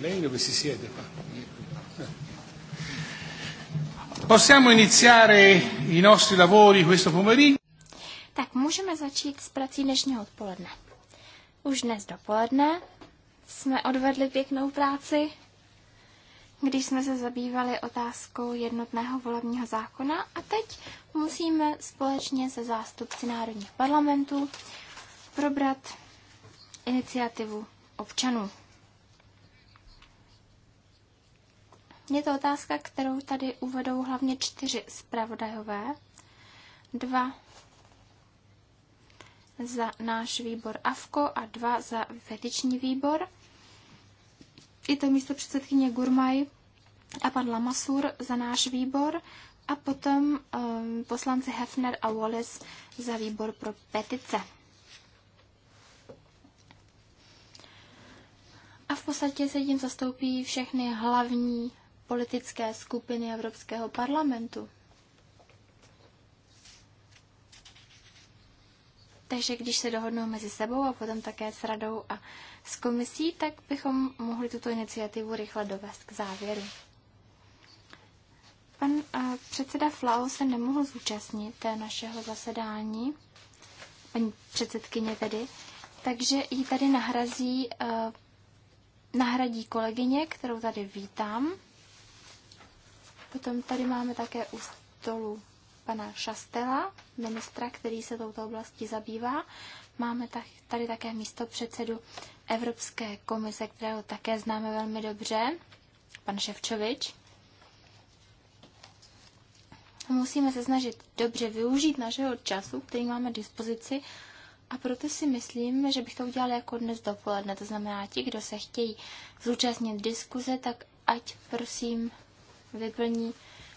Lei dove si siede qua? Possiamo iniziare i nostri lavori questo pomeriggio? Tak můžeme začít s prací dnešního odpoledne. Už dnes dopoledne jsme odvedli pěknou práci, když jsme se zabývali otázkou jednotného volebního zákona a teď musíme společně se zástupci národních parlamentů probrat iniciativu občanů. Je to otázka, kterou tady uvedou hlavně čtyři zpravodajové, dva za náš výbor AFKO a dva za petiční výbor. Je to místo předsedkyně Gurmaj a pan Lamasur za náš výbor a potom um, poslanci Hefner a Wallace za výbor pro petice. A v podstatě se tím zastoupí všechny hlavní politické skupiny Evropského parlamentu. Takže když se dohodnou mezi sebou a potom také s radou a s komisí, tak bychom mohli tuto iniciativu rychle dovést k závěru. Pan a, eh, předseda Flau se nemohl zúčastnit té našeho zasedání, paní předsedkyně tedy, takže ji tady nahrazí, a, eh, nahradí kolegyně, kterou tady vítám. Potom tady máme také u stolu pana Šastela, ministra, který se touto oblastí zabývá. Máme tady také místo předsedu Evropské komise, kterého také známe velmi dobře, pan Ševčovič. Musíme se snažit dobře využít našeho času, který máme k dispozici, a proto si myslím, že bych to udělala jako dnes dopoledne. To znamená, ti, kdo se chtějí zúčastnit diskuze, tak ať prosím vyplní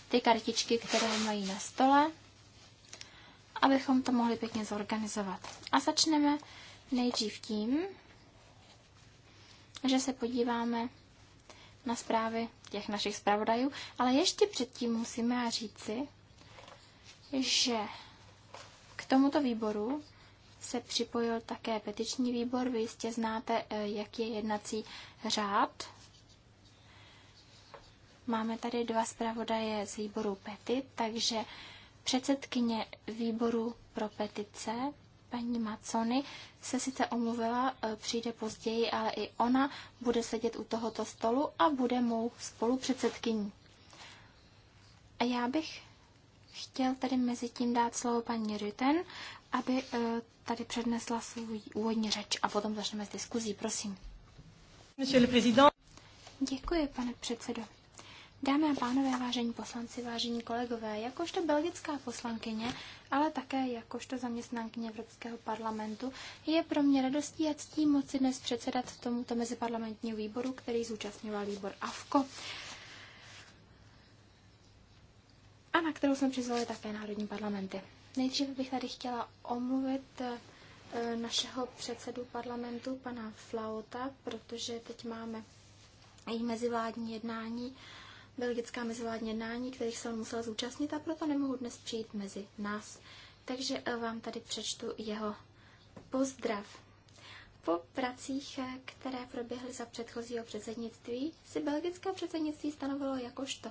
ty kartičky, které mají na stole, abychom to mohli pěkně zorganizovat. A začneme nejdřív tím, že se podíváme na zprávy těch našich zpravodajů, ale ještě předtím musíme říci, že k tomuto výboru se připojil také petiční výbor. Vy jistě znáte, eh, jak je jednací řád Máme tady dva zpravodaje z výboru Petit, takže předsedkyně výboru pro petice, paní Macony, se sice omluvila, e, přijde později, ale i ona bude sedět u tohoto stolu a bude mou spolupředsedkyní. A já bych chtěl tady mezi tím dát slovo paní Ryten, aby e, tady přednesla svůj úvodní řeč a potom začneme s diskuzí. Prosím. Děkuji, pane předsedo. Dámy a pánové, vážení poslanci, vážení kolegové, jakožto belgická poslankyně, ale také jakožto zaměstnankyně Evropského parlamentu, je pro mě radostí a ctí moci dnes předsedat tomuto meziparlamentnímu výboru, který zúčastňoval výbor AFKO a na kterou jsme přizvali také národní parlamenty. Nejdříve bych tady chtěla omluvit eh, našeho předsedu parlamentu, pana Flauta, protože teď máme i mezivládní jednání belgická mezivládní jednání, kterých jsem musela zúčastnit a proto nemohu dnes přijít mezi nás. Takže eh, vám tady přečtu jeho pozdrav. Po pracích, eh, které proběhly za předchozího předsednictví, si belgické předsednictví stanovilo jakožto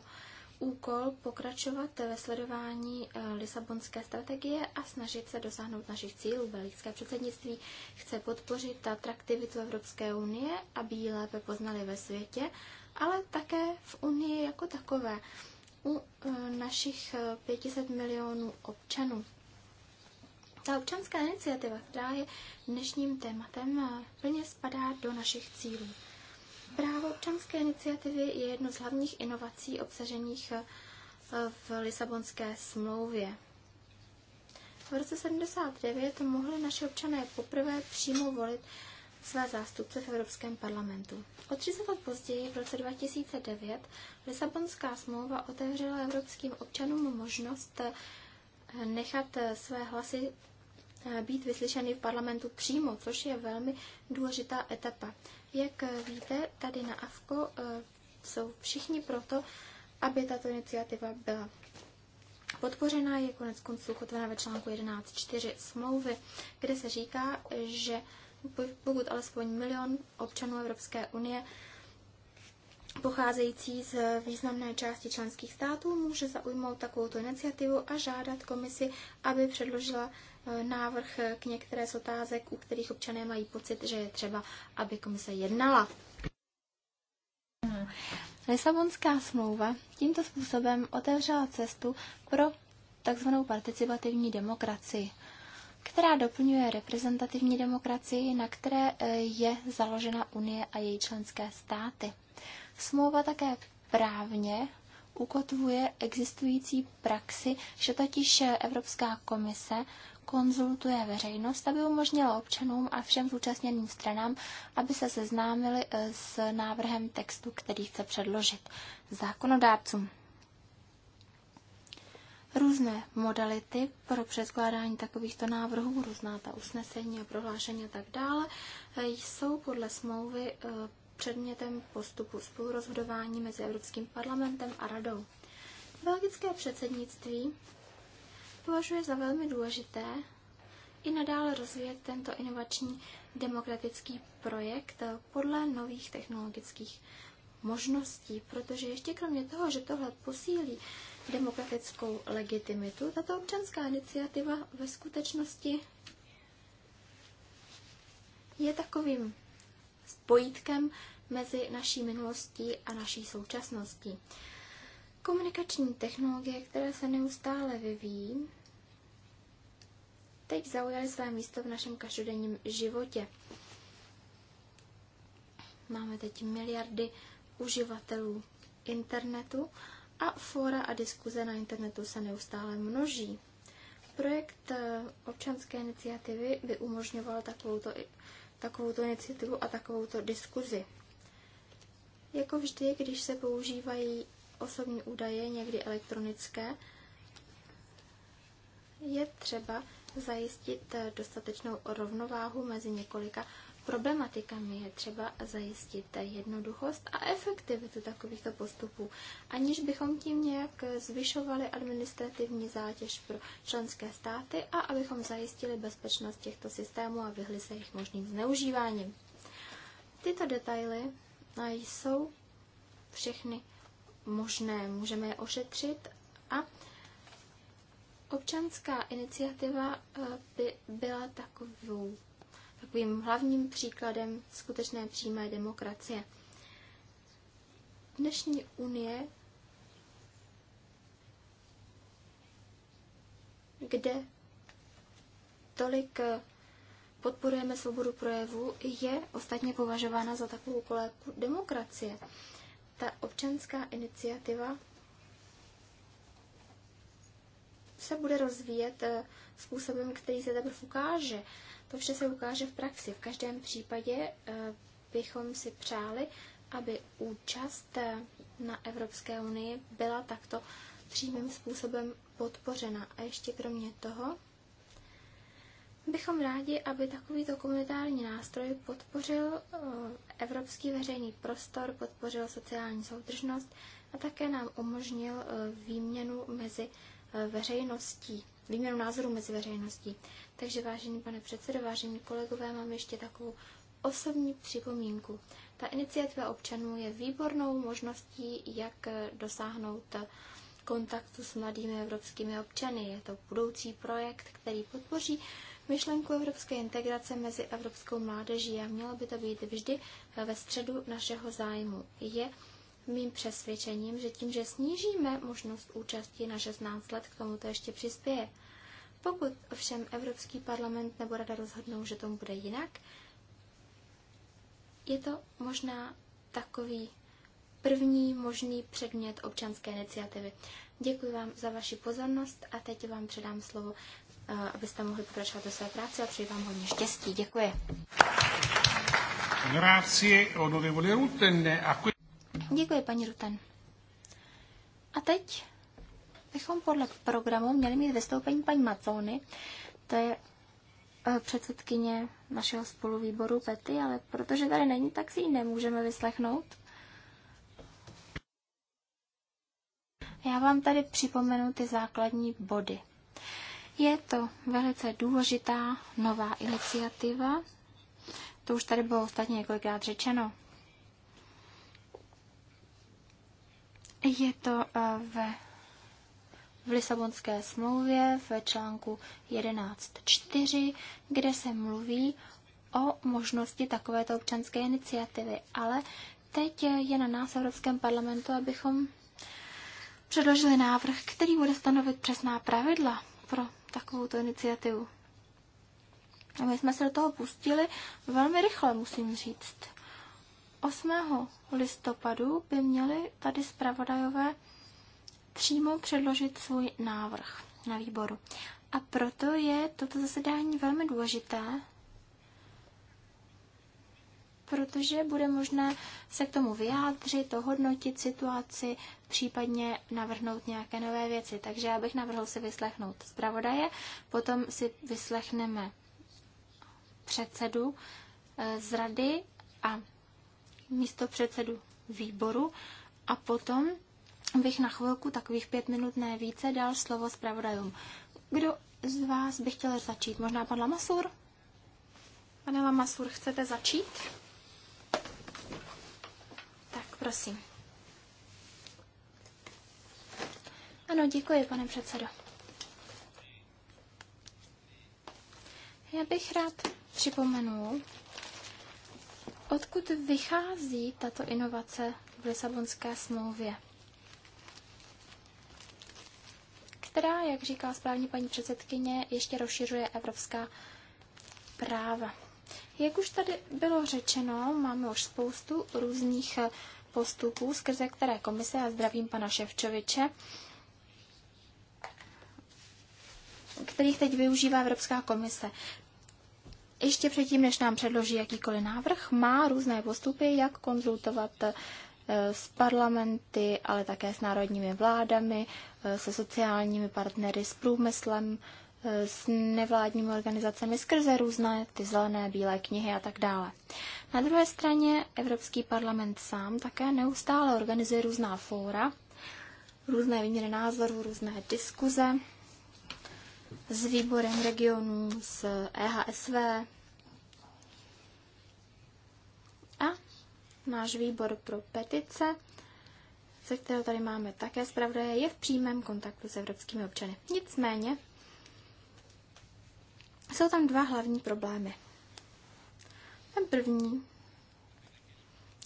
úkol pokračovat ve sledování eh, Lisabonské strategie a snažit se dosáhnout našich cílů. Belgické předsednictví chce podpořit atraktivitu Evropské unie, aby ji lépe poznali ve světě ale také v Unii jako takové, u e, našich 500 e, milionů občanů. Ta občanská iniciativa, která je dnešním tématem, e, plně spadá do našich cílů. Právo občanské iniciativy je jedno z hlavních inovací obsažených v Lisabonské smlouvě. V roce 79 mohli naši občané poprvé přímo volit své zástupce v Evropském parlamentu. O 30 let později, v roce 2009, Lisabonská smlouva otevřela evropským občanům možnost eh, nechat eh, své hlasy eh, být vyslyšeny v parlamentu přímo, což je velmi důležitá etapa. Jak víte, tady na AFKO jsou všichni proto, aby tato iniciativa byla podpořena, je konec konců ukotvena ve článku 11.4 smlouvy, kde se říká, že pokud alespoň milion občanů Evropské unie pocházející z významné části členských států může zaujmout takovouto iniciativu a žádat komisi, aby předložila eh, návrh k některé z otázek, u kterých občané mají pocit, že je třeba, aby komise jednala. Lisabonská smlouva tímto způsobem otevřela cestu pro takzvanou participativní demokracii která doplňuje reprezentativní demokracii, na které eh, je založena Unie a její členské státy. Smlouva také právně ukotvuje existující praxi, že totiž eh, Evropská komise konzultuje veřejnost, aby umožnila občanům a všem zúčastněným stranám, aby se seznámili eh, s návrhem textu, který chce předložit zákonodárcům různé modality pro předkládání takovýchto návrhů, různá ta usnesení a prohlášení a tak dále, e, jsou podle smlouvy e, předmětem postupu spolurozhodování mezi Evropským parlamentem a radou. Belgické předsednictví považuje za velmi důležité i nadále rozvíjet tento inovační demokratický projekt e, podle nových technologických možností, protože ještě kromě toho, že tohle posílí demokratickou legitimitu, tato občanská iniciativa ve skutečnosti je takovým spojítkem mezi naší minulostí a naší současností. Komunikační technologie, které se neustále vyvíjí, teď zaujaly své místo v našem každodenním životě. Máme teď miliardy uživatelů internetu a fora a diskuze na internetu se neustále množí. Projekt eh, občanské iniciativy by umožňoval takovouto, takovouto iniciativu a takovouto diskuzi. Jako vždy, když se používají osobní údaje, někdy elektronické, je třeba zajistit eh, dostatečnou rovnováhu mezi několika problematikami. Je třeba zajistit jednoduchost a efektivitu takovýchto postupů, aniž bychom tím nějak zvyšovali administrativní zátěž pro členské státy a abychom zajistili bezpečnost těchto systémů a vyhli se jejich možným zneužíváním. Tyto detaily jsou všechny možné, můžeme je ošetřit a občanská iniciativa eh, by byla takovou takovým hlavním příkladem skutečné přímé demokracie. Dnešní unie, kde tolik eh, podporujeme svobodu projevu, je ostatně považována za takovou kolébku demokracie. Ta občanská iniciativa se bude rozvíjet eh, způsobem, který se teprve ukáže. To vše se ukáže v praxi. V každém případě eh, bychom si přáli, aby účast eh, na Evropské unii byla takto přímým způsobem podpořena. A ještě kromě toho bychom rádi, aby takovýto komunitární nástroj podpořil eh, evropský veřejný prostor, podpořil sociální soudržnost a také nám umožnil výměnu mezi veřejností výměnu názorů mezi veřejností. Takže vážený pane předsedo, vážení kolegové, mám ještě takovou osobní připomínku. Ta iniciativa občanů je výbornou možností, jak dosáhnout kontaktu s mladými evropskými občany. Je to budoucí projekt, který podpoří myšlenku evropské integrace mezi evropskou mládeží a mělo by to být vždy ve středu našeho zájmu. Je mým přesvědčením, že tím, že snížíme možnost účasti na 16 let, k tomu to ještě přispěje. Pokud ovšem Evropský parlament nebo Rada rozhodnou, že tomu bude jinak, je to možná takový první možný předmět občanské iniciativy. Děkuji vám za vaši pozornost a teď vám předám slovo, eh, abyste mohli pokračovat do své práce a přeji vám hodně štěstí. Děkuji. Grazie, Děkuji, paní Rutan. A teď bychom podle programu měli mít vystoupení paní Macony, to je eh, předsedkyně našeho spoluvýboru Pety, ale protože tady není, tak si ji nemůžeme vyslechnout. Já vám tady připomenu ty základní body. Je to velice důležitá nová iniciativa, to už tady bylo ostatně několikrát řečeno. Je to eh, v, v Lisabonské smlouvě v článku 11.4, kde se mluví o možnosti takovéto občanské iniciativy. Ale teď je na nás Evropském parlamentu, abychom předložili návrh, který bude stanovit přesná pravidla pro takovouto iniciativu. A my jsme se do toho pustili velmi rychle, musím říct. 8. listopadu by měli tady zpravodajové přímo předložit svůj návrh na výboru. A proto je toto zasedání velmi důležité, protože bude možné se k tomu vyjádřit, ohodnotit situaci, případně navrhnout nějaké nové věci. Takže já bych navrhl si vyslechnout zpravodaje, potom si vyslechneme předsedu eh, z rady a místo předsedu výboru a potom bych na chvilku, takových pět minut, ne více, dal slovo zpravodajům. Kdo z vás by chtěl začít? Možná pan Lamasur? Pane Lamasur, chcete začít? Tak, prosím. Ano, děkuji, pane předsedo. Já bych rád připomenul, Odkud vychází tato inovace v Lisabonské smlouvě? která, jak říkala správně paní předsedkyně, ještě rozšiřuje evropská práva. Jak už tady bylo řečeno, máme už spoustu různých postupů, skrze které komise, a zdravím pana Ševčoviče, kterých teď využívá Evropská komise ještě předtím, než nám předloží jakýkoliv návrh, má různé postupy, jak konzultovat eh, s parlamenty, ale také s národními vládami, eh, se sociálními partnery, s průmyslem, eh, s nevládními organizacemi skrze různé ty zelené, bílé knihy a tak dále. Na druhé straně Evropský parlament sám také neustále organizuje různá fóra, různé výměny názorů, různé diskuze, s výborem regionů, s EHSV. A náš výbor pro petice, se kterého tady máme také zpravodaje, je v přímém kontaktu s evropskými občany. Nicméně jsou tam dva hlavní problémy. Ten první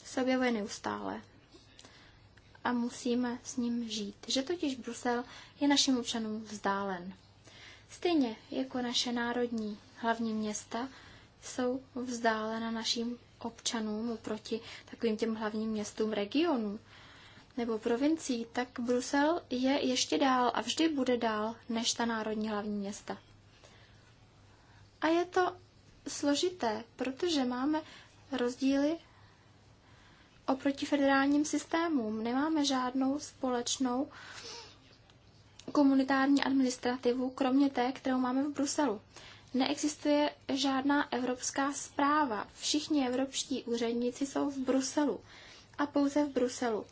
se objevuje neustále a musíme s ním žít, že totiž Brusel je našim občanům vzdálen. Stejně jako naše národní hlavní města jsou vzdálena našim občanům oproti takovým těm hlavním městům regionů nebo provincií, tak Brusel je ještě dál a vždy bude dál než ta národní hlavní města. A je to složité, protože máme rozdíly oproti federálním systémům. Nemáme žádnou společnou uh, komunitární administrativu, kromě té, kterou máme v Bruselu. Neexistuje žádná evropská zpráva. Všichni evropští úředníci jsou v Bruselu a pouze v Bruselu.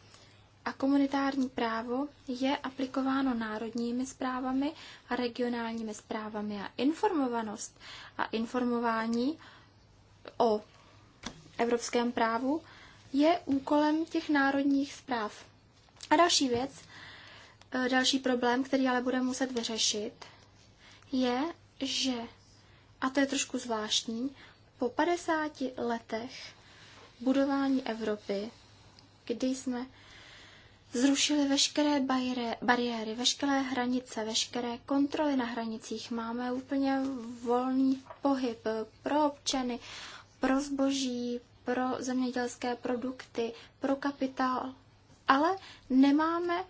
A komunitární právo je aplikováno národními zprávami a regionálními zprávami a informovanost a informování o evropském právu je úkolem těch národních zpráv. A další věc, Eh, další problém, který ale budeme muset vyřešit, je, že, a to je trošku zvláštní, po 50 letech budování Evropy, kdy jsme zrušili veškeré bariéry, bariéry, veškeré hranice, veškeré kontroly na hranicích, máme úplně volný pohyb eh, pro občany, pro zboží, pro zemědělské produkty, pro kapitál, ale nemáme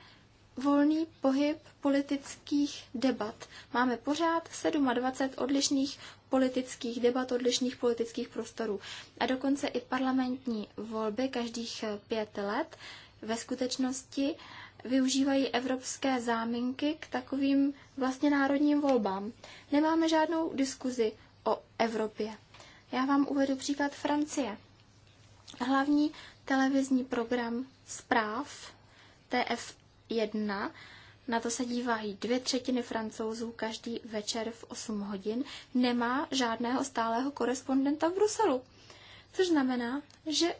volný pohyb politických debat. Máme pořád 27 odlišných politických debat, odlišných politických prostorů. A dokonce i parlamentní volby každých eh, pět let ve skutečnosti využívají evropské záminky k takovým vlastně národním volbám. Nemáme žádnou diskuzi o Evropě. Já vám uvedu příklad Francie. Hlavní televizní program zpráv TF 1. Na to se dívají dvě třetiny francouzů každý večer v 8 hodin, nemá žádného stálého korespondenta v Bruselu. Což znamená, že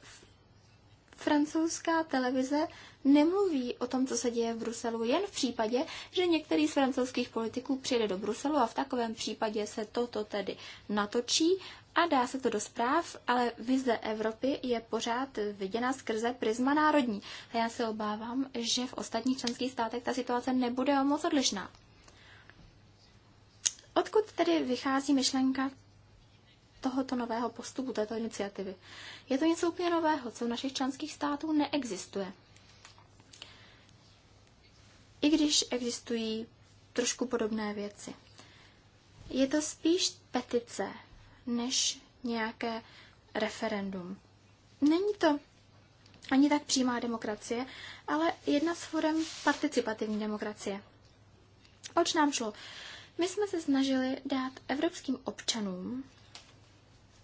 francouzská televize nemluví o tom, co se děje v Bruselu, jen v případě, že některý z francouzských politiků přijede do Bruselu a v takovém případě se toto tedy natočí a dá se to do zpráv, ale vize Evropy je pořád viděna skrze prisma národní. A já se obávám, že v ostatních členských státech ta situace nebude o moc odlišná. Odkud tedy vychází myšlenka tohoto nového postupu, této iniciativy. Je to něco úplně nového, co v našich členských států neexistuje. I když existují trošku podobné věci. Je to spíš petice než nějaké referendum. Není to ani tak přímá demokracie, ale jedna z forem participativní demokracie. Oč nám šlo? My jsme se snažili dát evropským občanům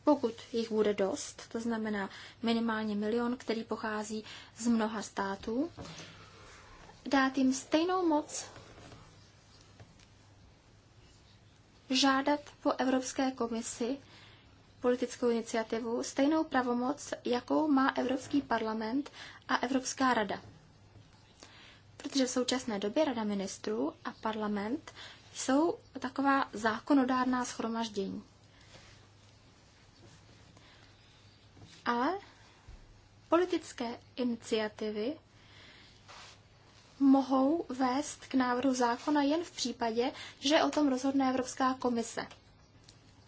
pokud jich bude dost, to znamená minimálně milion, který pochází z mnoha států, dát jim stejnou moc žádat po Evropské komisi politickou iniciativu stejnou pravomoc, jakou má Evropský parlament a Evropská rada. Protože v současné době Rada ministrů a parlament jsou taková zákonodárná schromaždění. ale politické iniciativy mohou vést k návrhu zákona jen v případě, že o tom rozhodne Evropská komise.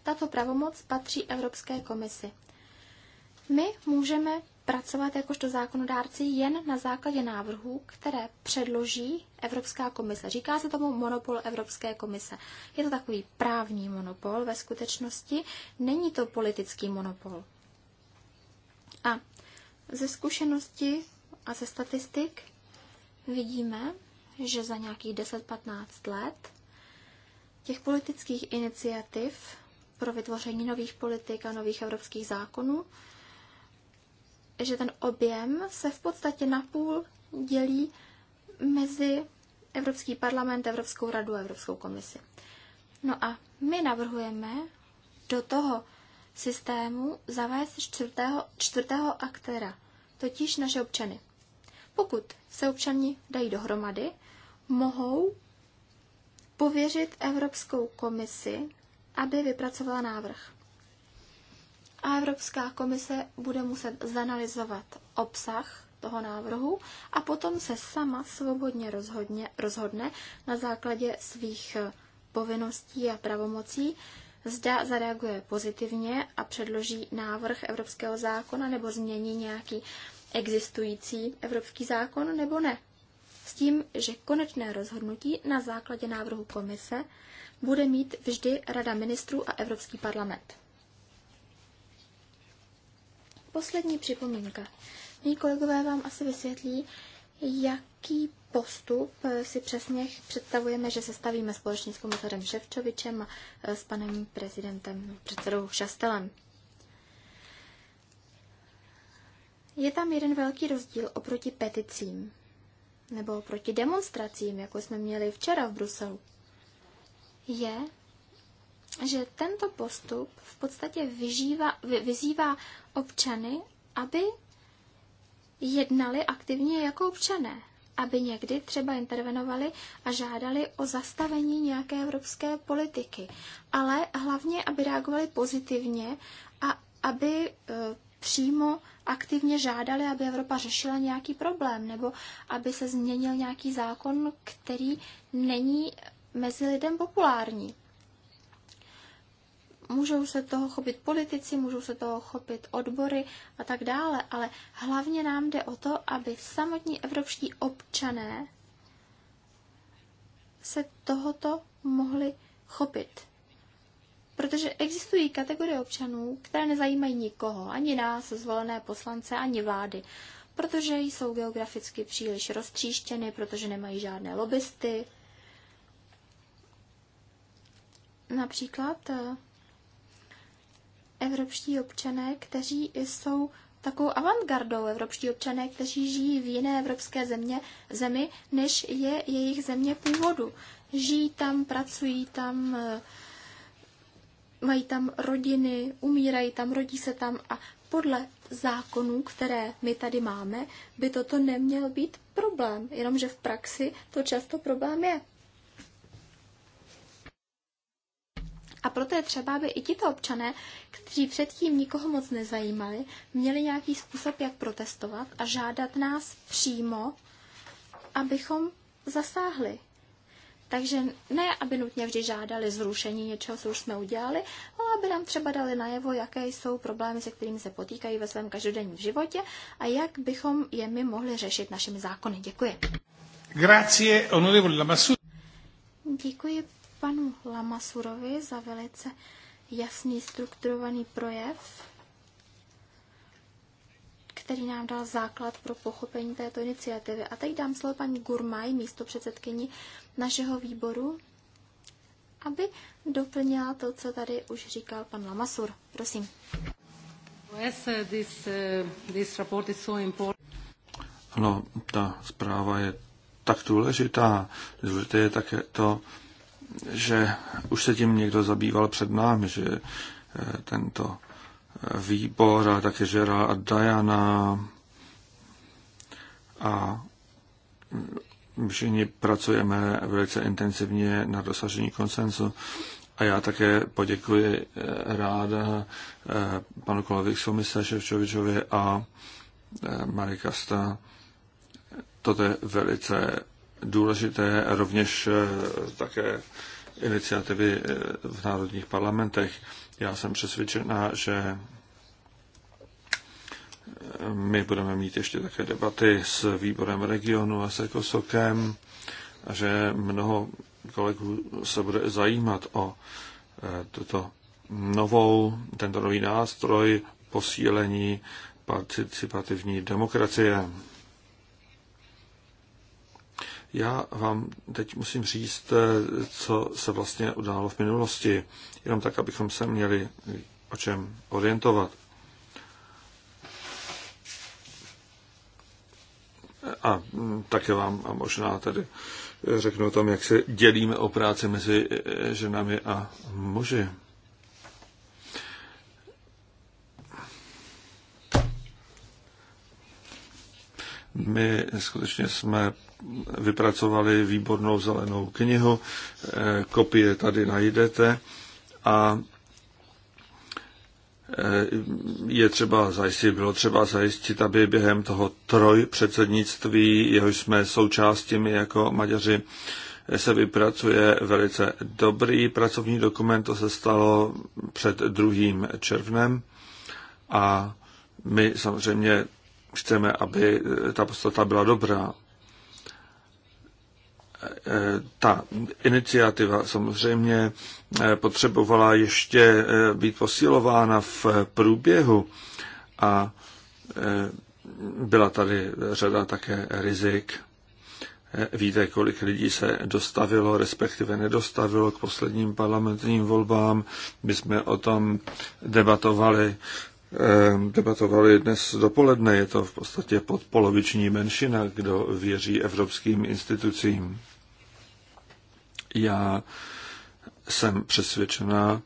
Tato pravomoc patří Evropské komisi. My můžeme pracovat jakožto zákonodárci jen na základě návrhů, které předloží Evropská komise. Říká se tomu monopol Evropské komise. Je to takový právní monopol ve skutečnosti, není to politický monopol. A ze zkušenosti a ze statistik vidíme, že za nějakých 10-15 let těch politických iniciativ pro vytvoření nových politik a nových evropských zákonů, že ten objem se v podstatě napůl dělí mezi Evropský parlament, Evropskou radu a Evropskou komisi. No a my navrhujeme do toho systému zavést čtvrtého, čtvrtého aktéra, totiž naše občany. Pokud se občani dají dohromady, mohou pověřit Evropskou komisi, aby vypracovala návrh. A Evropská komise bude muset zanalizovat obsah toho návrhu a potom se sama svobodně rozhodně, rozhodne na základě svých povinností a pravomocí, zda zareaguje pozitivně a předloží návrh evropského zákona nebo změní nějaký existující evropský zákon nebo ne. S tím, že konečné rozhodnutí na základě návrhu komise bude mít vždy Rada ministrů a Evropský parlament. Poslední připomínka. Mí kolegové vám asi vysvětlí, jaký postup eh, si přesně představujeme, že sestavíme společně s komisarem Ševčovičem a eh, s panem prezidentem, předsedou Šastelem. Je tam jeden velký rozdíl oproti peticím nebo oproti demonstracím, jako jsme měli včera v Bruselu. Je, že tento postup v podstatě vyžívá, vy, vyzývá občany, aby jednali aktivně jako občané, aby někdy třeba intervenovali a žádali o zastavení nějaké evropské politiky, ale hlavně, aby reagovali pozitivně a aby e, přímo aktivně žádali, aby Evropa řešila nějaký problém nebo aby se změnil nějaký zákon, který není mezi lidem populární. Můžou se toho chopit politici, můžou se toho chopit odbory a tak dále, ale hlavně nám jde o to, aby samotní evropští občané se tohoto mohli chopit. Protože existují kategorie občanů, které nezajímají nikoho, ani nás, zvolené poslance, ani vlády, protože jsou geograficky příliš roztříštěny, protože nemají žádné lobbysty. Například eh, evropští občané, kteří jsou takovou avantgardou evropští občané, kteří žijí v jiné evropské země, zemi, než je jejich země původu. Žijí tam, pracují tam, eh, mají tam rodiny, umírají tam, rodí se tam a podle zákonů, které my tady máme, by toto neměl být problém, jenomže v praxi to často problém je. A proto je třeba, aby i tito občané, kteří předtím nikoho moc nezajímali, měli nějaký způsob, jak protestovat a žádat nás přímo, abychom zasáhli. Takže ne, aby nutně vždy žádali zrušení něčeho, co už jsme udělali, ale aby nám třeba dali najevo, jaké jsou problémy, se kterými se potýkají ve svém každodenním životě a jak bychom je my mohli řešit našimi zákony. Děkuji. Grazie, onorevole massu. Děkuji, panu Lamasurovi za velice jasný strukturovaný projev, který nám dal základ pro pochopení této iniciativy. A teď dám slovo paní Gurmaj, místo předsedkyni našeho výboru, aby doplnila to, co tady už říkal pan Lamasur. Prosím. Uh, uh, ano, ta zpráva je tak důležitá. Důležité je také to, že už se tím někdo zabýval před námi, že eh, tento výbor a také Žera a Diana a mm, všichni pracujeme velice intenzivně na dosažení konsenzu. A já také poděkuji eh, ráda eh, panu kolovi Somise Ševčovičovi a Marikasta. Toto je velice důležité rovněž eh, také iniciativy eh, v národních parlamentech. Já jsem přesvědčená, že eh, my budeme mít ještě také debaty s výborem regionu a se Kosokem a že mnoho kolegů se bude zajímat o tuto novou, tento nový nástroj posílení participativní demokracie. Já vám teď musím říct, eh, co se vlastně událo v minulosti, jenom tak, abychom se měli eh, o čem orientovat. A hm, také vám a možná tedy eh, řeknu o tom, jak se dělíme o práci mezi ženami a muži. My skutečně jsme vypracovali výbornou zelenou knihu, eh, kopie tady najdete a eh, je třeba zajistit, bylo třeba zajistit, aby během toho troj předsednictví, jehož jsme součástí my jako Maďaři, eh, se vypracuje velice dobrý pracovní dokument, to se stalo před 2. červnem a my samozřejmě chceme, aby ta podstata byla dobrá ta iniciativa samozřejmě eh, potřebovala ještě eh, být posilována v průběhu a eh, byla tady řada také rizik. Víte, kolik lidí se dostavilo, respektive nedostavilo k posledním parlamentním volbám. My jsme o tom debatovali Ehm, debatovali dnes dopoledne. Je to v podstatě podpoloviční menšina, kdo věří evropským institucím. Já jsem přesvědčená,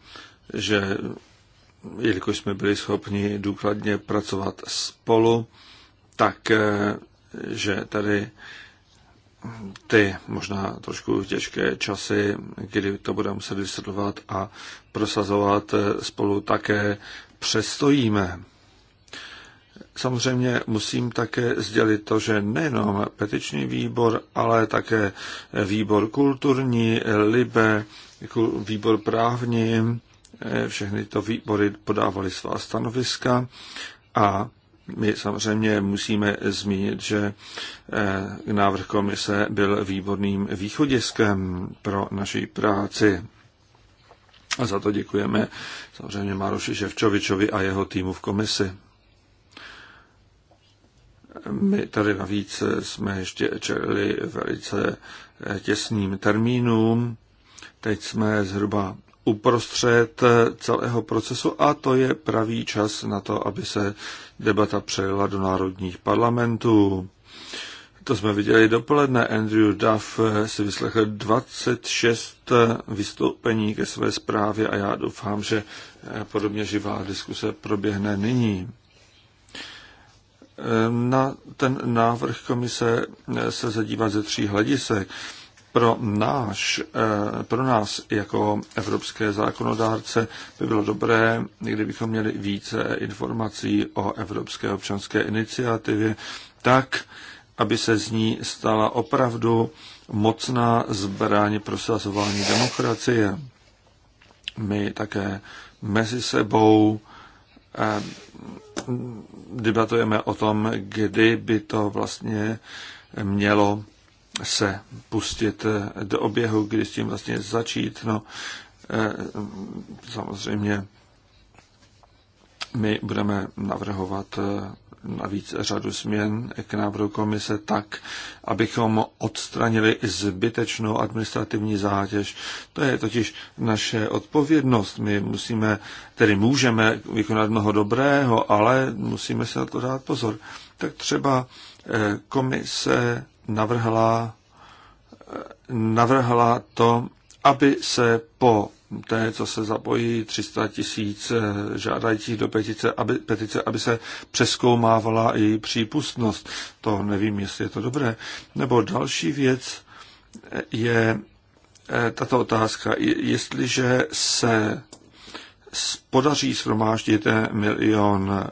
že jelikož jsme byli schopni důkladně pracovat spolu, tak eh, že tady ty možná trošku těžké časy, kdy to budeme muset vysvětlovat a prosazovat eh, spolu také přestojíme. Samozřejmě musím také sdělit to, že nejenom petiční výbor, ale také výbor kulturní, LIBE, výbor právní, eh, všechny to výbory podávaly svá stanoviska a my samozřejmě musíme zmínit, že eh, návrh komise byl výborným východiskem pro naší práci. A za to děkujeme samozřejmě Maroši Ševčovičovi a jeho týmu v komisi. My tady navíc jsme ještě čelili velice těsným termínům. Teď jsme zhruba uprostřed celého procesu a to je pravý čas na to, aby se debata přejela do národních parlamentů. To jsme viděli dopoledne. Andrew Duff si vyslechl 26 vystoupení ke své zprávě a já doufám, že podobně živá diskuse proběhne nyní. Na ten návrh komise se zadívá ze tří hledisek. Pro, náš, pro nás jako evropské zákonodárce by bylo dobré, kdybychom měli více informací o Evropské občanské iniciativě, tak, aby se z ní stala opravdu mocná zbraň prosazování demokracie. My také mezi sebou eh, debatujeme o tom, kdy by to vlastně mělo se pustit do oběhu, kdy s tím vlastně začít. No, eh, samozřejmě my budeme navrhovat eh, navíc řadu změn k návrhu komise tak, abychom odstranili zbytečnou administrativní zátěž. To je totiž naše odpovědnost. My musíme, tedy můžeme vykonat mnoho dobrého, ale musíme se na to dát pozor. Tak třeba eh, komise navrhla, eh, navrhla to, aby se po té, co se zapojí 300 tisíc eh, žádajících do petice aby, petice, aby se přeskoumávala i přípustnost. To nevím, jestli je to dobré. Nebo další věc eh, je eh, tato otázka. Jestliže se podaří shromáždit milion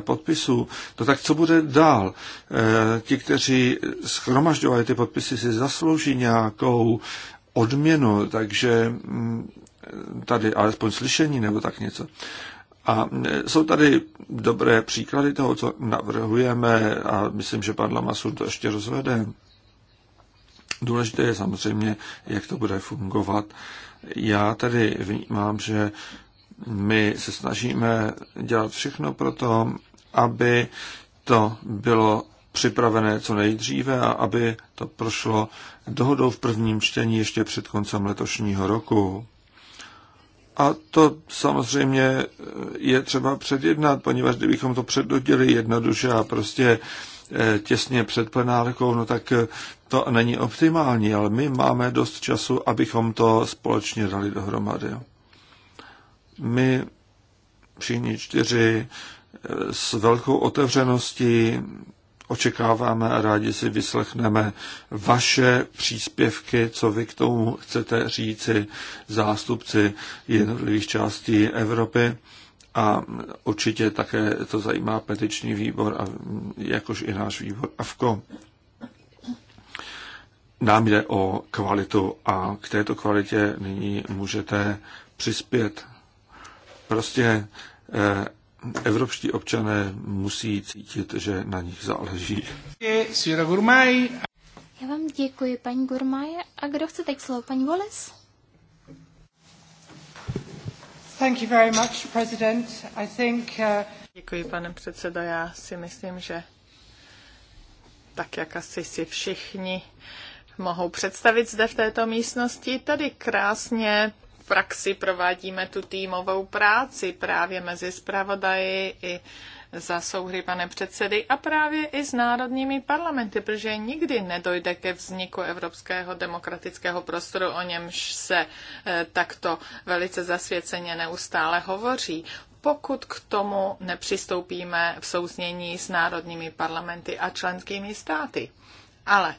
podpisů, to no tak co bude dál? Ti, kteří schromažďovali ty podpisy, si zaslouží nějakou odměnu, takže mm, tady alespoň slyšení nebo tak něco. A mm, jsou tady dobré příklady toho, co navrhujeme a myslím, že pan Lamasur to ještě rozvede. Důležité je samozřejmě, jak to bude fungovat. Já tady vnímám, že my se snažíme dělat všechno pro to, aby to bylo připravené co nejdříve a aby to prošlo dohodou v prvním čtení ještě před koncem letošního roku. A to samozřejmě eh, je třeba předjednat, poněvadž kdybychom to předodili jednoduše a prostě eh, těsně před plenárkou, no tak eh, to není optimální, ale my máme dost času, abychom to společně dali dohromady. My všichni čtyři s velkou otevřeností očekáváme a rádi si vyslechneme vaše příspěvky, co vy k tomu chcete říci zástupci jednotlivých částí Evropy. A určitě také to zajímá petiční výbor, a jakož i náš výbor AVKO. Nám jde o kvalitu a k této kvalitě nyní můžete přispět. Prostě eh, Evropští občané musí cítit, že na nich záleží. Já vám děkuji, paní Gurmaje. A kdo chce teď slovo? Paní Wallace? Thank you very much, President. I think, uh... Děkuji, pane předsedo. Já si myslím, že tak, jak asi si všichni mohou představit zde v této místnosti, tady krásně praxi provádíme tu týmovou práci právě mezi zpravodaji i za souhry pane předsedy a právě i s národními parlamenty, protože nikdy nedojde ke vzniku evropského demokratického prostoru, o němž se eh, takto velice zasvěceně neustále hovoří pokud k tomu nepřistoupíme v souznění s národními parlamenty a členskými státy. Ale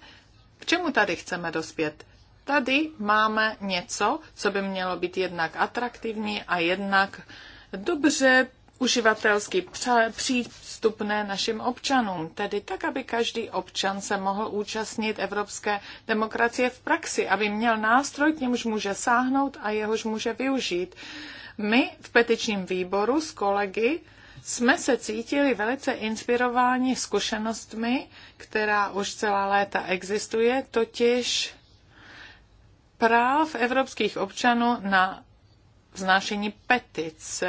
k čemu tady chceme dospět? Tady máme něco, co by mělo být jednak atraktivní a jednak dobře uživatelsky přístupné našim občanům, tedy tak, aby každý občan se mohl účastnit evropské demokracie v praxi, aby měl nástroj, k němuž může sáhnout a jehož může využít. My v petičním výboru s kolegy jsme se cítili velice inspirováni zkušenostmi, která už celá léta existuje, totiž práv evropských občanů na vznášení petic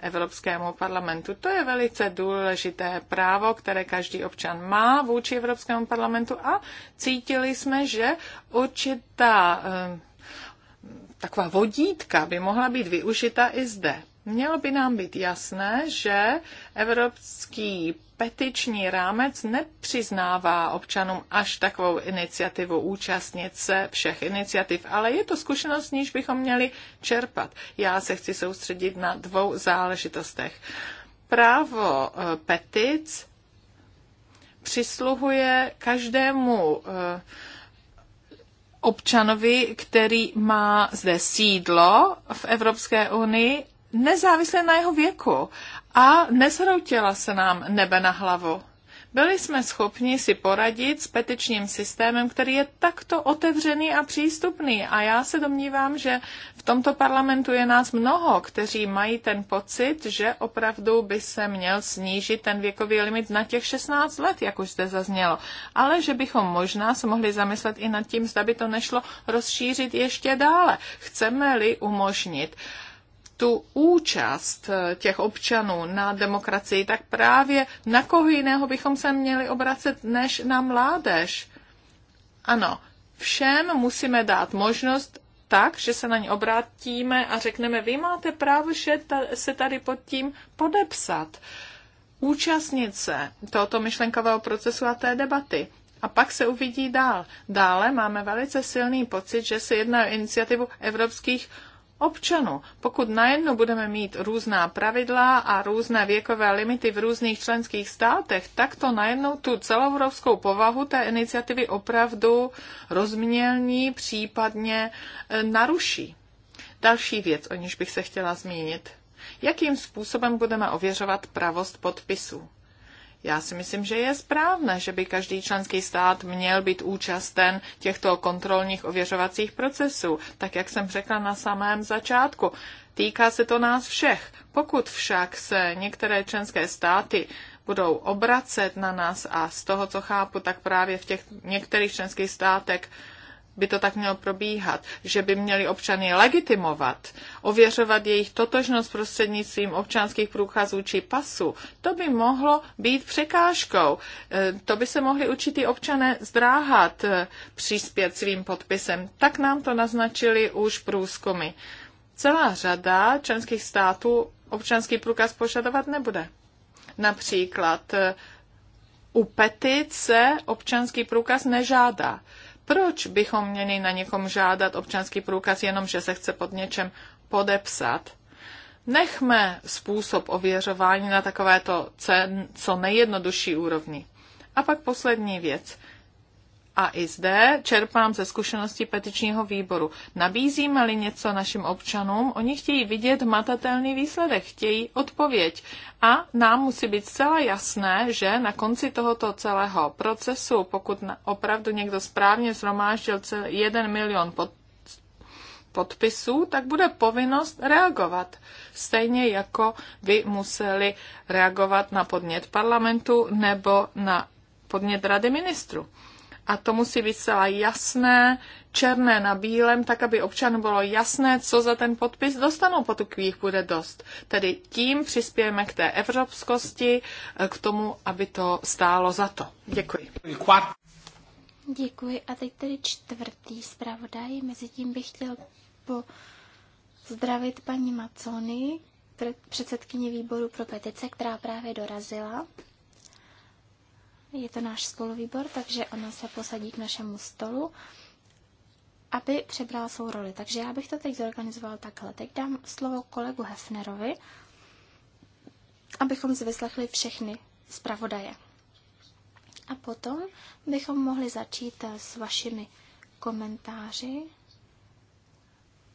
Evropskému parlamentu. To je velice důležité právo, které každý občan má vůči Evropskému parlamentu a cítili jsme, že určitá eh, taková vodítka by mohla být využita i zde. Mělo by nám být jasné, že Evropský petiční rámec nepřiznává občanům až takovou iniciativu účastnit se všech iniciativ, ale je to zkušenost, níž bychom měli čerpat. Já se chci soustředit na dvou záležitostech. Právo eh, petic přisluhuje každému eh, občanovi, který má zde sídlo v Evropské unii nezávisle na jeho věku a nezhroutila se nám nebe na hlavu. Byli jsme schopni si poradit s petičním systémem, který je takto otevřený a přístupný. A já se domnívám, že v tomto parlamentu je nás mnoho, kteří mají ten pocit, že opravdu by se měl snížit ten věkový limit na těch 16 let, jak už zde zaznělo. Ale že bychom možná se mohli zamyslet i nad tím, zda by to nešlo rozšířit ještě dále. Chceme-li umožnit uh, tu účast eh, těch občanů na demokracii, tak právě na koho jiného bychom se měli obracet než na mládež. Ano, všem musíme dát možnost tak, že se na ně obrátíme a řekneme, vy máte právo že se tady pod tím podepsat, účastnit se tohoto myšlenkového procesu a té debaty. A pak se uvidí dál. Dále máme velice silný pocit, že se jedná o iniciativu evropských občanů. Pokud najednou budeme mít různá pravidla a různé věkové limity v různých členských státech, tak to najednou tu celoevropskou povahu té iniciativy opravdu rozmělní, případně e, naruší. Další věc, o níž bych se chtěla zmínit. Jakým způsobem budeme ověřovat pravost podpisů? Já si myslím, že je správné, že by každý členský stát měl být účasten těchto kontrolních ověřovacích procesů, tak jak jsem řekla na samém začátku. Týká se to nás všech. Pokud však se některé členské státy budou obracet na nás a z toho, co chápu, tak právě v těch některých členských státech by to tak mělo probíhat, že by měli občany legitimovat, ověřovat jejich totožnost prostřednictvím občanských průkazů či pasu, to by mohlo být překážkou. E, to by se mohli určitý občané zdráhat e, přispět svým podpisem. Tak nám to naznačili už průzkumy. Celá řada členských států občanský průkaz požadovat nebude. Například e, u Petice občanský průkaz nežádá proč bychom měli na někom žádat občanský průkaz jenom, že se chce pod něčem podepsat? Nechme způsob ověřování na takovéto co nejjednodušší úrovni. A pak poslední věc. A i zde čerpám ze zkušenosti petičního výboru. Nabízíme-li něco našim občanům, oni chtějí vidět matatelný výsledek, chtějí odpověď. A nám musí být zcela jasné, že na konci tohoto celého procesu, pokud opravdu někdo správně zhromáždil jeden milion pod podpisů, tak bude povinnost reagovat. Stejně jako by museli reagovat na podnět parlamentu nebo na podnět rady ministru. A to musí být celá jasné, černé na bílém, tak aby občanům bylo jasné, co za ten podpis dostanou, pokud jich bude dost. Tedy tím přispějeme k té evropskosti, eh, k tomu, aby to stálo za to. Děkuji. Děkuji. A teď tedy čtvrtý zpravodaj. Mezitím bych chtěl pozdravit paní Macony, předsedkyni výboru pro petice, která právě dorazila je to náš spoluvýbor, takže ona se posadí k našemu stolu, aby přebrala svou roli. Takže já bych to teď zorganizoval takhle. Teď dám slovo kolegu Hefnerovi, abychom si vyslechli všechny zpravodaje. A potom bychom mohli začít eh, s vašimi komentáři.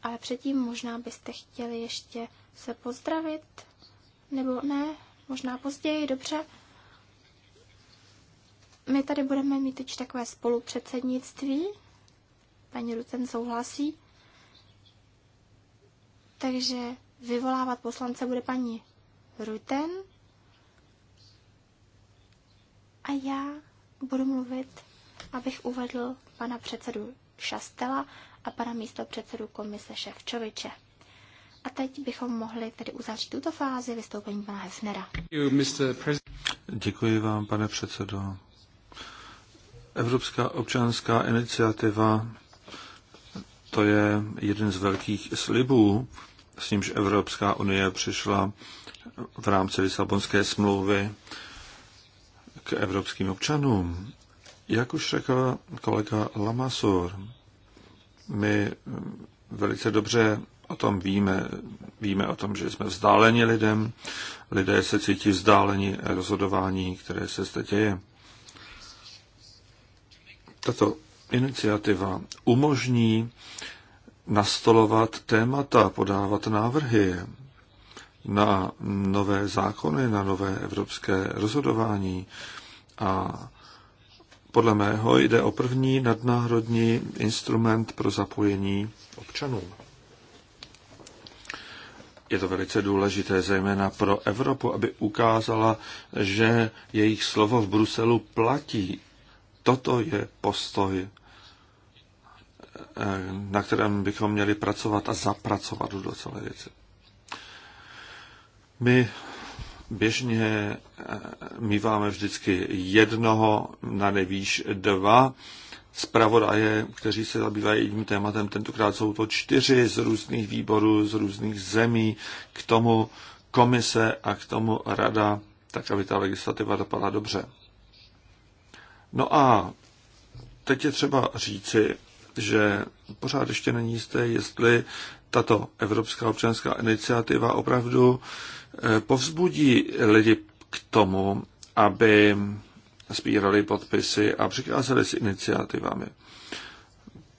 Ale předtím možná byste chtěli ještě se pozdravit, nebo ne, možná později, dobře. My tady budeme mít teď takové spolupředsednictví. Paní Rucen souhlasí. Takže vyvolávat poslance bude paní Ruten. A já budu mluvit, abych uvedl pana předsedu Šastela a pana místo předsedu komise Ševčoviče. A teď bychom mohli tedy uzavřít tuto fázi vystoupení pana Hefnera. Děkuji vám, pane předsedo. Evropská občanská iniciativa to je jeden z velkých slibů, s nímž Evropská unie přišla v rámci Lisabonské smlouvy k evropským občanům. Jak už řekl kolega Lamasur, my velice dobře o tom víme. Víme o tom, že jsme vzdáleni lidem, lidé se cítí vzdáleni rozhodování, které se zde děje tato iniciativa umožní nastolovat témata, podávat návrhy na nové zákony, na nové evropské rozhodování. A podle mého jde o první nadnárodní instrument pro zapojení občanů. Je to velice důležité, zejména pro Evropu, aby ukázala, že jejich slovo v Bruselu platí, toto je postoj, eh, na kterém bychom měli pracovat a zapracovat do celé věci. My běžně eh, míváme vždycky jednoho, na nevýš dva zpravodaje, kteří se zabývají jedním tématem. Tentokrát jsou to čtyři z různých výborů, z různých zemí, k tomu komise a k tomu rada, tak aby ta legislativa dopadla dobře. No a teď je třeba říci, že pořád ještě není jisté, jestli tato Evropská občanská iniciativa opravdu eh, povzbudí lidi k tomu, aby sbírali podpisy a přicházeli s iniciativami.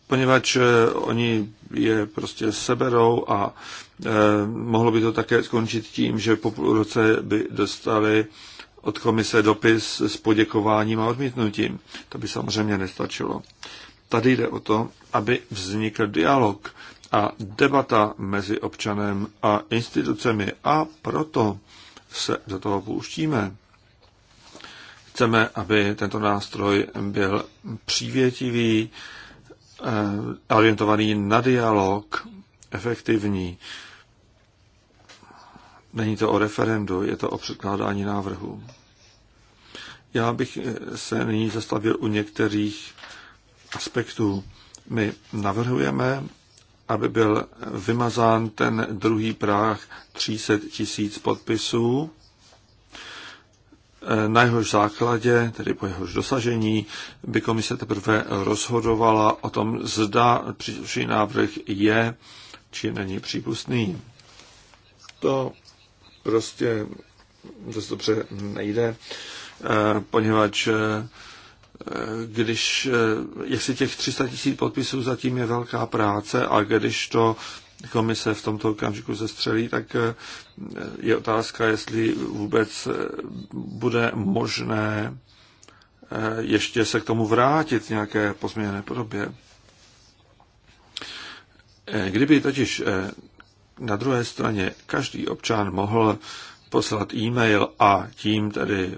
Poněvadž eh, oni je prostě seberou a eh, mohlo by to také skončit tím, že po půl roce by dostali od komise dopis s poděkováním a odmítnutím. To by samozřejmě nestačilo. Tady jde o to, aby vznikl dialog a debata mezi občanem a institucemi a proto se do toho pouštíme. Chceme, aby tento nástroj byl přívětivý, eh, orientovaný na dialog, efektivní. Není to o referendu, je to o předkládání návrhů. Já bych se nyní zastavil u některých aspektů. My navrhujeme, aby byl vymazán ten druhý práh 300 tisíc podpisů, eh, na jehož základě, tedy po jehož dosažení, by komise teprve rozhodovala o tom, zda příslušný návrh je či není přípustný. To prostě dost dobře nejde, eh, poněvadž eh, když, eh, jestli těch 300 tisíc podpisů zatím je velká práce a když to komise v tomto okamžiku zestřelí, tak je otázka, jestli vůbec bude možné ještě se k tomu vrátit v nějaké pozměněné podobě. Kdyby totiž na druhé straně každý občan mohl poslat e-mail a tím tedy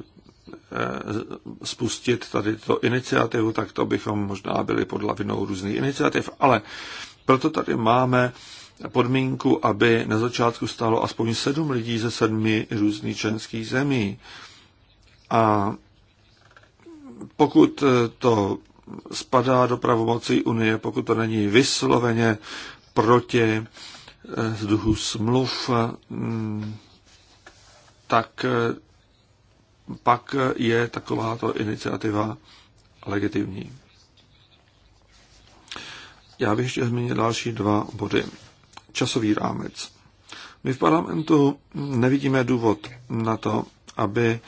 eh, spustit tady to iniciativu, tak to bychom možná byli pod lavinou různých iniciativ, ale proto tady máme podmínku, aby na začátku stálo aspoň sedm lidí ze sedmi různých členských zemí. A pokud eh, to spadá do pravomocí Unie, pokud to není vysloveně proti z duchu smluv, mm, tak eh, pak je takováto iniciativa legitimní. Já bych ještě zmínil další dva body. Časový rámec. My v parlamentu nevidíme důvod na to, aby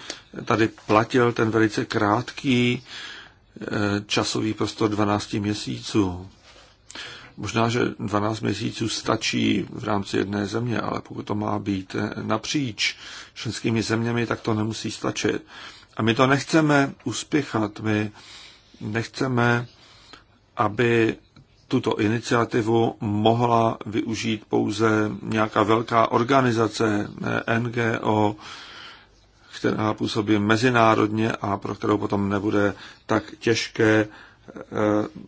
tady platil ten velice krátký eh, časový prostor 12 měsíců. Možná, že 12 měsíců stačí v rámci jedné země, ale pokud to má být eh, napříč členskými zeměmi, tak to nemusí stačit. A my to nechceme uspěchat, my nechceme, aby tuto iniciativu mohla využít pouze nějaká velká organizace eh, NGO, která působí mezinárodně a pro kterou potom nebude tak těžké Eh,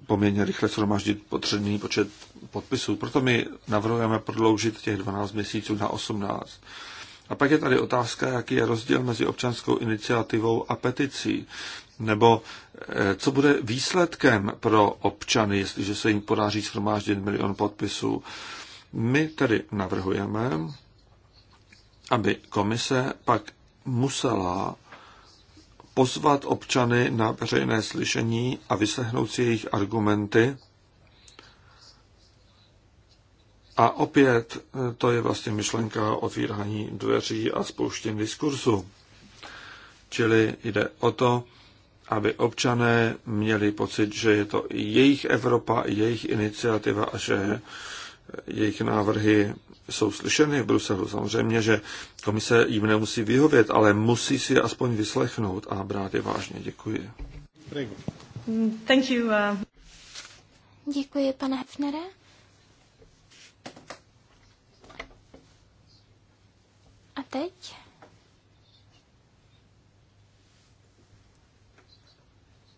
poměrně rychle shromáždit potřebný počet podpisů. Proto my navrhujeme prodloužit těch 12 měsíců na 18. A pak je tady otázka, jaký je rozdíl mezi občanskou iniciativou a peticí, nebo eh, co bude výsledkem pro občany, jestliže se jim podaří shromáždit milion podpisů. My tedy navrhujeme, aby komise pak musela pozvat občany na veřejné slyšení a vyslechnout si jejich argumenty. A opět to je vlastně myšlenka otvírání dveří a spouštění diskursu. Čili jde o to, aby občané měli pocit, že je to jejich Evropa, jejich iniciativa a že jejich návrhy jsou slyšeny v Bruselu. Samozřejmě, že komise jim nemusí vyhovět, ale musí si je aspoň vyslechnout a brát je vážně. Děkuji. Thank you, uh... Děkuji, pane Hefnere. A teď?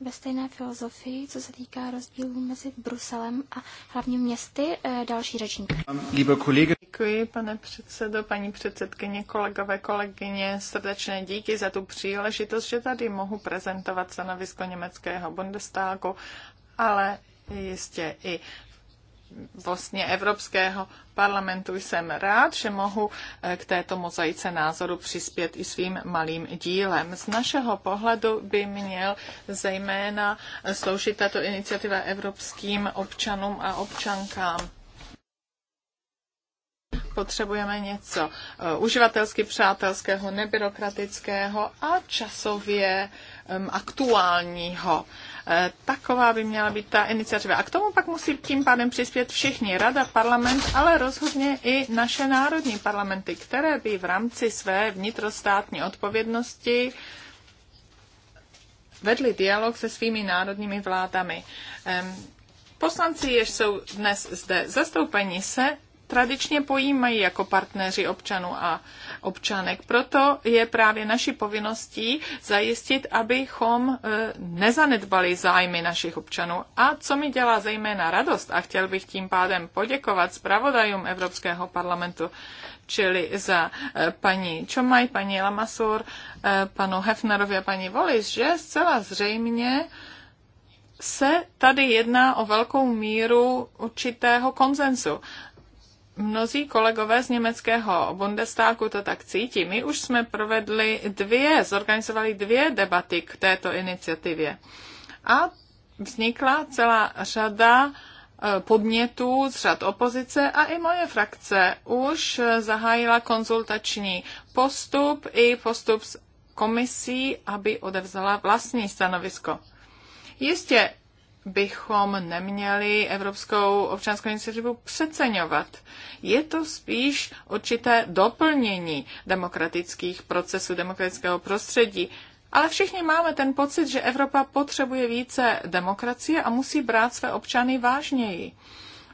ve stejné filozofii, co se týká rozdílů mezi Bruselem a hlavním městy. Eh, další řečník. Děkuji, pane předsedo, paní předsedkyně, kolegové, kolegyně. Srdečné díky za tu příležitost, že tady mohu prezentovat stanovisko německého Bundestagu, ale jistě i vlastně Evropského parlamentu jsem rád, že mohu eh, k této mozaice názoru přispět i svým malým dílem. Z našeho pohledu by měl zejména sloužit tato iniciativa evropským občanům a občankám potřebujeme něco eh, uživatelsky přátelského, nebyrokratického a časově aktuálního. Eh, taková by měla být ta iniciativa. A k tomu pak musí tím pádem přispět všichni, rada, parlament, ale rozhodně i naše národní parlamenty, které by v rámci své vnitrostátní odpovědnosti vedli dialog se svými národními vládami. Poslanci, jež jsou dnes zde zastoupeni, se tradičně pojímají jako partneři občanů a občanek. Proto je právě naší povinností zajistit, abychom e, nezanedbali zájmy našich občanů. A co mi dělá zejména radost, a chtěl bych tím pádem poděkovat zpravodajům Evropského parlamentu, čili za e, paní Čomaj, paní Lamasur, e, panu Hefnerovi a paní Volis, že zcela zřejmě se tady jedná o velkou míru určitého konsenzu. Mnozí kolegové z německého Bundestagu to tak cítí. My už jsme provedli dvě, zorganizovali dvě debaty k této iniciativě. A vznikla celá řada eh, podnětů z řad opozice a i moje frakce už eh, zahájila konzultační postup i postup s komisí, aby odevzala vlastní stanovisko. Jistě bychom neměli Evropskou občanskou iniciativu přeceňovat. Je to spíš určité doplnění demokratických procesů, demokratického prostředí. Ale všichni máme ten pocit, že Evropa potřebuje více demokracie a musí brát své občany vážněji.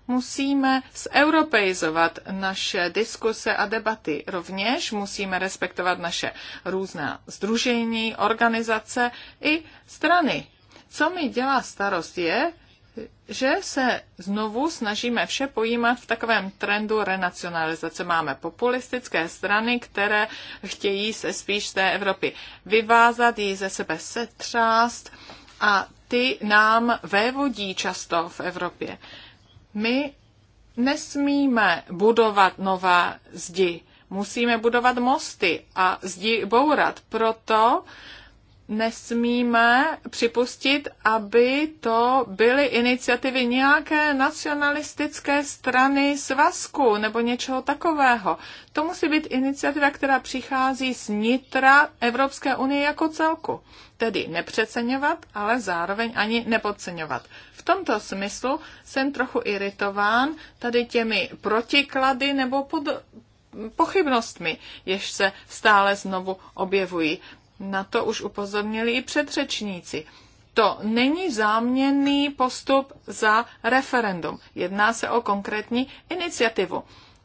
Musíme zeuropeizovat naše diskuse a debaty. Rovněž musíme respektovat naše různá združení, organizace i strany co mi dělá starost je, že se znovu snažíme vše pojímat v takovém trendu renacionalizace. Máme populistické strany, které chtějí se spíš z té Evropy vyvázat, ji ze sebe setřást a ty nám vévodí často v Evropě. My nesmíme budovat nová zdi, musíme budovat mosty a zdi bourat. Proto nesmíme připustit, aby to byly iniciativy nějaké nacionalistické strany svazku nebo něčeho takového. To musí být iniciativa, která přichází z nitra Evropské unie jako celku. Tedy nepřeceňovat, ale zároveň ani nepodceňovat. V tomto smyslu jsem trochu iritován tady těmi protiklady nebo pod, pochybnostmi, jež se stále znovu objevují. Na to už upozornili i předřečníci. To není záměný postup za referendum. Jedná se o konkrétní iniciativu.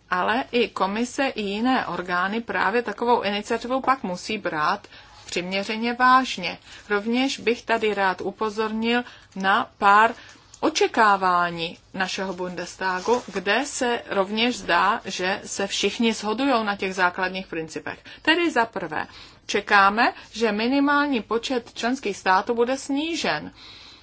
Ale i komise i jiné orgány právě takovou iniciativu pak musí brát přiměřeně vážně. Rovněž bych tady rád upozornil na pár očekávání našeho Bundestagu, kde se rovněž zdá, že se všichni shodují na těch základních principech. Tedy za prvé, čekáme, že minimální počet členských států bude snížen.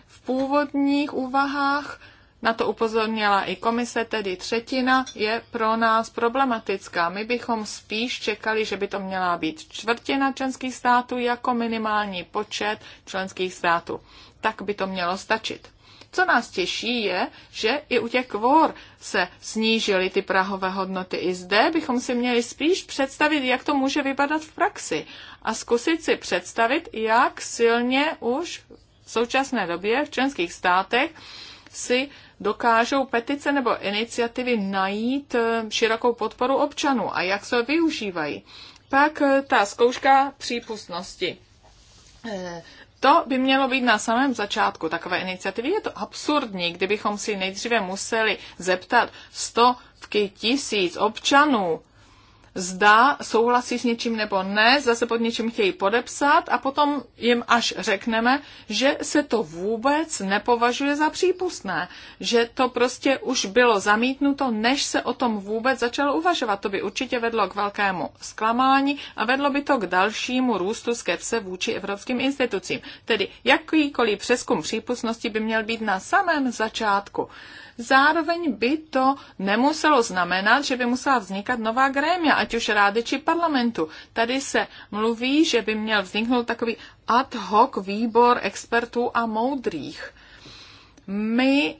V původních úvahách na to upozornila i komise, tedy třetina je pro nás problematická. My bychom spíš čekali, že by to měla být čtvrtina členských států jako minimální počet členských států. Tak by to mělo stačit. Co nás těší je, že i u těch kvor se snížily ty prahové hodnoty. I zde bychom si měli spíš představit, jak to může vypadat v praxi a zkusit si představit, jak silně už v současné době v členských státech si dokážou petice nebo iniciativy najít eh, širokou podporu občanů a jak se využívají. Pak eh, ta zkouška přípustnosti. To by mělo být na samém začátku takové iniciativy. Je to absurdní, kdybychom si nejdříve museli zeptat stovky tisíc občanů, zda souhlasí s něčím nebo ne, zase pod něčím chtějí podepsat a potom jim až řekneme, že se to vůbec nepovažuje za přípustné, že to prostě už bylo zamítnuto, než se o tom vůbec začalo uvažovat. To by určitě vedlo k velkému zklamání a vedlo by to k dalšímu růstu skepse vůči evropským institucím. Tedy jakýkoliv přeskum přípustnosti by měl být na samém začátku. Zároveň by to nemuselo znamenat, že by musela vznikat nová grémia, ať už rády či parlamentu. Tady se mluví, že by měl vzniknout takový ad hoc výbor expertů a moudrých. My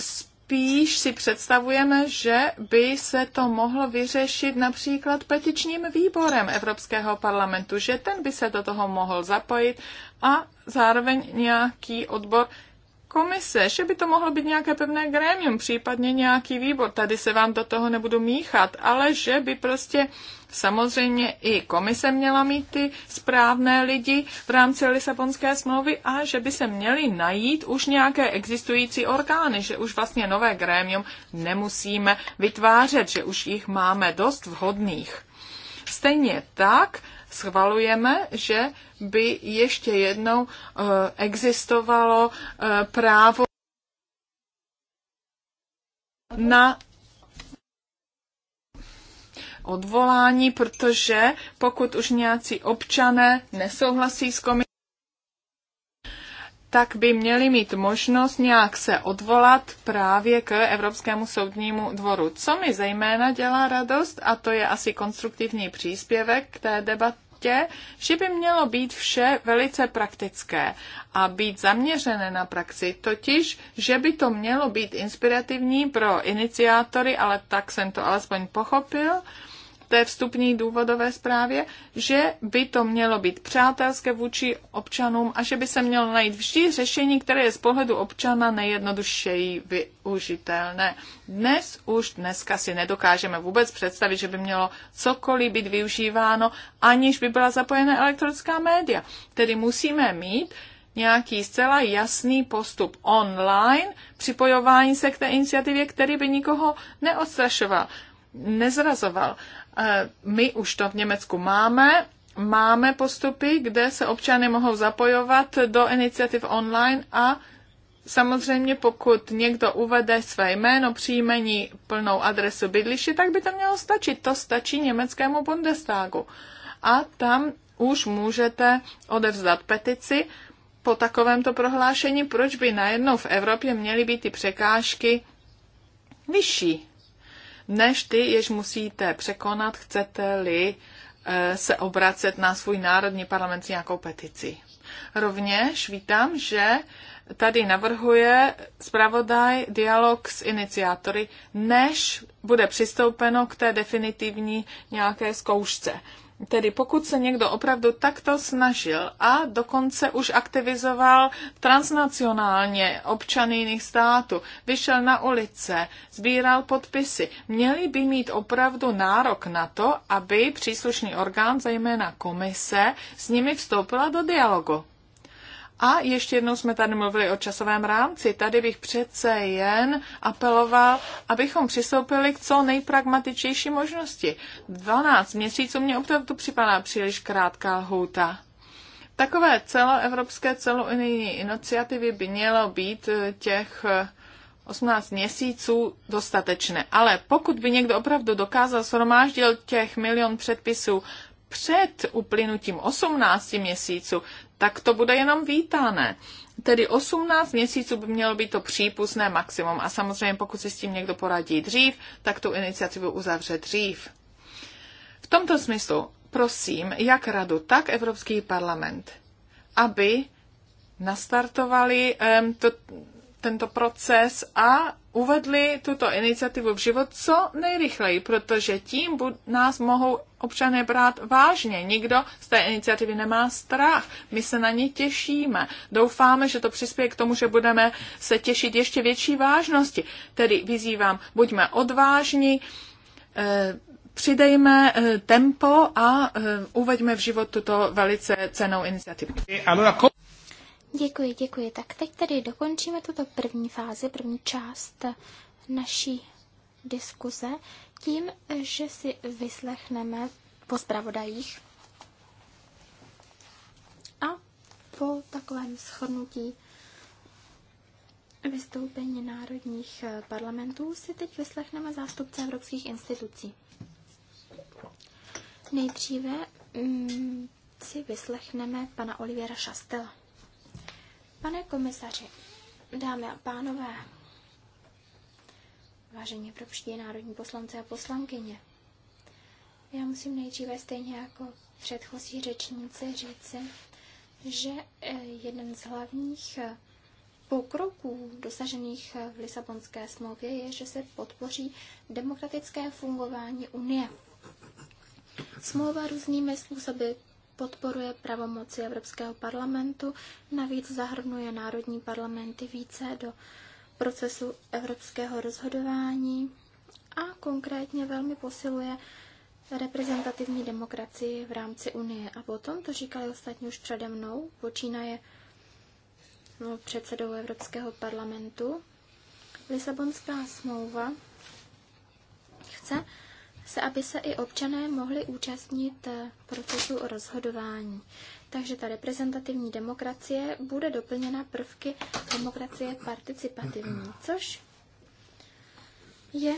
spíš si představujeme, že by se to mohlo vyřešit například petičním výborem Evropského parlamentu, že ten by se do toho mohl zapojit a zároveň nějaký odbor komise, že by to mohlo být nějaké pevné grémium, případně nějaký výbor, tady se vám do toho nebudu míchat, ale že by prostě samozřejmě i komise měla mít ty správné lidi v rámci Lisabonské smlouvy a že by se měly najít už nějaké existující orgány, že už vlastně nové grémium nemusíme vytvářet, že už jich máme dost vhodných. Stejně tak schvalujeme, že by ještě jednou eh, existovalo eh, právo na odvolání, protože pokud už nějací občané nesouhlasí s komisí, tak by měli mít možnost nějak se odvolat právě k Evropskému soudnímu dvoru. Co mi zejména dělá radost, a to je asi konstruktivní příspěvek k té debatě, místě, že by mělo být vše velice praktické a být zaměřené na praxi, totiž, že by to mělo být inspirativní pro iniciátory, ale tak jsem to alespoň pochopil, té vstupní důvodové zprávě, že by to mělo být přátelské vůči občanům a že by se mělo najít vždy řešení, které je z pohledu občana nejjednodušeji využitelné. Dnes už dneska si nedokážeme vůbec představit, že by mělo cokoliv být využíváno, aniž by byla zapojena elektronická média. Tedy musíme mít nějaký zcela jasný postup online, připojování se k té iniciativě, který by nikoho neodstrašoval, nezrazoval. Eh, my už to v Německu máme. Máme postupy, kde se občany mohou zapojovat do iniciativ online a Samozřejmě pokud někdo uvede své jméno, příjmení, plnou adresu bydliště, tak by to mělo stačit. To stačí německému Bundestagu. A tam už můžete odevzdat petici po takovémto prohlášení, proč by najednou v Evropě měly být ty překážky vyšší než ty, jež musíte překonat, chcete-li eh, se obracet na svůj národní parlament s nějakou petici. Rovněž vítám, že tady navrhuje zpravodaj dialog s iniciátory, než bude přistoupeno k té definitivní nějaké zkoušce. Tedy pokud se někdo opravdu takto snažil a dokonce už aktivizoval transnacionálně občany jiných států, vyšel na ulice, sbíral podpisy, měli by mít opravdu nárok na to, aby příslušný orgán, zejména komise, s nimi vstoupila do dialogu. A ještě jednou jsme tady mluvili o časovém rámci. Tady bych přece jen apeloval, abychom přistoupili k co nejpragmatičtější možnosti. 12 měsíců mě opravdu připadá příliš krátká lhůta. Takové celoevropské, celounijní iniciativy by mělo být eh, těch 18 eh, měsíců dostatečné. Ale pokud by někdo opravdu dokázal shromáždil těch milion předpisů před uplynutím 18 měsíců, tak to bude jenom vítané. Tedy 18 měsíců by mělo být to přípustné maximum a samozřejmě pokud si s tím někdo poradí dřív, tak tu iniciativu uzavře dřív. V tomto smyslu prosím jak radu, tak Evropský parlament, aby nastartovali um, to, tento proces a uvedli tuto iniciativu v život co nejrychleji, protože tím nás mohou občané brát vážně. Nikdo z té iniciativy nemá strach. My se na ně těšíme. Doufáme, že to přispěje k tomu, že budeme se těšit ještě větší vážnosti. Tedy vyzývám, buďme odvážní, eh, přidejme eh, tempo a eh, uveďme v život tuto velice cenou iniciativu. Děkuji, děkuji. Tak teď tedy dokončíme tuto první fázi, první část naší diskuze tím, že si vyslechneme po zpravodajích a po takovém schodnutí vystoupení národních parlamentů si teď vyslechneme zástupce evropských institucí. Nejdříve mm, si vyslechneme pana Oliviera Šastela. Pane komisaři, dámy a pánové, vážení evropští národní poslanci a poslankyně, já musím nejdříve stejně jako předchozí řečníci říci, že eh, jeden z hlavních eh, pokroků dosažených eh, v Lisabonské smlouvě je, že se podpoří demokratické fungování Unie. Smlouva různými způsoby podporuje pravomoci Evropského parlamentu, navíc zahrnuje národní parlamenty více do procesu evropského rozhodování a konkrétně velmi posiluje reprezentativní demokracii v rámci Unie. A potom, to říkali ostatní už přede mnou, počínaje no, předsedou Evropského parlamentu, Lisabonská smlouva chce se, aby se i občané mohli účastnit eh, procesu o rozhodování. Takže ta reprezentativní demokracie bude doplněna prvky demokracie participativní, což je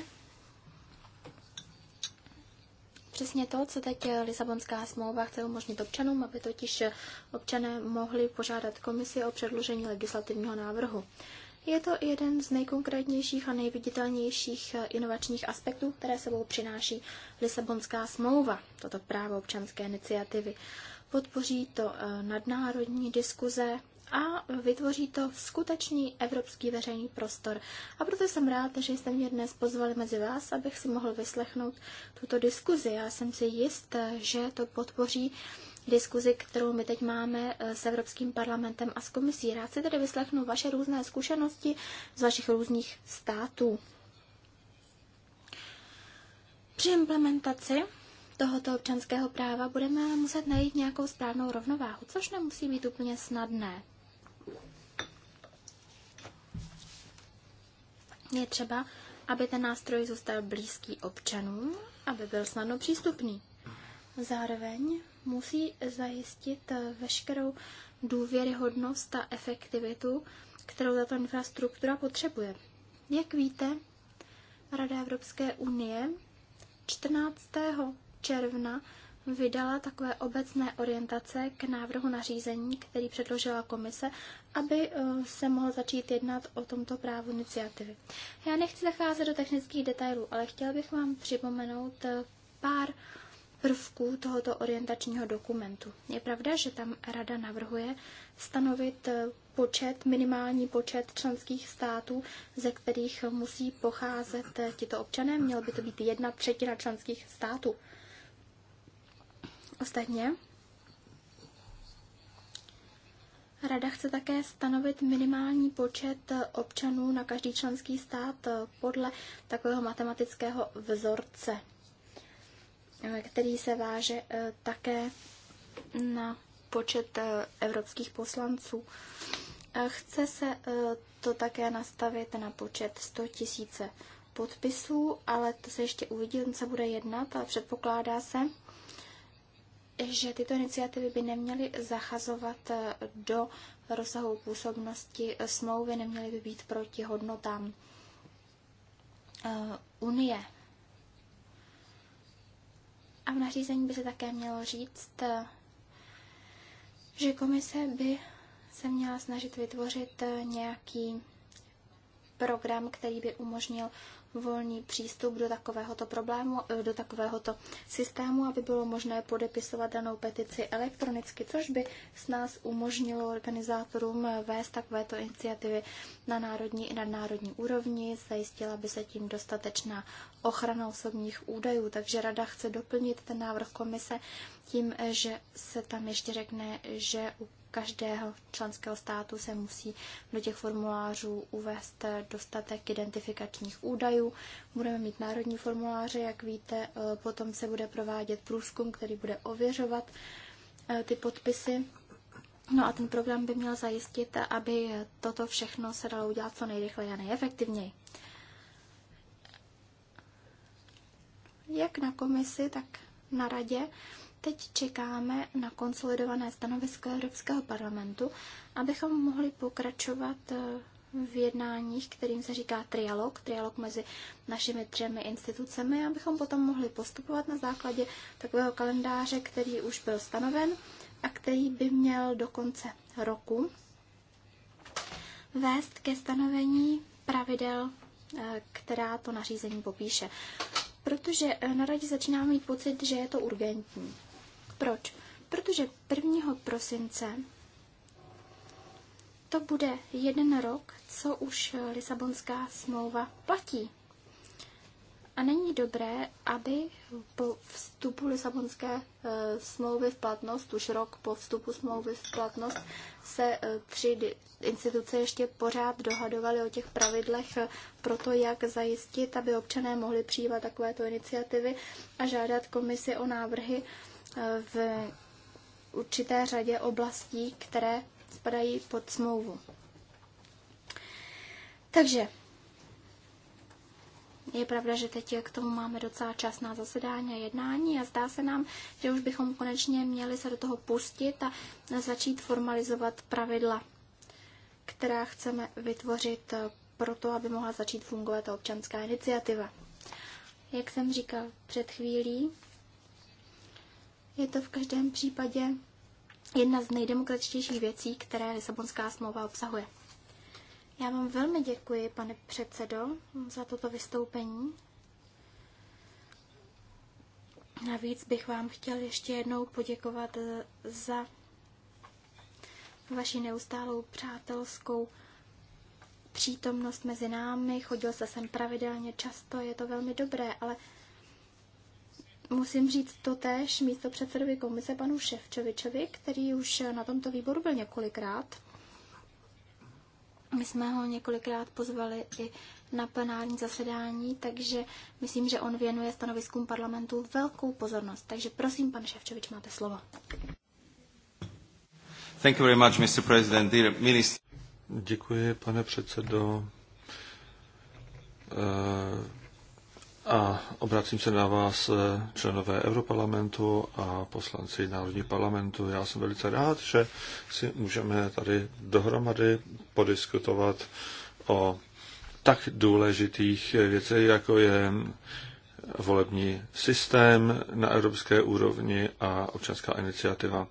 přesně to, co teď eh, Lisabonská smlouva chce umožnit občanům, aby totiž eh, občané mohli požádat komisi o předložení legislativního návrhu. Je to jeden z nejkonkrétnějších a nejviditelnějších eh, inovačních aspektů, které sebou přináší Lisabonská smlouva, toto právo občanské iniciativy. Podpoří to eh, nadnárodní diskuze a vytvoří to skutečný evropský veřejný prostor. A proto jsem rád, že jste mě dnes pozvali mezi vás, abych si mohl vyslechnout tuto diskuzi. Já jsem si jist, eh, že to podpoří diskuzi, kterou my teď máme eh, s Evropským parlamentem a s komisí. Rád si tedy vyslechnu vaše různé zkušenosti z vašich různých států. Při implementaci tohoto občanského práva budeme muset najít nějakou správnou rovnováhu, což nemusí být úplně snadné. Je třeba, aby ten nástroj zůstal blízký občanům, aby byl snadno přístupný. Zároveň musí zajistit eh, veškerou důvěryhodnost a efektivitu, kterou tato infrastruktura potřebuje. Jak víte, Rada Evropské unie 14. června vydala takové obecné orientace k návrhu nařízení, který předložila komise, aby eh, se mohlo začít jednat o tomto právu iniciativy. Já nechci zacházet do technických detailů, ale chtěla bych vám připomenout eh, pár prvků tohoto orientačního dokumentu. Je pravda, že tam Rada navrhuje stanovit eh, počet, minimální počet členských států, ze kterých musí pocházet eh, tito občané. Mělo by to být jedna třetina členských států. Ostatně, Rada chce také stanovit minimální počet eh, občanů na každý členský stát podle takového matematického vzorce. Eh, který se váže eh, také na počet eh, evropských poslanců. Chce se to také nastavit na počet 100 tisíce podpisů, ale to se ještě uvidí, on se bude jednat a předpokládá se, že tyto iniciativy by neměly zachazovat do rozsahu působnosti smlouvy, neměly by být proti hodnotám Unie. A v nařízení by se také mělo říct, eh, že komise by se měla snažit vytvořit eh, nějaký program, který by umožnil volný přístup do takovéhoto problému, eh, do takovéhoto systému, aby bylo možné podepisovat danou petici elektronicky, což by s nás umožnilo organizátorům eh, vést takovéto iniciativy na národní i nadnárodní úrovni, zajistila by se tím dostatečná ochrana osobních údajů, takže rada chce doplnit ten návrh komise tím, eh, že se tam ještě řekne, že u každého členského státu se musí do těch formulářů uvést dostatek identifikačních údajů. Budeme mít národní formuláře, jak víte, e, potom se bude provádět průzkum, který bude ověřovat e, ty podpisy. No a ten program by měl zajistit, aby toto všechno se dalo udělat co nejrychleji a nejefektivněji. Jak na komisi, tak na radě Teď čekáme na konsolidované stanovisko Evropského parlamentu, abychom mohli pokračovat eh, v jednáních, kterým se říká trialog, trialog mezi našimi třemi institucemi, abychom potom mohli postupovat na základě takového kalendáře, který už byl stanoven a který by měl do konce roku vést ke stanovení pravidel, eh, která to nařízení popíše. Protože eh, na radě začínáme mít pocit, že je to urgentní. Proč? Protože 1. prosince to bude jeden rok, co už Lisabonská smlouva platí. A není dobré, aby po vstupu Lisabonské e, smlouvy v platnost, už rok po vstupu smlouvy v platnost, se e, tři instituce ještě pořád dohadovaly o těch pravidlech e, pro to, jak zajistit, aby občané mohli přijímat takovéto iniciativy a žádat komisi o návrhy v určité řadě oblastí, které spadají pod smlouvu. Takže je pravda, že teď k tomu máme docela čas na zasedání a jednání a zdá se nám, že už bychom konečně měli se do toho pustit a začít formalizovat pravidla, která chceme vytvořit pro to, aby mohla začít fungovat ta občanská iniciativa. Jak jsem říkal před chvílí, je to v každém případě jedna z nejdemokratičtějších věcí, které Lisabonská smlouva obsahuje. Já vám velmi děkuji, pane předsedo, za toto vystoupení. Navíc bych vám chtěl ještě jednou poděkovat za vaši neustálou přátelskou přítomnost mezi námi. Chodil se sem pravidelně často, je to velmi dobré, ale Musím říct to též místo předsedovi komise panu Ševčovičovi, který už na tomto výboru byl několikrát. My jsme ho několikrát pozvali i na plenární zasedání, takže myslím, že on věnuje stanoviskům parlamentu velkou pozornost. Takže prosím, pan Ševčovič, máte slovo. Thank you very much, Mr. President. Dear Minister. Děkuji, pane předsedo. Uh a obracím se na vás, eh, členové Europarlamentu a poslanci Národní parlamentu. Já jsem velice rád, že si můžeme tady dohromady podiskutovat o tak důležitých věcech, jako je volební systém na evropské úrovni a občanská iniciativa.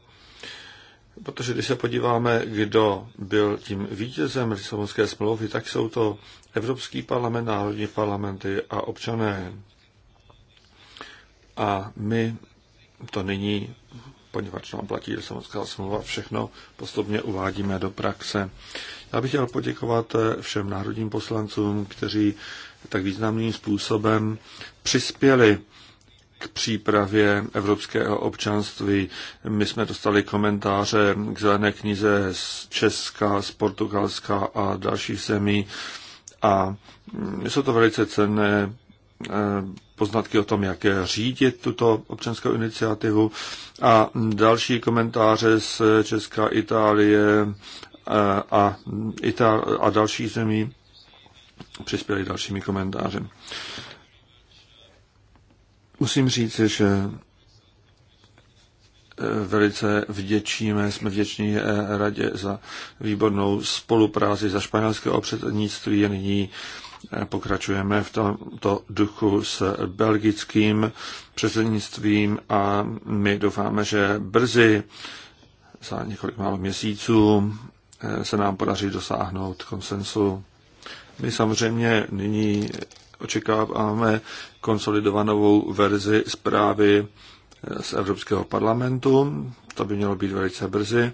Protože když se podíváme, kdo byl tím vítězem Lisabonské smlouvy, tak jsou to Evropský parlament, národní parlamenty a občané. A my to nyní, poněvadž nám platí Lisabonská smlouva, všechno postupně uvádíme do praxe. Já bych chtěl poděkovat všem národním poslancům, kteří tak významným způsobem přispěli přípravě evropského občanství. My jsme dostali komentáře k zelené knize z Česka, z Portugalska a dalších zemí a jsou to velice cenné eh, poznatky o tom, jak řídit tuto občanskou iniciativu a další komentáře z Česka, Itálie eh, a, Itál- a dalších zemí přispěli dalšími komentáři. Musím říct, že eh, velice vděčíme, jsme vděční eh, radě za výbornou spolupráci za španělského předsednictví. Nyní eh, pokračujeme v tomto duchu s belgickým předsednictvím a my doufáme, že brzy za několik málo měsíců se nám podaří dosáhnout konsensu. My samozřejmě nyní očekáváme konsolidovanou verzi zprávy eh, z Evropského parlamentu. To by mělo být velice brzy.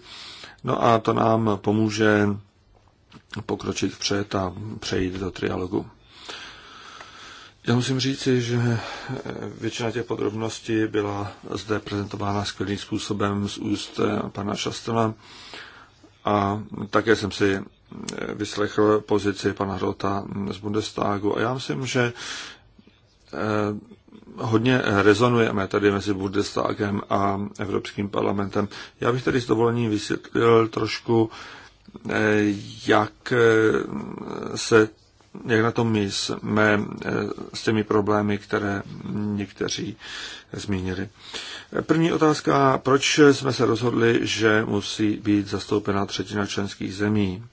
No a to nám pomůže pokročit před a přejít do trialogu. Já musím říci, že eh, většina těch podrobností byla zde prezentována skvělým způsobem z úst eh, pana Šastela a také jsem si vyslechl pozici pana Hrota z Bundestagu a já myslím, že eh, hodně rezonujeme tady mezi Bundestagem a Evropským parlamentem. Já bych tady s dovolením vysvětlil trošku, eh, jak eh, se jak na tom my jsme s těmi problémy, které někteří zmínili. První otázka, proč jsme se rozhodli, že musí být zastoupena třetina členských zemí?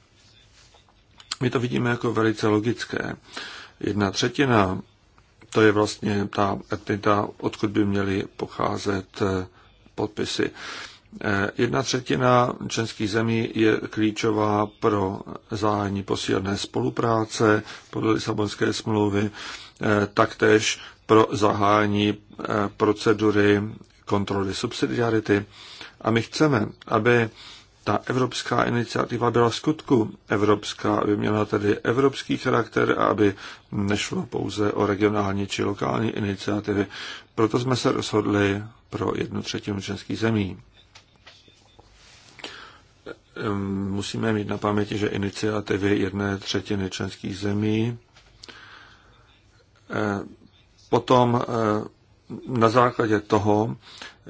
My to vidíme jako velice logické. Jedna třetina, to je vlastně ta etnita, odkud by měly pocházet eh, podpisy. Eh, jedna třetina členských zemí je klíčová pro zájemní posílené spolupráce podle Lisabonské smlouvy, eh, taktéž pro zahájení procedury kontroly subsidiarity. A my chceme, aby ta evropská iniciativa byla v skutku evropská, aby měla tedy evropský charakter a aby nešlo pouze o regionální či lokální iniciativy. Proto jsme se rozhodli pro jednu třetinu členských zemí. Ehm, musíme mít na paměti, že iniciativy jedné třetiny členských zemí eh, potom eh, na základě toho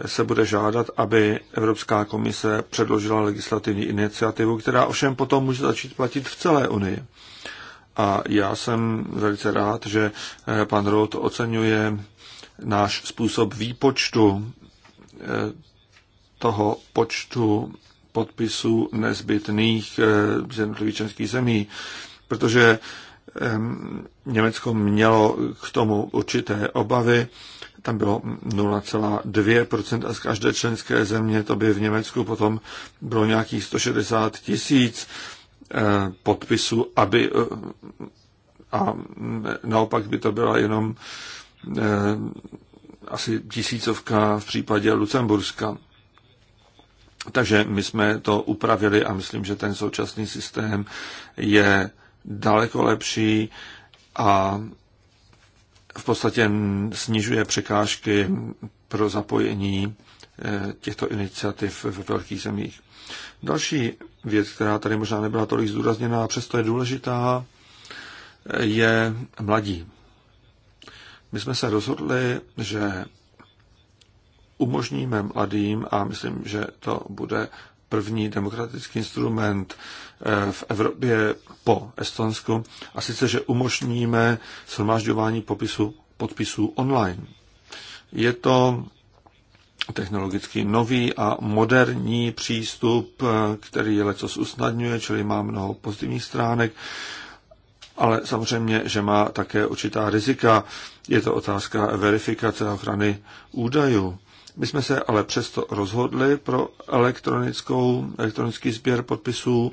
se bude žádat, aby Evropská komise předložila legislativní iniciativu, která ovšem potom může začít platit v celé Unii. A já jsem velice rád, že eh, pan Roth oceňuje náš způsob výpočtu eh, toho počtu podpisů nezbytných eh, z jednotlivých členských zemí, protože Německo mělo k tomu určité obavy tam bylo 0,2% a z každé členské země, to by v Německu potom bylo nějakých 160 tisíc eh, podpisů, aby eh, a naopak by to byla jenom eh, asi tisícovka v případě Lucemburska. Takže my jsme to upravili a myslím, že ten současný systém je daleko lepší a v podstatě snižuje překážky pro zapojení e, těchto iniciativ ve velkých zemích. Další věc, která tady možná nebyla tolik zdůrazněná, přesto je důležitá, je mladí. My jsme se rozhodli, že umožníme mladým, a myslím, že to bude první demokratický instrument eh, v Evropě po Estonsku, a sice, že umožníme shromažďování popisu, podpisů online. Je to technologicky nový a moderní přístup, eh, který je lecos usnadňuje, čili má mnoho pozitivních stránek, ale samozřejmě, že má také určitá rizika. Je to otázka verifikace a ochrany údajů. My jsme se ale přesto rozhodli pro elektronickou, elektronický sběr podpisů,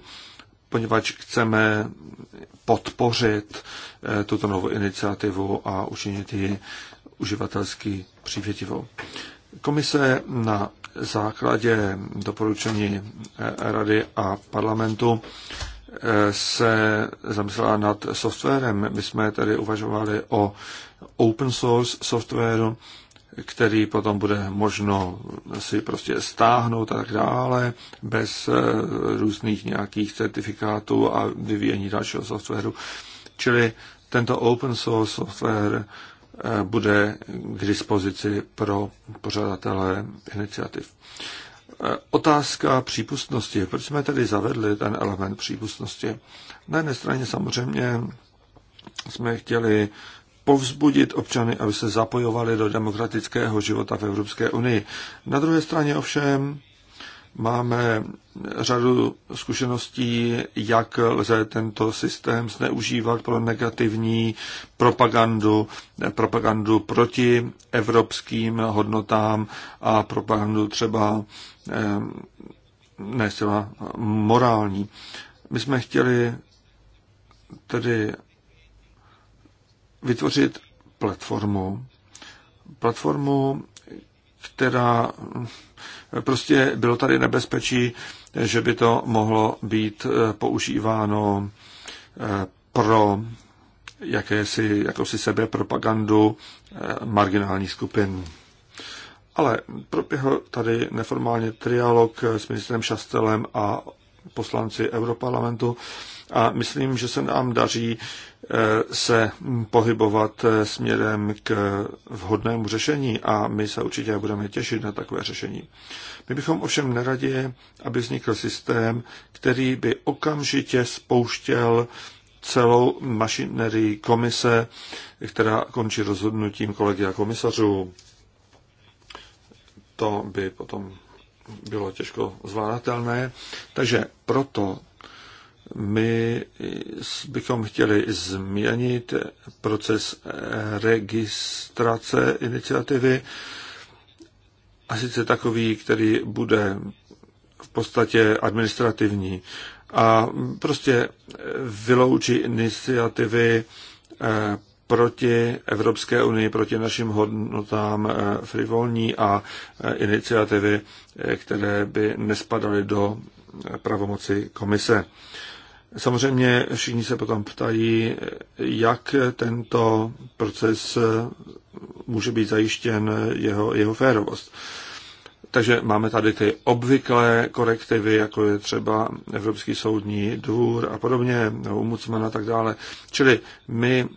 poněvadž chceme podpořit eh, tuto novou iniciativu a učinit ji uživatelsky přívětivou. Komise na základě doporučení eh, Rady a parlamentu eh, se zamyslela nad softwarem. My jsme tedy uvažovali o open source softwaru, který potom bude možno si prostě stáhnout a tak dále, bez eh, různých nějakých certifikátů a vyvíjení dalšího softwaru. Čili tento open source software eh, bude k dispozici pro pořadatele iniciativ. Eh, otázka přípustnosti. Proč jsme tedy zavedli ten element přípustnosti? Na jedné straně samozřejmě jsme chtěli povzbudit občany, aby se zapojovali do demokratického života v Evropské unii. Na druhé straně ovšem máme řadu zkušeností, jak lze tento systém zneužívat pro negativní propagandu, propagandu proti evropským hodnotám a propagandu třeba eh, ne morální. My jsme chtěli tedy vytvořit platformu, platformu, která eh, prostě bylo tady nebezpečí, že by to mohlo být eh, používáno eh, pro jakési, jakousi propagandu marginálních skupin. Ale proběhl tady neformálně trialog s ministrem Šastelem a poslanci Europarlamentu a myslím, že se nám daří eh, se pohybovat eh, směrem k vhodnému řešení a my se určitě budeme těšit na takové řešení. My bychom ovšem neradě, aby vznikl systém, který by okamžitě spouštěl celou mašinerii komise, která končí rozhodnutím kolegy a komisařů. To by potom bylo těžko zvládatelné. Takže proto my bychom chtěli změnit proces registrace iniciativy a sice takový, který bude v podstatě administrativní a prostě vyloučí iniciativy eh, proti Evropské unii, proti našim hodnotám eh, frivolní a eh, iniciativy, které by nespadaly do pravomoci komise. Samozřejmě všichni se potom ptají, jak tento proces může být zajištěn jeho, jeho férovost. Takže máme tady ty obvyklé korektivy, jako je třeba Evropský soudní dvůr a podobně, umucman a tak dále. Čili my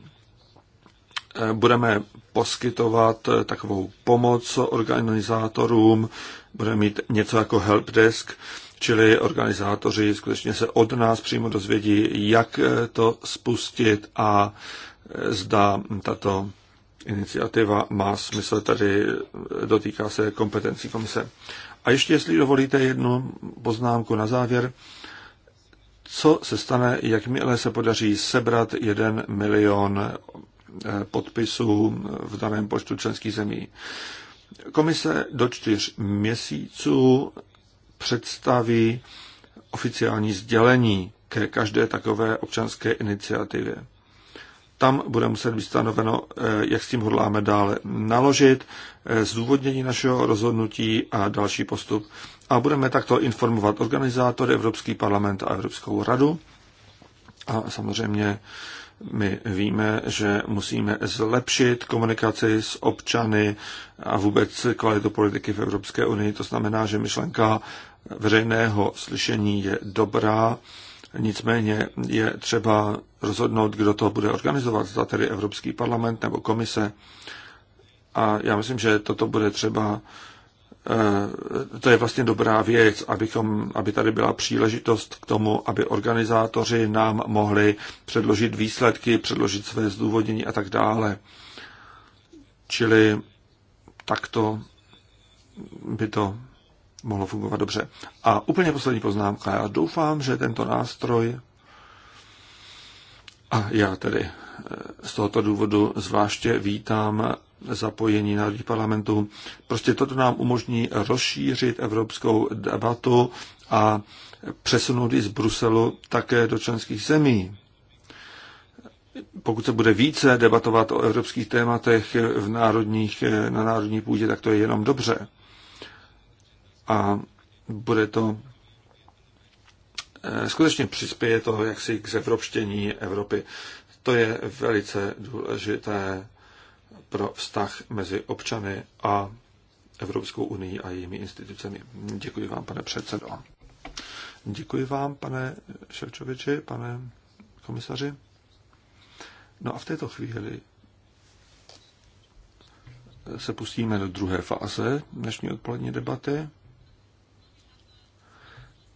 eh, budeme poskytovat eh, takovou pomoc organizátorům, budeme mít něco jako helpdesk, desk, Čili organizátoři skutečně se od nás přímo dozvědí, jak eh, to spustit a eh, zda tato iniciativa má smysl, tady eh, dotýká se kompetencí komise. A ještě, jestli dovolíte jednu poznámku na závěr, co se stane, jakmile se podaří sebrat jeden milion podpisů v daném počtu členských zemí. Komise do čtyř měsíců představí oficiální sdělení ke každé takové občanské iniciativě. Tam bude muset být stanoveno, eh, jak s tím hodláme dále naložit, eh, zdůvodnění našeho rozhodnutí a další postup. A budeme takto informovat organizátory, Evropský parlament a Evropskou radu. A samozřejmě my víme, že musíme zlepšit komunikaci s občany a vůbec kvalitu politiky v Evropské unii. To znamená, že myšlenka veřejného slyšení je dobrá, nicméně je třeba rozhodnout, kdo to bude organizovat, zda tedy Evropský parlament nebo komise. A já myslím, že toto bude třeba eh, to je vlastně dobrá věc, abychom, aby tady byla příležitost k tomu, aby organizátoři nám mohli předložit výsledky, předložit své zdůvodnění a tak dále. Čili takto by to mohlo fungovat dobře. A úplně poslední poznámka. Já doufám, že tento nástroj a já tedy eh, z tohoto důvodu zvláště vítám zapojení národních parlamentů. Prostě toto nám umožní rozšířit evropskou debatu a přesunout ji z Bruselu také do členských zemí. Pokud se bude více debatovat o evropských tématech v národních, eh, na národní půdě, tak to je jenom dobře a bude to eh, skutečně přispěje to jaksi k zevropštění Evropy. To je velice důležité pro vztah mezi občany a Evropskou unii a jejími institucemi. Děkuji vám, pane předsedo. Děkuji vám, pane Ševčoviči, pane komisaři. No a v této chvíli se pustíme do druhé fáze dnešní odpolední debaty.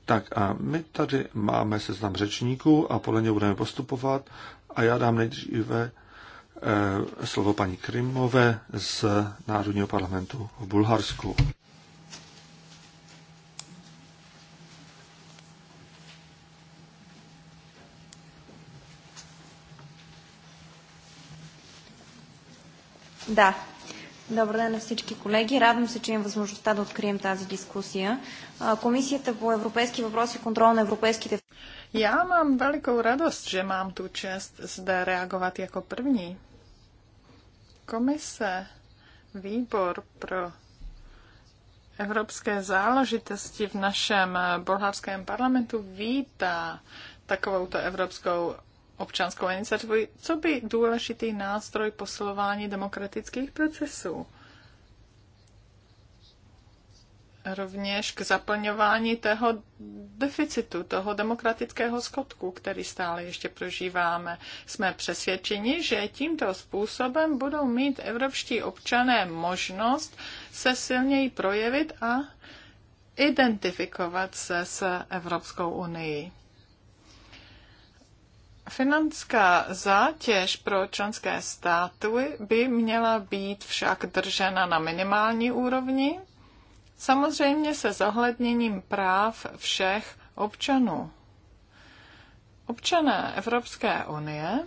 Tak a my tady máme seznam řečníků a podle něj budeme postupovat a já dám nejdříve eh, slovo paní Krymové z Národního parlamentu v Bulharsku. Da, Добър ден на всички колеги. Радвам се, че имам възможността да открием тази дискусия. Комисията по европейски въпроси и контрол на европейските... Já mám velikou radost, že mám tu čest zde reagovat jako první. Komise, výbor pro evropské záležitosti v našem bulharském parlamentu vítá takovouto evropskou občanskou iniciativu, co by důležitý nástroj posilování demokratických procesů. Rovněž k zaplňování toho deficitu, toho demokratického skotku, který stále ještě prožíváme. Jsme přesvědčeni, že tímto způsobem budou mít evropští občané možnost se silněji projevit a identifikovat se s Evropskou unii. Finanská zátěž pro členské státy by měla být však držena na minimální úrovni, samozřejmě se zohledněním práv všech občanů. Občané Evropské unie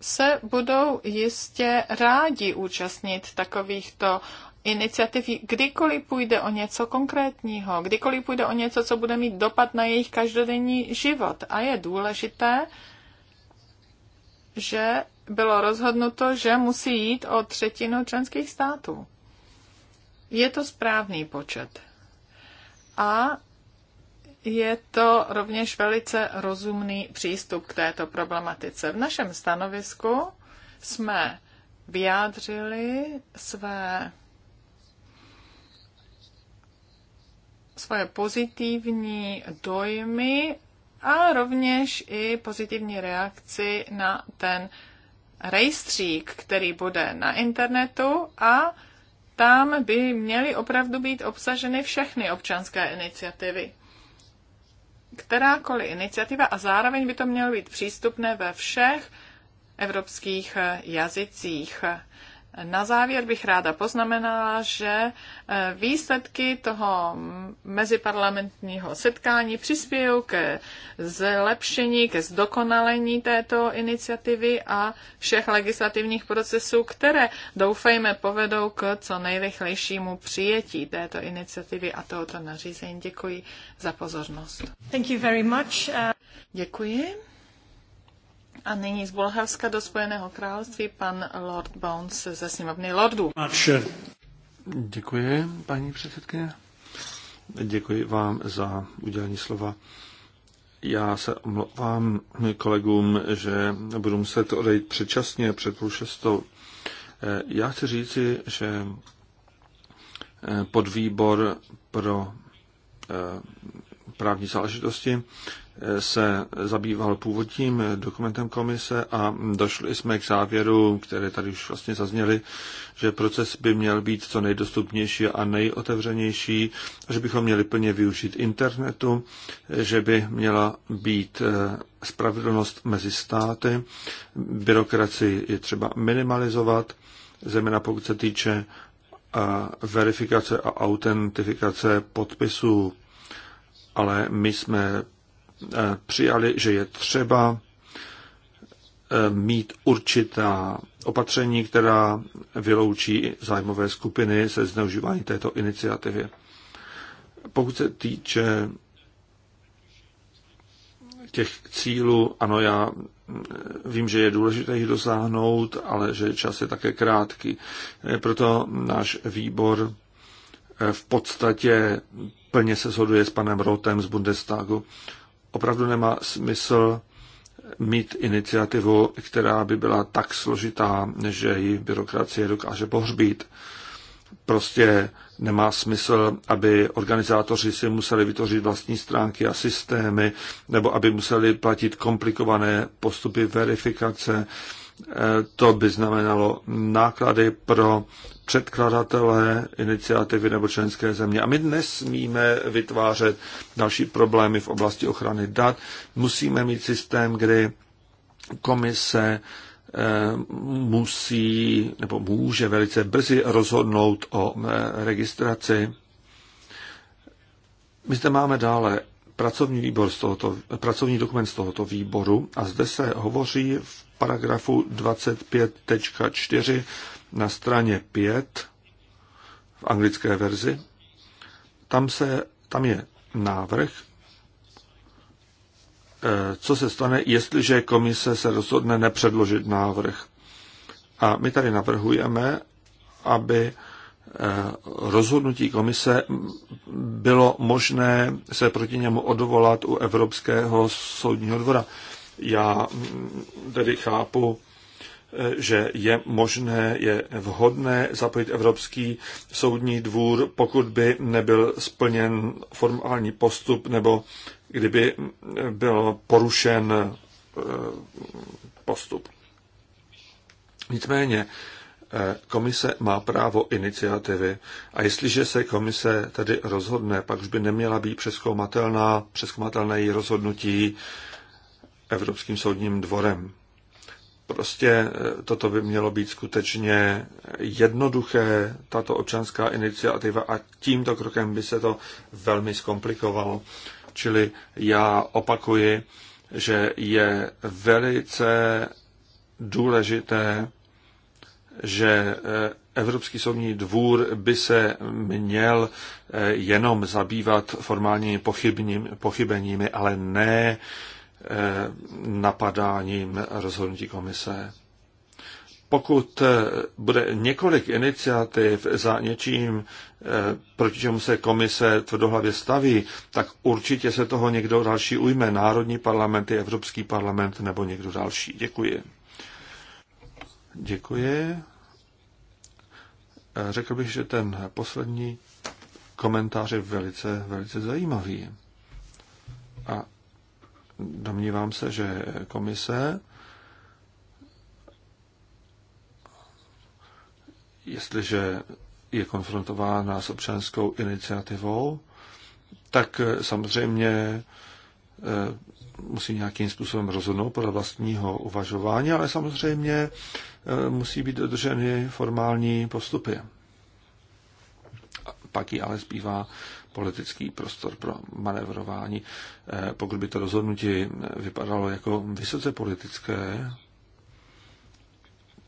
se budou jistě rádi účastnit takovýchto iniciativ, kdykoliv půjde o něco konkrétního, kdykoliv půjde o něco, co bude mít dopad na jejich každodenní život. A je důležité, že bylo rozhodnuto, že musí jít o třetinu členských států. Je to správný počet. A je to rovněž velice rozumný přístup k této problematice. V našem stanovisku jsme vyjádřili své svoje pozitivní dojmy a rovněž i pozitivní reakci na ten rejstřík, který bude na internetu a tam by měly opravdu být obsaženy všechny občanské iniciativy. Kterákoliv iniciativa a zároveň by to mělo být přístupné ve všech evropských jazycích. Na závěr bych ráda poznamenala, že eh, výsledky toho meziparlamentního setkání přispějí ke zlepšení, ke zdokonalení této iniciativy a všech legislativních procesů, které doufejme povedou k co nejrychlejšímu přijetí této iniciativy a tohoto nařízení. Děkuji za pozornost. Thank you very much. Uh, Děkuji. A nyní z Bulharska do Spojeného království pan Lord Bones ze sněmovny Lordů. Děkuji, paní předsedkyně. Děkuji vám za udělení slova. Já se omlouvám kolegům, že budu muset odejít předčasně, před půl šestou. Já chci říci, že podvýbor pro eh, právní záležitosti se zabýval původním dokumentem komise a došli jsme k závěru, které tady už vlastně zazněly, že proces by měl být co nejdostupnější a nejotevřenější, že bychom měli plně využít internetu, že by měla být eh, spravedlnost mezi státy, byrokracii je třeba minimalizovat, zejména pokud se týče eh, verifikace a autentifikace podpisů ale my jsme Eh, přijali, že je třeba eh, mít určitá opatření, která vyloučí zájmové skupiny se zneužívání této iniciativy. Pokud se týče těch cílů, ano, já eh, vím, že je důležité jich dosáhnout, ale že čas je také krátký. Proto náš výbor v podstatě plně se shoduje s panem Rotem z Bundestagu opravdu nemá smysl mít iniciativu, která by byla tak složitá, že ji byrokracie dokáže pohřbít. Prostě nemá smysl, aby organizátoři si museli vytvořit vlastní stránky a systémy, nebo aby museli platit komplikované postupy verifikace, Eh, to by znamenalo náklady pro předkladatele iniciativy nebo členské země. A my smíme vytvářet další problémy v oblasti ochrany dat. Musíme mít systém, kdy komise eh, musí nebo může velice brzy rozhodnout o eh, registraci. My zde máme dále pracovní, výbor z tohoto, pracovní dokument z tohoto výboru a zde se hovoří v paragrafu 25.4 na straně 5 v anglické verzi. Tam, se, tam je návrh, eh, co se stane, jestliže komise se rozhodne nepředložit návrh. A my tady navrhujeme, aby Eh, rozhodnutí komise bylo možné se proti němu odvolat u Evropského soudního dvora. Já mm, tedy chápu, eh, že je možné, je vhodné zapojit Evropský soudní dvůr, pokud by nebyl splněn formální postup nebo kdyby mm, byl porušen eh, postup. Nicméně Eh, komise má právo iniciativy a jestliže se komise tedy rozhodne, pak už by neměla být přeskoumatelná, přeskoumatelné její rozhodnutí Evropským soudním dvorem. Prostě eh, toto by mělo být skutečně jednoduché, tato občanská iniciativa a tímto krokem by se to velmi zkomplikovalo. Čili já opakuji, že je velice důležité, že e, Evropský soudní dvůr by se měl e, jenom zabývat formálními pochybeními, ale ne e, napadáním rozhodnutí komise. Pokud bude několik iniciativ za něčím, proti čemu se komise tvrdohlavě staví, tak určitě se toho někdo další ujme. Národní parlamenty, Evropský parlament nebo někdo další. Děkuji. Děkuji. E, řekl bych, že ten poslední komentář je velice, velice zajímavý. A domnívám se, že komise, jestliže je konfrontována s občanskou iniciativou, tak samozřejmě e, musí nějakým způsobem rozhodnout podle vlastního uvažování, ale samozřejmě Eh, musí být dodrženy formální postupy. Pak ji ale zbývá politický prostor pro manevrování. Eh, pokud by to rozhodnutí vypadalo jako vysoce politické,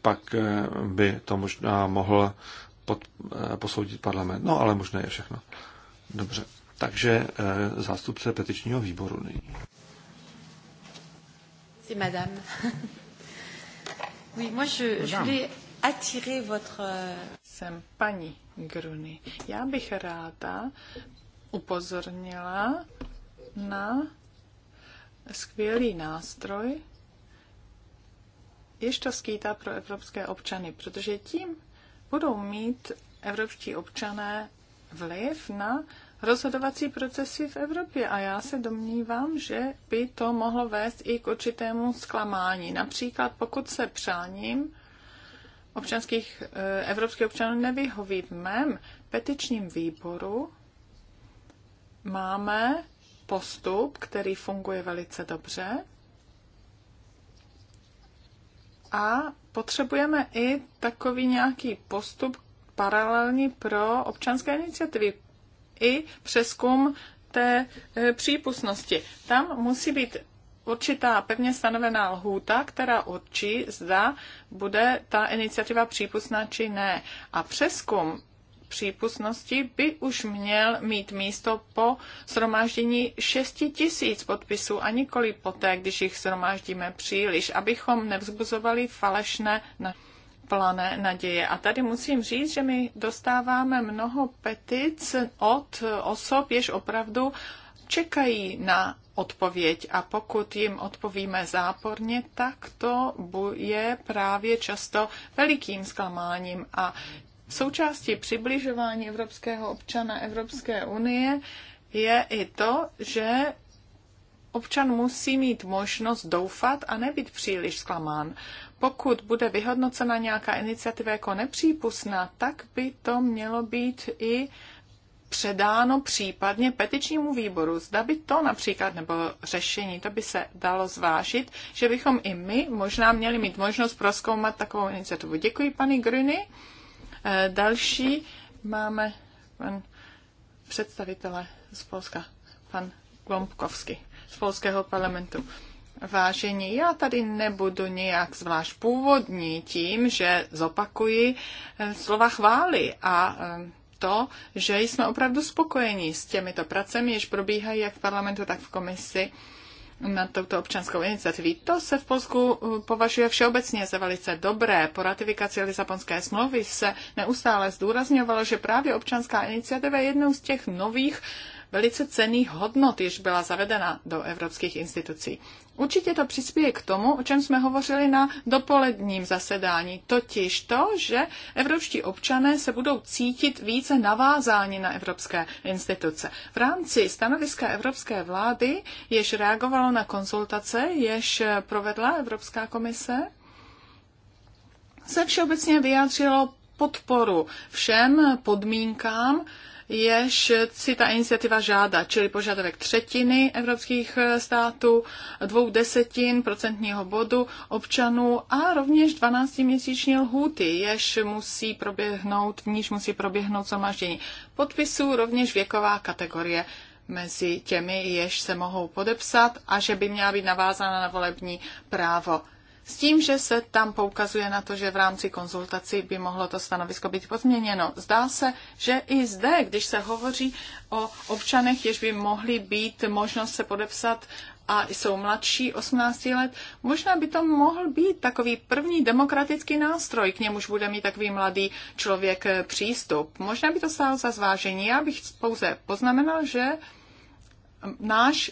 pak eh, by to možná mohl pod, posoudit parlament. No, ale možná je všechno. Dobře. Takže zástupce petičního výboru nyní. Si madame. Oui, moi je, je voulais attirer votre... Euh, Jsem paní Gruny. Já bych ráda upozornila na skvělý nástroj, jež to skýtá pro evropské občany, protože tím budou mít evropští občané vliv na rozhodovací procesy v Evropě a já se domnívám, že by to mohlo vést i k určitému zklamání. Například pokud se přáním občanských, eh, evropských občanů nevyhoví v mém petičním výboru, máme postup, který funguje velice dobře a potřebujeme i takový nějaký postup paralelní pro občanské iniciativy, i přeskum té e, přípustnosti. Tam musí být určitá pevně stanovená lhůta, která určí, zda bude ta iniciativa přípustná či ne. A přeskum přípustnosti by už měl mít místo po shromáždění 6 tisíc podpisů a nikoli poté, když jich shromáždíme příliš, abychom nevzbuzovali falešné na plané naděje. A tady musím říct, že my dostáváme mnoho petic od osob, jež opravdu čekají na odpověď a pokud jim odpovíme záporně, tak to je právě často velikým zklamáním a součástí přibližování evropského občana Evropské unie je i to, že občan musí mít možnost doufat a nebýt příliš zklamán pokud bude vyhodnocena nějaká iniciativa jako nepřípustná, tak by to mělo být i předáno případně petičnímu výboru. Zda by to například nebo řešení, to by se dalo zvážit, že bychom i my možná měli mít možnost proskoumat takovou iniciativu. Děkuji, paní Gruny. Eh, další máme pan představitele z Polska, pan Glombkovský z Polského parlamentu. Vážení, já tady nebudu nějak zvlášť původní tím, že zopakuji eh, slova chvály a eh, to, že jsme opravdu spokojeni s těmito pracemi, jež probíhají jak v parlamentu, tak v komisi na touto občanskou iniciativu. To se v Polsku eh, považuje všeobecně za velice dobré. Po ratifikaci Lisabonské smlouvy se neustále zdůrazňovalo, že právě občanská iniciativa je jednou z těch nových velice cených hodnot, jež byla zavedena do evropských institucí. Určitě to přispěje k tomu, o čem jsme hovořili na dopoledním zasedání, totiž to, že evropští občané se budou cítit více navázáni na evropské instituce. V rámci stanoviska evropské vlády, jež reagovalo na konzultace, jež provedla Evropská komise, se všeobecně vyjádřilo podporu všem podmínkám, jež si ta iniciativa žádá, čili požadavek třetiny evropských eh, států, dvou desetin procentního bodu občanů a rovněž 12-měsíční lhůty, jež musí proběhnout, v níž musí proběhnout shromáždění podpisů, rovněž věková kategorie mezi těmi, jež se mohou podepsat a že by měla být navázána na volební právo s tím, že se tam poukazuje na to, že v rámci konzultací by mohlo to stanovisko být pozměněno. Zdá se, že i zde, když se hovoří o občanech, jež by mohli být možnost se podepsat a jsou mladší 18 let, možná by to mohl být takový první demokratický nástroj, k němuž bude mít takový mladý člověk přístup. Možná by to stálo za zvážení. Já bych pouze poznamenal, že náš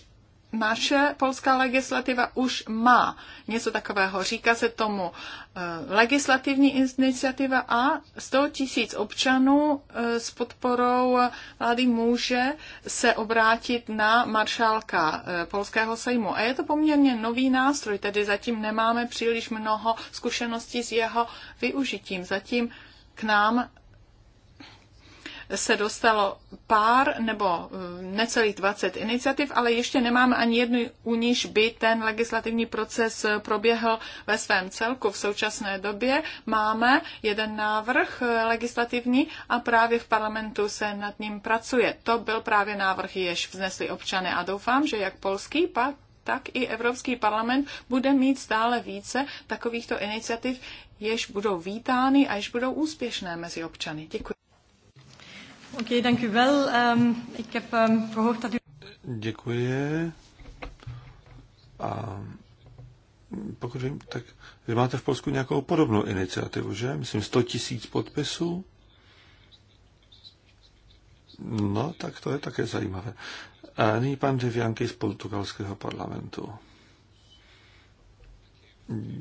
naše polská legislativa už má něco takového. Říká se tomu eh, legislativní iniciativa a 100 tisíc občanů eh, s podporou vlády může se obrátit na maršálka eh, polského sejmu. A je to poměrně nový nástroj, tedy zatím nemáme příliš mnoho zkušeností s jeho využitím. Zatím k nám se dostalo pár nebo eh, necelých 20 iniciativ, ale ještě nemáme ani jednu, u níž by ten legislativní proces eh, proběhl ve svém celku. V současné době máme jeden návrh eh, legislativní a právě v parlamentu se nad ním pracuje. To byl právě návrh, jež vznesli občané a doufám, že jak polský, pak tak i Evropský parlament bude mít stále více takovýchto iniciativ, jež budou vítány a jež budou úspěšné mezi občany. Děkuji. Um, ik heb um, dat u... Děkuji. A pokud vím, tak vy máte v Polsku nějakou podobnou iniciativu, že? Myslím 100 tisíc podpisů. No, tak to je také zajímavé. A nyní pan Devianky z portugalského parlamentu.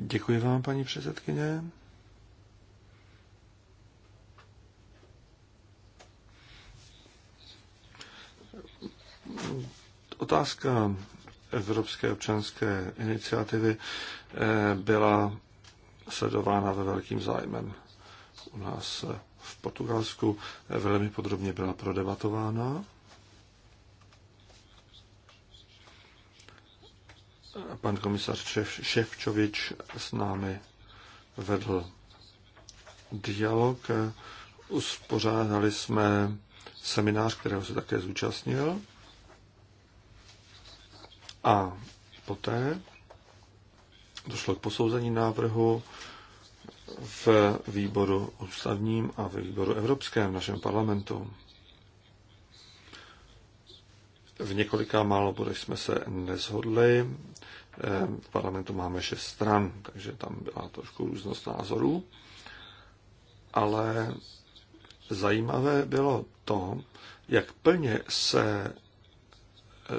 Děkuji vám, paní předsedkyně. Otázka Evropské občanské iniciativy eh, byla sledována ve velkým zájmem u nás v Portugalsku. Eh, velmi podrobně byla prodebatována. Pan komisař Ševčovič s námi vedl dialog. Uspořádali jsme seminář, kterého se také zúčastnil. A poté došlo k posouzení návrhu v výboru ústavním a ve výboru evropském v našem parlamentu. V několika málo bodech jsme se nezhodli. V parlamentu máme šest stran, takže tam byla trošku různost názorů. Ale zajímavé bylo to, jak plně se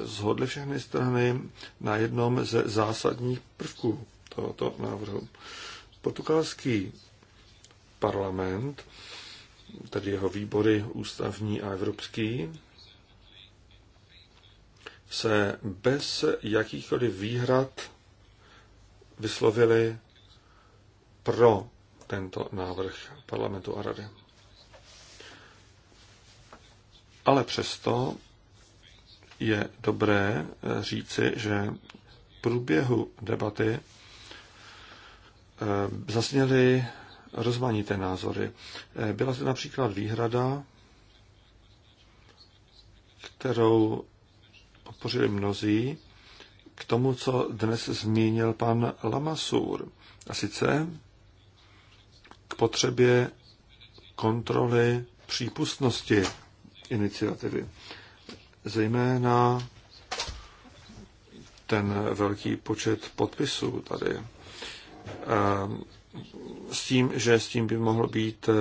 zhodly všechny strany na jednom ze zásadních prvků tohoto návrhu. Portugalský parlament, tedy jeho výbory ústavní a evropský, se bez jakýchkoliv výhrad vyslovili pro tento návrh parlamentu a rady. Ale přesto je dobré eh, říci, že v průběhu debaty eh, zasněly rozmanité názory. Eh, byla zde například výhrada, kterou podpořili mnozí, k tomu, co dnes zmínil pan Lamasur. A sice k potřebě kontroly přípustnosti iniciativy zejména ten velký počet podpisů tady. Ehm, s tím, že s tím by mohlo být eh,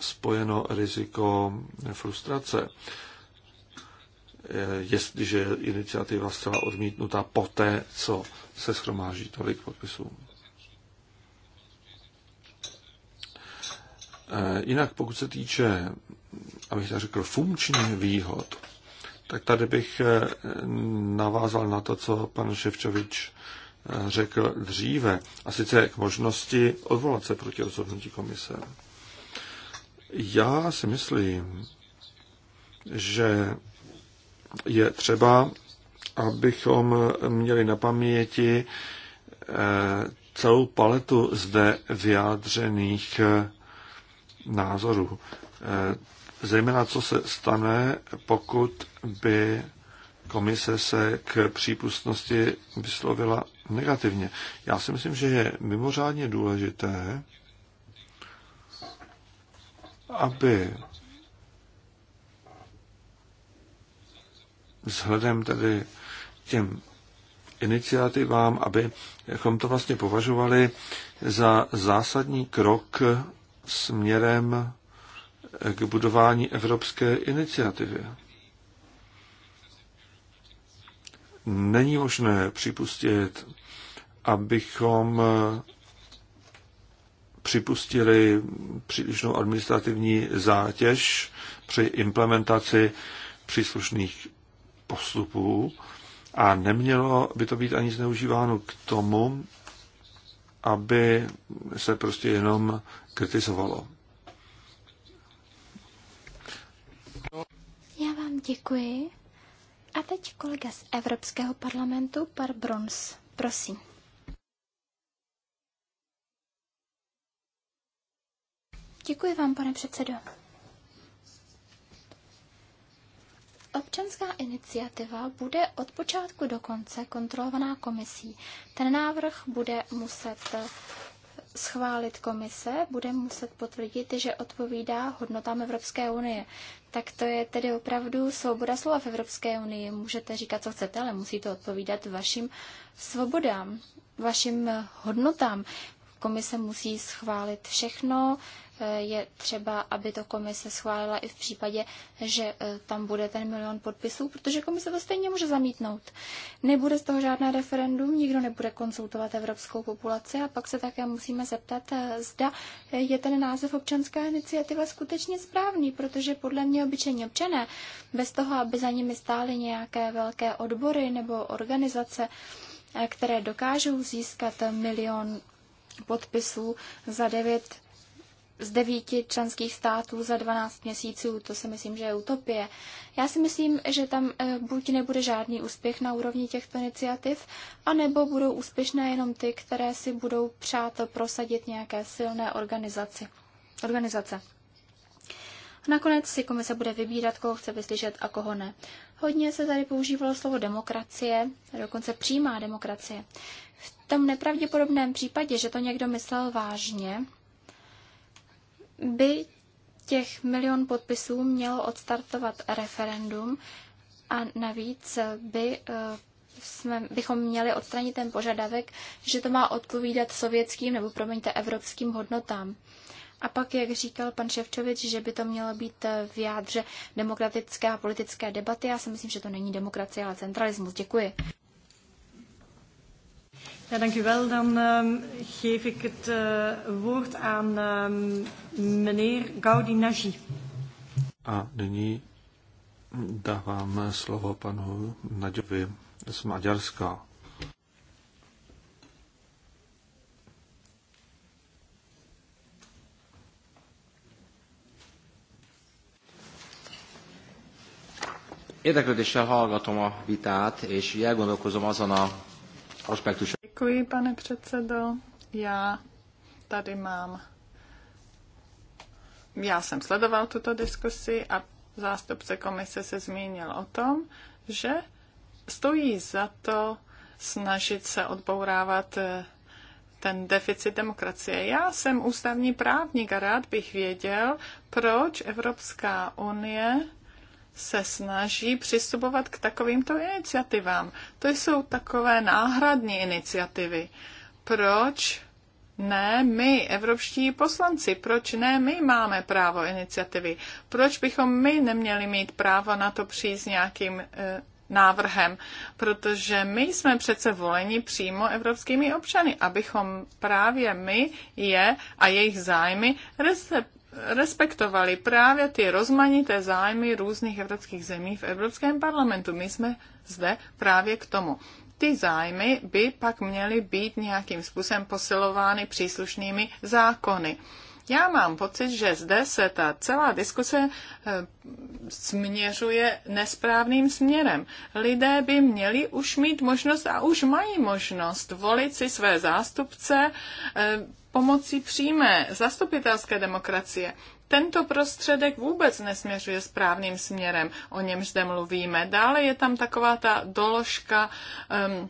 spojeno riziko frustrace, eh, jestliže je iniciativa zcela odmítnutá poté, co se schromáží tolik podpisů. Eh, jinak pokud se týče, abych tak řekl, funkčních výhod, tak tady bych eh, navázal na to, co pan Ševčovič eh, řekl dříve, a sice k možnosti odvolat se proti rozhodnutí komise. Já si myslím, že je třeba, abychom měli na paměti eh, celou paletu zde vyjádřených názorů zejména co se stane, pokud by komise se k přípustnosti vyslovila negativně. Já si myslím, že je mimořádně důležité, aby vzhledem tedy těm iniciativám, aby jakom to vlastně považovali za zásadní krok směrem k budování evropské iniciativy. Není možné připustit, abychom připustili přílišnou administrativní zátěž při implementaci příslušných postupů a nemělo by to být ani zneužíváno k tomu, aby se prostě jenom kritizovalo. Já vám děkuji. A teď kolega z Evropského parlamentu, par Brons. Prosím. Děkuji vám, pane předsedo. Občanská iniciativa bude od počátku do konce kontrolovaná komisí. Ten návrh bude muset schválit komise, bude muset potvrdit, že odpovídá hodnotám Evropské unie. Tak to je tedy opravdu svoboda slova v Evropské unii. Můžete říkat, co chcete, ale musí to odpovídat vašim svobodám, vašim hodnotám. Komise musí schválit všechno, Eh, je třeba, aby to komise schválila i v případě, že eh, tam bude ten milion podpisů, protože komise to stejně může zamítnout. Nebude z toho žádné referendum, nikdo nebude konzultovat evropskou populaci a pak se také musíme zeptat, eh, zda je ten název občanská iniciativa skutečně správný, protože podle mě obyčejní občané, bez toho, aby za nimi stály nějaké velké odbory nebo organizace, které dokážou získat milion podpisů za devět z devíti členských států za 12 měsíců. To si myslím, že je utopie. Já si myslím, že tam eh, buď nebude žádný úspěch na úrovni těchto iniciativ, anebo budou úspěšné jenom ty, které si budou přát prosadit nějaké silné organizaci. organizace. Nakonec si komise bude vybírat, koho chce vyslyšet a koho ne. Hodně se tady používalo slovo demokracie, dokonce přímá demokracie. V tom nepravděpodobném případě, že to někdo myslel vážně, by těch milion podpisů mělo odstartovat referendum a navíc by eh, jsme, bychom měli odstranit ten požadavek, že to má odpovídat sovětským nebo, promiňte, evropským hodnotám. A pak, jak říkal pan Ševčovič, že by to mělo být eh, v jádře demokratické a politické debaty. Já si myslím, že to není demokracie, ale centralismus. Děkuji. Ja, dank u wel. Dan um, geef ik het uh, woord aan um, meneer Gaudi A nyní dávám slovo panu Naďovi z Maďarska. Érdeklődéssel hallgatom a vitát, és elgondolkozom azon a Děkuji, pane předsedo. Já tady mám. Já jsem sledoval tuto diskusi a zástupce komise se zmínil o tom, že stojí za to snažit se odbourávat eh, ten deficit demokracie. Já jsem ústavní právník a rád bych věděl, proč Evropská unie se snaží přistupovat k takovýmto iniciativám. To jsou takové náhradní iniciativy. Proč ne my, evropští poslanci, proč ne my máme právo iniciativy? Proč bychom my neměli mít právo na to přijít s nějakým e, návrhem? Protože my jsme přece voleni přímo evropskými občany, abychom právě my je a jejich zájmy respektovali právě ty rozmanité zájmy různých evropských zemí v Evropském parlamentu. My jsme zde právě k tomu. Ty zájmy by pak měly být nějakým způsobem posilovány příslušnými zákony. Já mám pocit, že zde se ta celá diskuse eh, směřuje nesprávným směrem. Lidé by měli už mít možnost a už mají možnost volit si své zástupce eh, pomocí přímé zastupitelské demokracie. Tento prostředek vůbec nesměřuje správným směrem, o němž zde mluvíme. Dále je tam taková ta doložka um,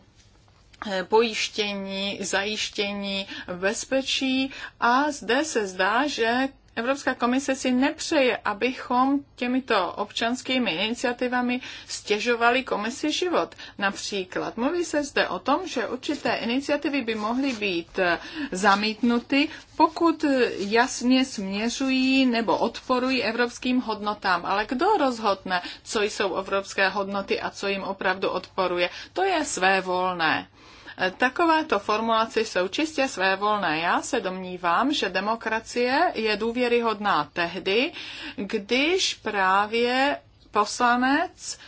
Eh, pojištění, zajištění bezpečí a zde se zdá, že Evropská komise si nepřeje, abychom těmito občanskými iniciativami stěžovali komisi život. Například mluví se zde o tom, že určité iniciativy by mohly být eh, zamítnuty, pokud eh, jasně směřují nebo odporují evropským hodnotám. Ale kdo rozhodne, co jsou evropské hodnoty a co jim opravdu odporuje? To je své volné. Takovéto formulace jsou čistě svévolné. Já se domnívám, že demokracie je důvěryhodná tehdy, když právě poslanec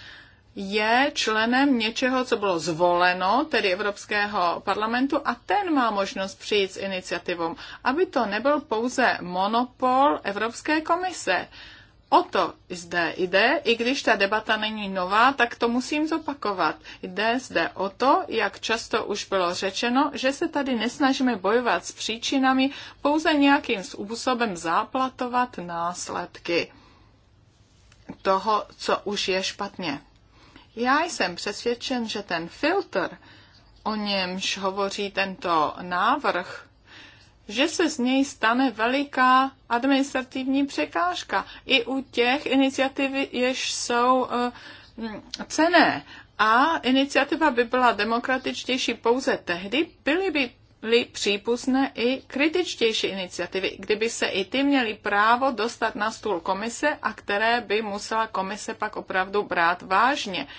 je členem něčeho, co bylo zvoleno, tedy Evropského parlamentu, a ten má možnost přijít s iniciativou, aby to nebyl pouze monopol Evropské komise. O to zde jde, i když ta debata není nová, tak to musím zopakovat. Jde zde o to, jak často už bylo řečeno, že se tady nesnažíme bojovat s příčinami, pouze nějakým způsobem záplatovat následky toho, co už je špatně. Já jsem přesvědčen, že ten filtr, o němž hovoří tento návrh, že se z něj stane veliká administrativní překážka. I u těch iniciativ, jež jsou uh, eh, mm, cené. A iniciativa by byla demokratičtější pouze tehdy, byly by byly přípustné i kritičtější iniciativy, kdyby se i ty měly právo dostat na stůl komise a které by musela komise pak opravdu brát vážně. Uh,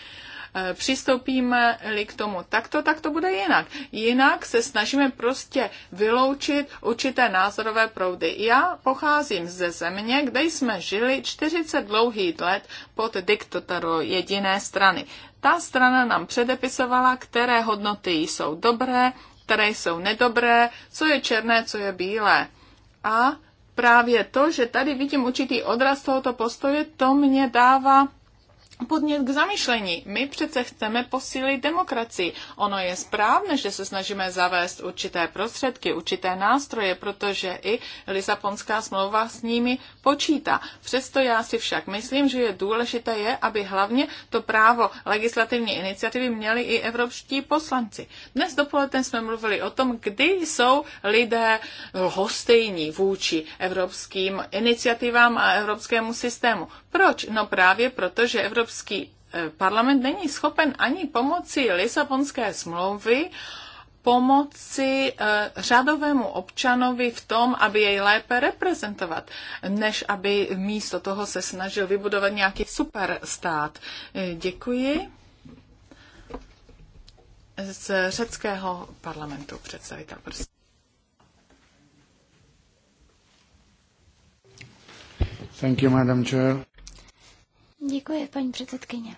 Eh, přistoupíme-li k tomu takto, tak to bude jinak. Jinak se snažíme prostě vyloučit určité názorové proudy. Já pocházím ze země, kde jsme žili 40 dlouhých let pod diktatorou jediné strany. Ta strana nám předepisovala, které hodnoty jsou dobré, které jsou nedobré, co je černé, co je bílé. A právě to, že tady vidím určitý odraz tohoto postoje, to mě dává podnět k zamyšlení. My přece chceme posílit demokracii. Ono je správné, že se snažíme zavést určité prostředky, určité nástroje, protože i Lisabonská smlouva s nimi počítá. Přesto já si však myslím, že je důležité je, aby hlavně to právo legislativní iniciativy měli i evropští poslanci. Dnes dopoledne jsme mluvili o tom, kdy jsou lidé hostejní vůči evropským iniciativám a evropskému systému. Proč? No právě proto, že evropský Evropský eh, parlament není schopen ani pomocí Lisabonské smlouvy pomoci eh, řadovému občanovi v tom, aby jej lépe reprezentovat, než aby místo toho se snažil vybudovat nějaký superstát. Eh, děkuji. Z řeckého parlamentu představitel, prosím. Thank you, Madam Chair. Děkuji, paní předsedkyně.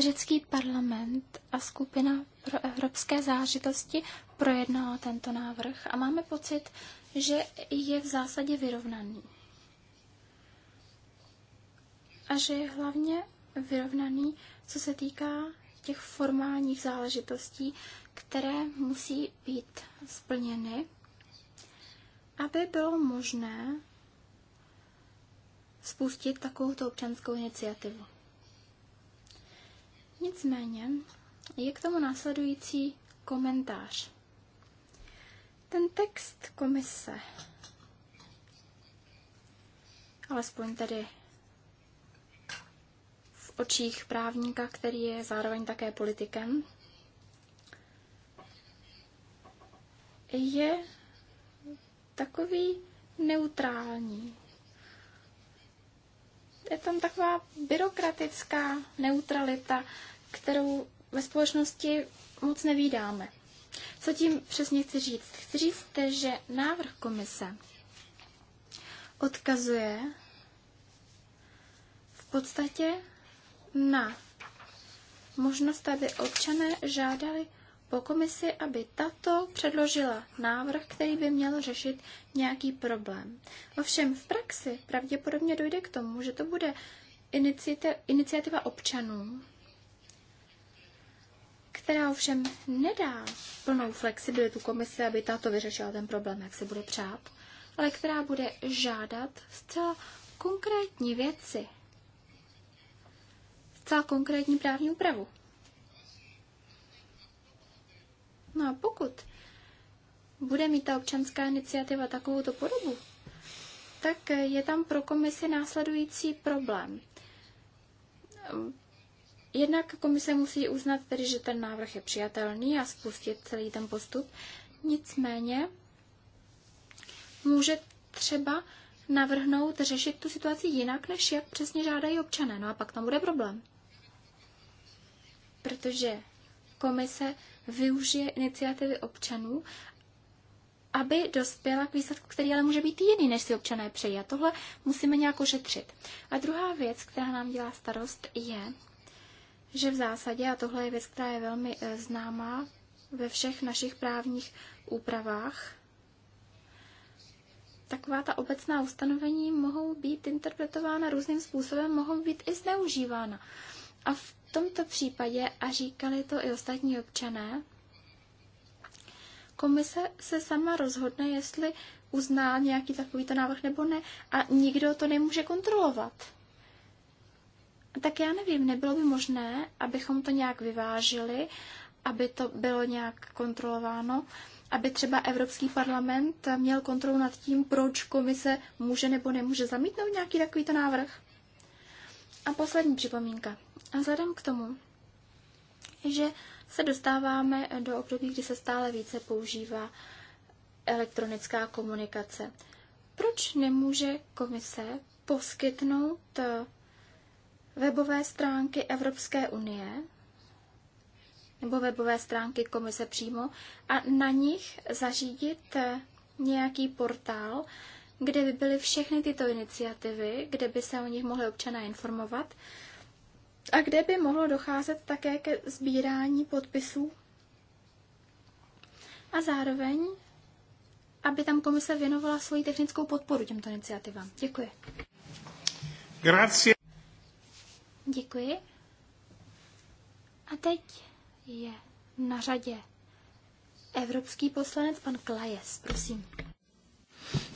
Řecký parlament a skupina pro evropské zážitosti projednala tento návrh a máme pocit, že je v zásadě vyrovnaný. A že je hlavně vyrovnaný, co se týká těch formálních záležitostí, které musí být splněny, aby bylo možné spustit takovouto občanskou iniciativu. Nicméně je k tomu následující komentář. Ten text komise, alespoň tedy v očích právníka, který je zároveň také politikem, je takový neutrální. Je tam taková byrokratická neutralita, kterou ve společnosti moc nevídáme. Co tím přesně chci říct? Chci říct, že návrh komise odkazuje v podstatě na možnost, aby občané žádali po komisi, aby tato předložila návrh, který by měl řešit nějaký problém. Ovšem v praxi pravděpodobně dojde k tomu, že to bude iniciativa občanů, která ovšem nedá plnou flexibilitu komise, aby tato vyřešila ten problém, jak se bude přát, ale která bude žádat zcela konkrétní věci, zcela konkrétní právní úpravu. No a pokud bude mít ta občanská iniciativa takovouto podobu, tak je tam pro komisi následující problém. Jednak komise musí uznat tedy, že ten návrh je přijatelný a spustit celý ten postup. Nicméně může třeba navrhnout řešit tu situaci jinak, než jak přesně žádají občané. No a pak tam bude problém. Protože komise využije iniciativy občanů, aby dospěla k výsledku, který ale může být jiný, než si občané přejí. A tohle musíme nějak ošetřit. A druhá věc, která nám dělá starost, je, že v zásadě, a tohle je věc, která je velmi eh, známá ve všech našich právních úpravách, taková ta obecná ustanovení mohou být interpretována různým způsobem, mohou být i zneužívána. A v tomto případě, a říkali to i ostatní občané, komise se sama rozhodne, jestli uzná nějaký takovýto návrh nebo ne a nikdo to nemůže kontrolovat. Tak já nevím, nebylo by možné, abychom to nějak vyvážili, aby to bylo nějak kontrolováno, aby třeba Evropský parlament měl kontrolu nad tím, proč komise může nebo nemůže zamítnout nějaký takovýto návrh. A poslední připomínka. A vzhledem k tomu, že se dostáváme do období, kdy se stále více používá elektronická komunikace, proč nemůže komise poskytnout eh, webové stránky Evropské unie nebo webové stránky komise přímo a na nich zařídit eh, nějaký portál, kde by byly všechny tyto iniciativy, kde by se o nich mohli občané informovat a kde by mohlo docházet také ke sbírání podpisů a zároveň, aby tam komise věnovala svoji technickou podporu těmto iniciativám. Děkuji. Grazie. Děkuji. A teď je na řadě evropský poslanec pan Klajes, prosím.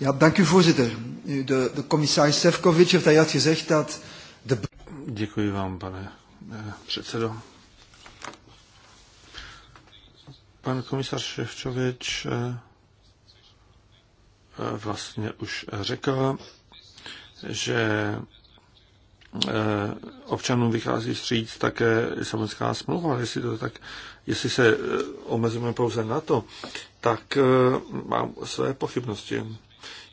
Ja, děkuji, u voorzitter. De, de commissaris Sefcovic heeft al gezegd Děkuji vám, pane eh, předsedo. Pan komisař Ševčovič eh, vlastně už řekl, že eh, občanům vychází vstříc také Lisabonská smlouva, jestli, to tak, jestli se omezíme pouze na to, tak mám své pochybnosti.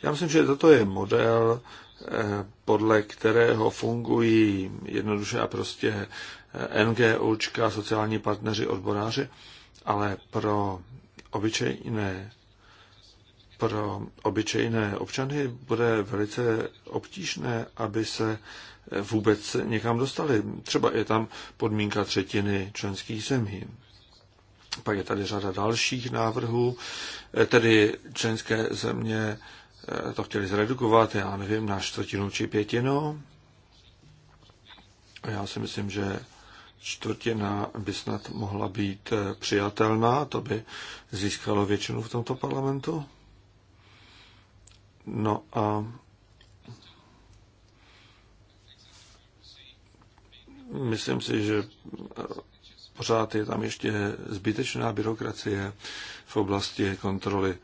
Já myslím, že toto je model, Eh, podle kterého fungují jednoduše a prostě eh, NGOčka, sociální partneři, odboráři, ale pro obyčejné pro obyčejné občany bude velice obtížné, aby se eh, vůbec někam dostali. Třeba je tam podmínka třetiny členských zemí. Pak je tady řada dalších návrhů, tedy členské země Eh, to chtěli zredukovat, já nevím, na čtvrtinu či pětinu. Já si myslím, že čtvrtina by snad mohla být eh, přijatelná, to by získalo většinu v tomto parlamentu. No a myslím si, že eh, pořád je tam ještě zbytečná byrokracie v oblasti kontroly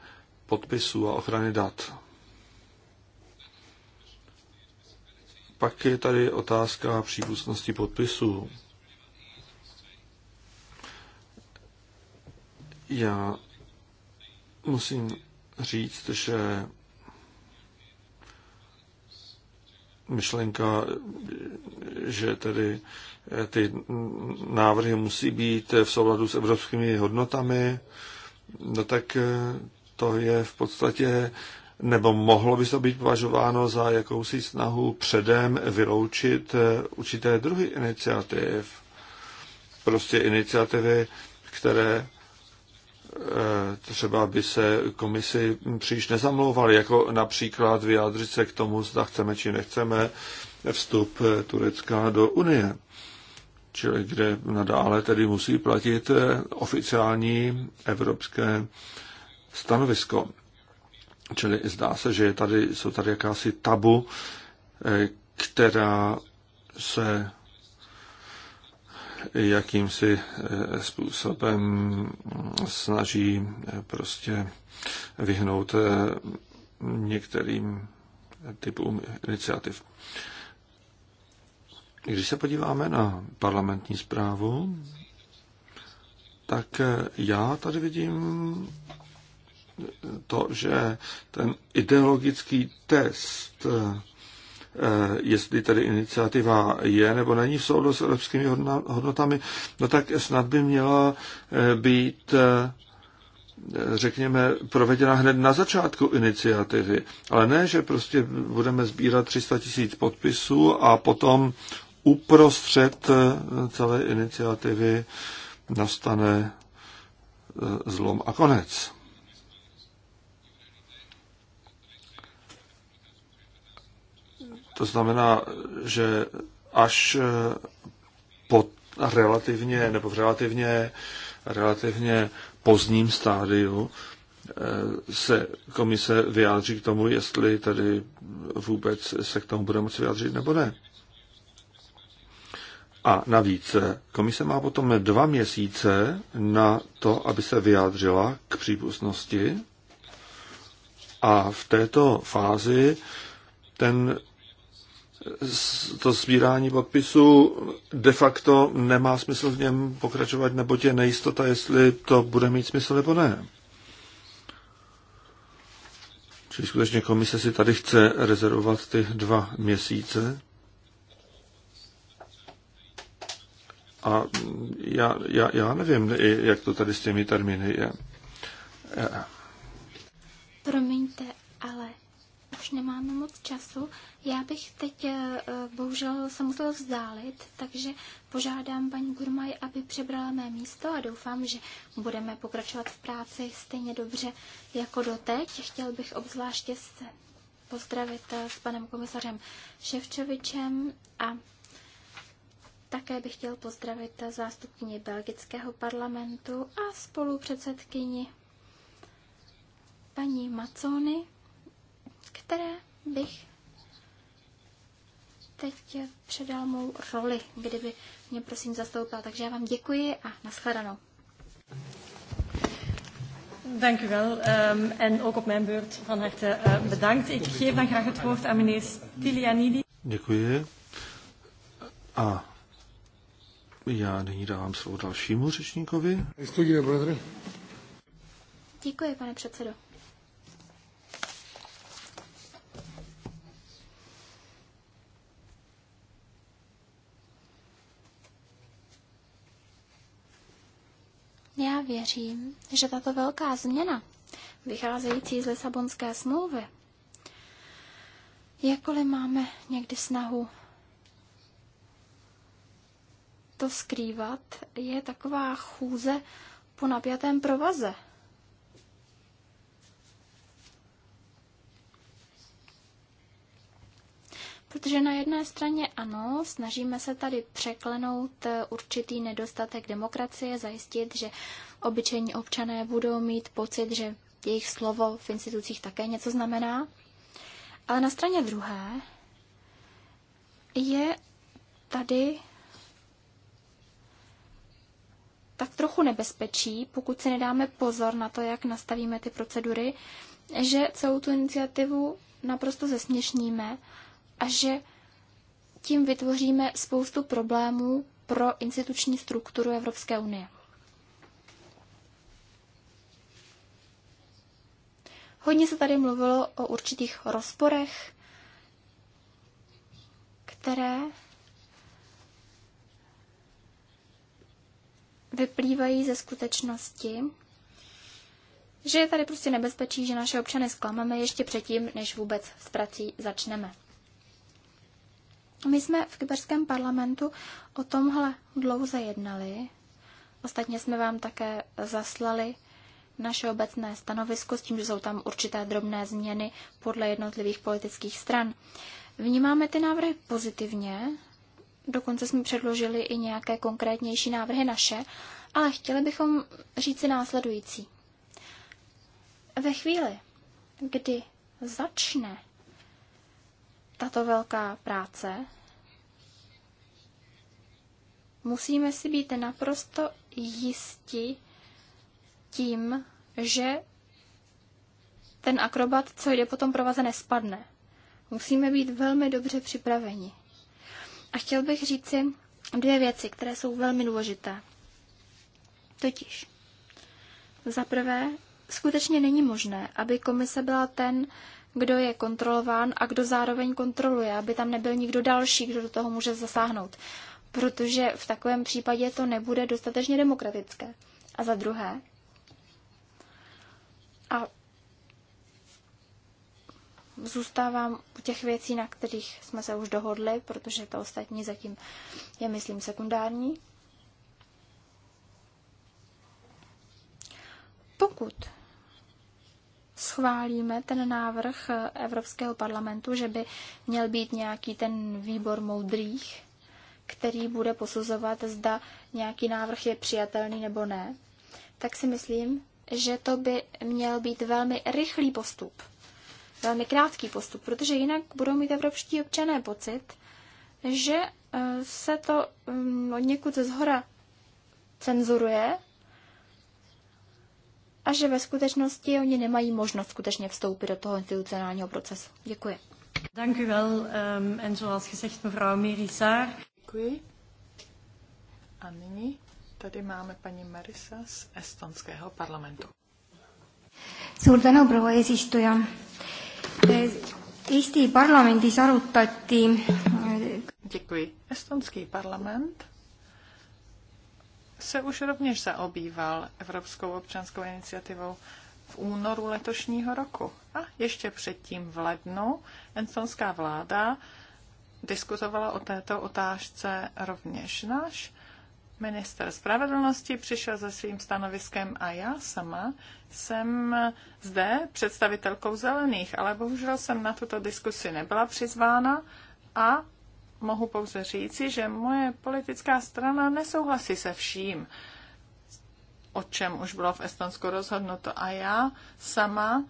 podpisů a ochrany dat. Pak je tady otázka přípustnosti podpisu. Já musím říct, že myšlenka, že tedy ty návrhy musí být v souladu s evropskými hodnotami, no tak to je v podstatě nebo mohlo by to být považováno za jakousi snahu předem vyloučit eh, určité druhy iniciativ. Prostě iniciativy, které eh, třeba by se komisi příliš nezamlouvaly, jako například vyjádřit se k tomu, zda chceme či nechceme vstup eh, Turecka do Unie, čili kde nadále tedy musí platit oficiální evropské stanovisko. Čili zdá se, že je tady, jsou tady jakási tabu, eh, která se jakýmsi eh, způsobem snaží eh, prostě vyhnout některým typům iniciativ. Když se podíváme na parlamentní zprávu, tak já tady vidím to, že ten ideologický test, eh, jestli tedy iniciativa je nebo není v souladu s evropskými hodnotami, no tak snad by měla eh, být eh, řekněme, provedena hned na začátku iniciativy. Ale ne, že prostě budeme sbírat 300 tisíc podpisů a potom uprostřed celé iniciativy nastane zlom a konec. To znamená, že až eh, po relativně, nebo v relativně, relativně pozdním stádiu eh, se komise vyjádří k tomu, jestli tedy vůbec se k tomu bude moci vyjádřit nebo ne. A navíc eh, komise má potom dva měsíce na to, aby se vyjádřila k přípustnosti a v této fázi ten to sbírání podpisů de facto nemá smysl v něm pokračovat, nebo je nejistota, jestli to bude mít smysl nebo ne. Čili skutečně komise si tady chce rezervovat ty dva měsíce. A já, já, já nevím, jak to tady s těmi termíny je. Promiňte, už nemáme moc času. Já bych teď eh, bohužel se musela vzdálit, takže požádám paní Gurmaj, aby přebrala mé místo a doufám, že budeme pokračovat v práci stejně dobře jako doteď. Chtěl bych obzvláště se pozdravit eh, s panem komisařem Ševčovičem a také bych chtěl pozdravit eh, zástupkyni belgického parlamentu a spolupředsedkyni paní Macony které bych teď předal mou roli, kdyby mě prosím zastoupila. Takže já vám děkuji a nashledanou. Dank u wel. Um, en ook op mijn beurt van harte uh, bedankt. Ik geef dan graag het woord aan meneer Stilianidi. Dank Děkuji. A já nyní dávám slovo dalšímu řečníkovi. Děkuji, pane předsedo. Já věřím, že tato velká změna, vycházející z Lisabonské smlouvy, jakkoliv máme někdy snahu to skrývat, je taková chůze po napjatém provaze. Protože na jedné straně ano, snažíme se tady překlenout eh, určitý nedostatek demokracie, zajistit, že obyčejní občané budou mít pocit, že jejich slovo v institucích také něco znamená. Ale na straně druhé je tady tak trochu nebezpečí, pokud si nedáme pozor na to, jak nastavíme ty procedury, že celou tu iniciativu naprosto zesměšníme a že tím vytvoříme spoustu problémů pro instituční strukturu Evropské unie. Hodně se tady mluvilo o určitých rozporech, které vyplývají ze skutečnosti, že je tady prostě nebezpečí, že naše občany zklameme ještě předtím, než vůbec s prací začneme. My jsme v kyberském parlamentu o tomhle dlouze jednali. Ostatně jsme vám také zaslali naše obecné stanovisko s tím, že jsou tam určité drobné změny podle jednotlivých politických stran. Vnímáme ty návrhy pozitivně, dokonce jsme předložili i nějaké konkrétnější návrhy naše, ale chtěli bychom říci následující. Ve chvíli, kdy začne tato velká práce, musíme si být naprosto jisti tím, že ten akrobat, co jde potom provaze, nespadne. Musíme být velmi dobře připraveni. A chtěl bych říci dvě věci, které jsou velmi důležité. Totiž, za prvé, skutečně není možné, aby komise byla ten, kdo je kontrolován a kdo zároveň kontroluje, aby tam nebyl nikdo další, kdo do toho může zasáhnout. Protože v takovém případě to nebude dostatečně demokratické. A za druhé, a zůstávám u těch věcí, na kterých jsme se už dohodli, protože to ostatní zatím je, myslím, sekundární. Pokud schválíme ten návrh eh, Evropského parlamentu, že by měl být nějaký ten výbor moudrých, který bude posuzovat, zda nějaký návrh je přijatelný nebo ne, tak si myslím, že to by měl být velmi rychlý postup, velmi krátký postup, protože jinak budou mít evropští občané pocit, že eh, se to mm, od někud ze zhora cenzuruje a že ve skutečnosti oni nemají možnost skutečně vstoupit do toho institucionálního procesu. Děkuji. Dank u wel. Um, en zoals gezegd, mevrouw Merisaar. Děkuji. A nyní tady máme paní Marisa z estonského parlamentu. Suur tänu, proua eesistuja. Eesti parlamendis arutati... Děkuji. Estonský parlament se už rovněž zaobýval Evropskou občanskou iniciativou v únoru letošního roku. A ještě předtím v lednu estonská vláda diskutovala o této otázce rovněž náš minister spravedlnosti přišel se svým stanoviskem a já sama jsem zde představitelkou zelených, ale bohužel jsem na tuto diskusi nebyla přizvána a mohu pouze říci, že moje politická strana nesouhlasí se vším, o čem už bylo v Estonsku rozhodnuto. A já sama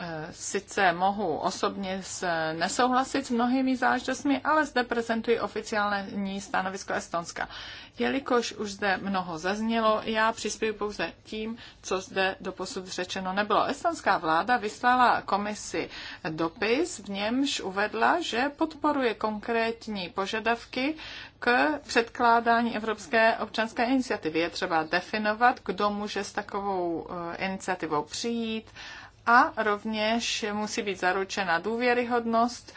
Eh, sice mohu osobně s nesouhlasit s mnohými záležitostmi, ale zde prezentuji oficiální stanovisko Estonska. Jelikož už zde mnoho zaznělo, já přispěju pouze tím, co zde doposud řečeno nebylo. Estonská vláda vyslala komisi dopis, v němž uvedla, že podporuje konkrétní požadavky k předkládání Evropské občanské iniciativy. Je třeba definovat, kdo může s takovou eh, iniciativou přijít, a rovněž musí být zaručena důvěryhodnost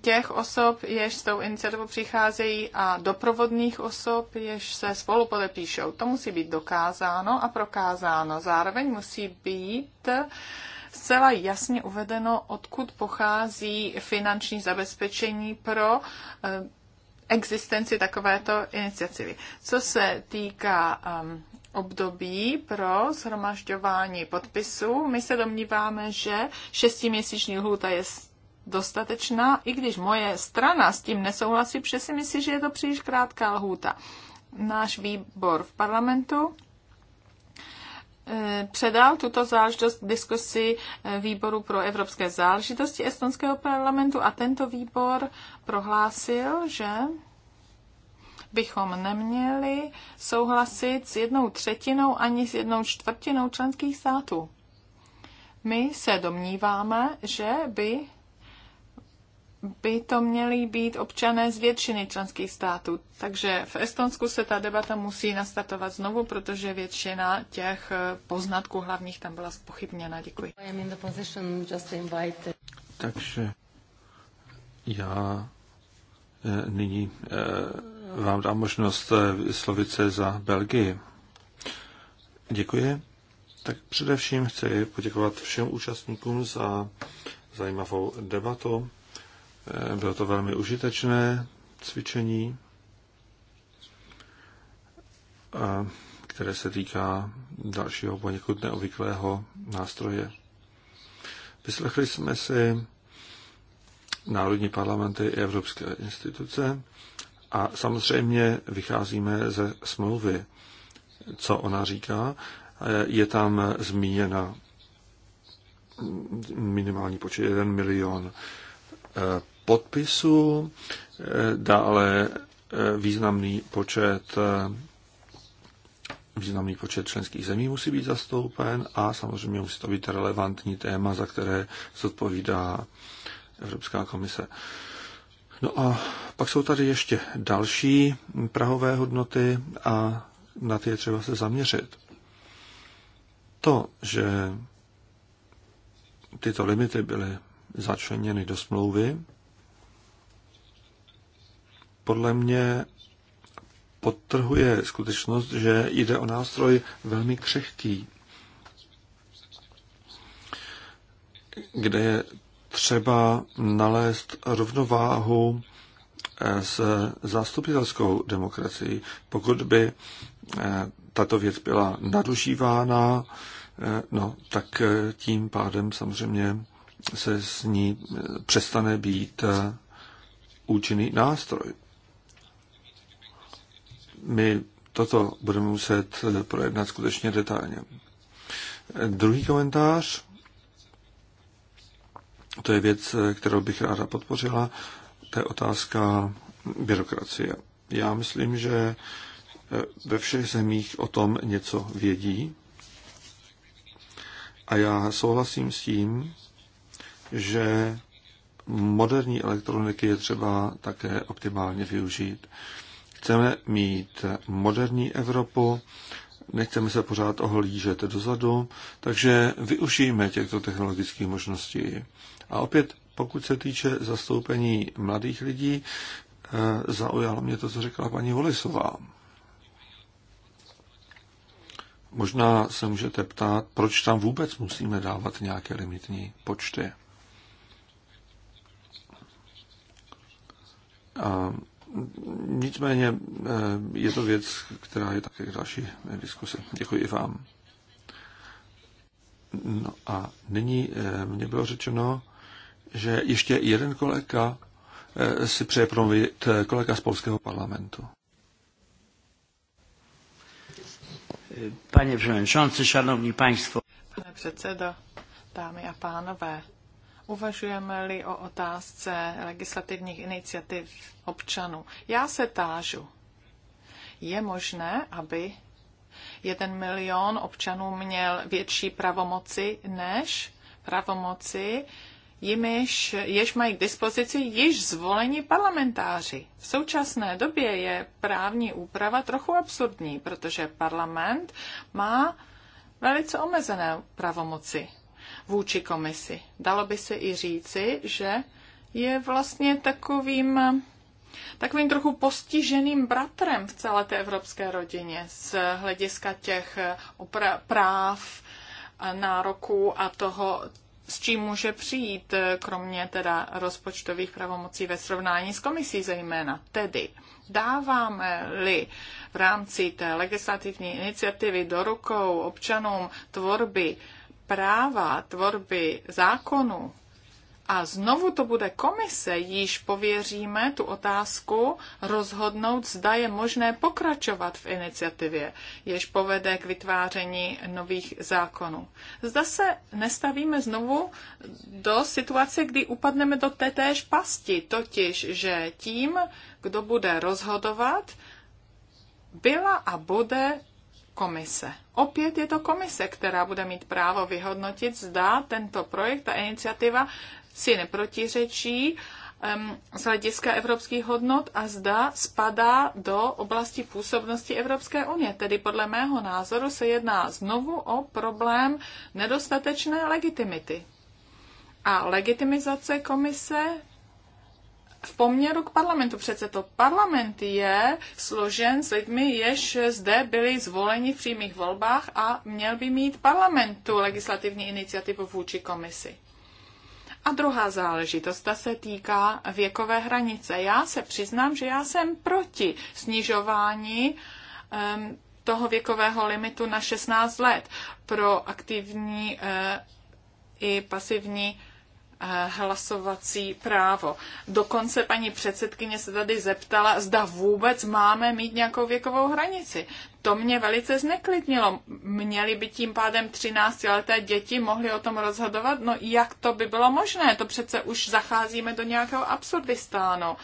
těch osob, jež s tou iniciativou přicházejí a doprovodných osob, jež se spolu podepíšou. To musí být dokázáno a prokázáno. Zároveň musí být zcela jasně uvedeno, odkud pochází finanční zabezpečení pro eh, existenci takovéto iniciativy. Co se týká um, období pro shromažďování podpisů. My se domníváme, že šestiměsíční lhůta je dostatečná, i když moje strana s tím nesouhlasí, protože si myslí, že je to příliš krátká lhůta. Náš výbor v parlamentu eh, předal tuto záležitost diskusi eh, výboru pro evropské záležitosti estonského parlamentu a tento výbor prohlásil, že bychom neměli souhlasit s jednou třetinou ani s jednou čtvrtinou členských států. My se domníváme, že by by to měli být občané z většiny členských států. Takže v Estonsku se ta debata musí nastartovat znovu, protože většina těch poznatků hlavních tam byla spochybněna. Děkuji. Takže já eh, nyní eh, vám dám možnost vyslovit eh, se za Belgii. Děkuji. Tak především chci poděkovat všem účastníkům za zajímavou debatu. Eh, bylo to velmi užitečné cvičení, eh, které se týká dalšího poněkud neobvyklého nástroje. Vyslechli jsme si národní parlamenty i evropské instituce a samozřejmě vycházíme ze smlouvy, co ona říká. Eh, je tam zmíněna minimální počet 1 milion eh, podpisů, eh, dále významný počet významný počet členských zemí musí být zastoupen a samozřejmě musí to být relevantní téma, za které zodpovídá Evropská komise. No a pak jsou tady ještě další prahové hodnoty a na ty je třeba se zaměřit. To, že tyto limity byly začleněny do smlouvy, podle mě podtrhuje skutečnost, že jde o nástroj velmi křehký, kde je třeba nalézt rovnováhu eh, s zastupitelskou demokracií. Pokud by eh, tato věc byla nadužívána, eh, no, tak tím pádem samozřejmě se s ní přestane být účinný nástroj. My toto budeme muset projednat skutečně detailně. Druhý komentář to je věc, eh, kterou bych ráda podpořila. To je otázka byrokracie. Já myslím, že eh, ve všech zemích o tom něco vědí. A já souhlasím s tím, že moderní elektroniky je třeba také optimálně využít. Chceme mít moderní Evropu, nechceme se pořád ohlížet dozadu, takže využijeme těchto technologických možností. A opět, pokud se týče zastoupení mladých lidí, eh, zaujalo mě to, co řekla paní Volisová. Možná se můžete ptát, proč tam vůbec musíme dávat nějaké limitní počty. A nicméně eh, je to věc, která je také k další diskuse. Děkuji i vám. No a nyní eh, mě bylo řečeno, že ještě jeden kolega eh, si přeje promluvit, eh, kolega z polského parlamentu. Pane předsedající, šanovní państwo. Pane předsedo, dámy a pánové, uvažujeme-li o otázce legislativních iniciativ občanů. Já se tážu, je možné, aby jeden milion občanů měl větší pravomoci než pravomoci, jimiž, jež mají k dispozici již zvolení parlamentáři. V současné době je právní úprava trochu absurdní, protože parlament má velice omezené pravomoci vůči komisi. Dalo by se i říci, že je vlastně takovým takovým trochu postiženým bratrem v celé té evropské rodině z hlediska těch práv, nároků a toho, s čím může přijít, kromě teda rozpočtových pravomocí ve srovnání s komisí zejména. Tedy dáváme-li v rámci té legislativní iniciativy do rukou občanům tvorby práva, tvorby zákonu, a znovu to bude komise, již pověříme tu otázku rozhodnout, zda je možné pokračovat v iniciativě, jež povede k vytváření nových zákonů. Zda se nestavíme znovu do situace, kdy upadneme do tétéž pasti, totiž, že tím, kdo bude rozhodovat, byla a bude komise. Opět je to komise, která bude mít právo vyhodnotit, zda tento projekt, ta iniciativa si neprotiřečí um, z hlediska evropských hodnot a zda spadá do oblasti působnosti Evropské unie. Tedy podle mého názoru se jedná znovu o problém nedostatečné legitimity. A legitimizace komise v poměru k parlamentu. Přece to parlament je složen s lidmi, jež zde byli zvoleni v přímých volbách a měl by mít parlamentu legislativní iniciativu vůči komisi. A druhá záležitost, ta se týká věkové hranice. Já se přiznám, že já jsem proti snižování um, toho věkového limitu na 16 let pro aktivní uh, eh, i pasivní eh, hlasovací právo. Dokonce paní předsedkyně se tady zeptala, zda vůbec máme mít nějakou věkovou hranici to mě velice zneklidnilo. Měli by tím pádem 13-leté děti mohly o tom rozhodovat? No jak to by bylo možné? To přece už zacházíme do nějakého absurdistánu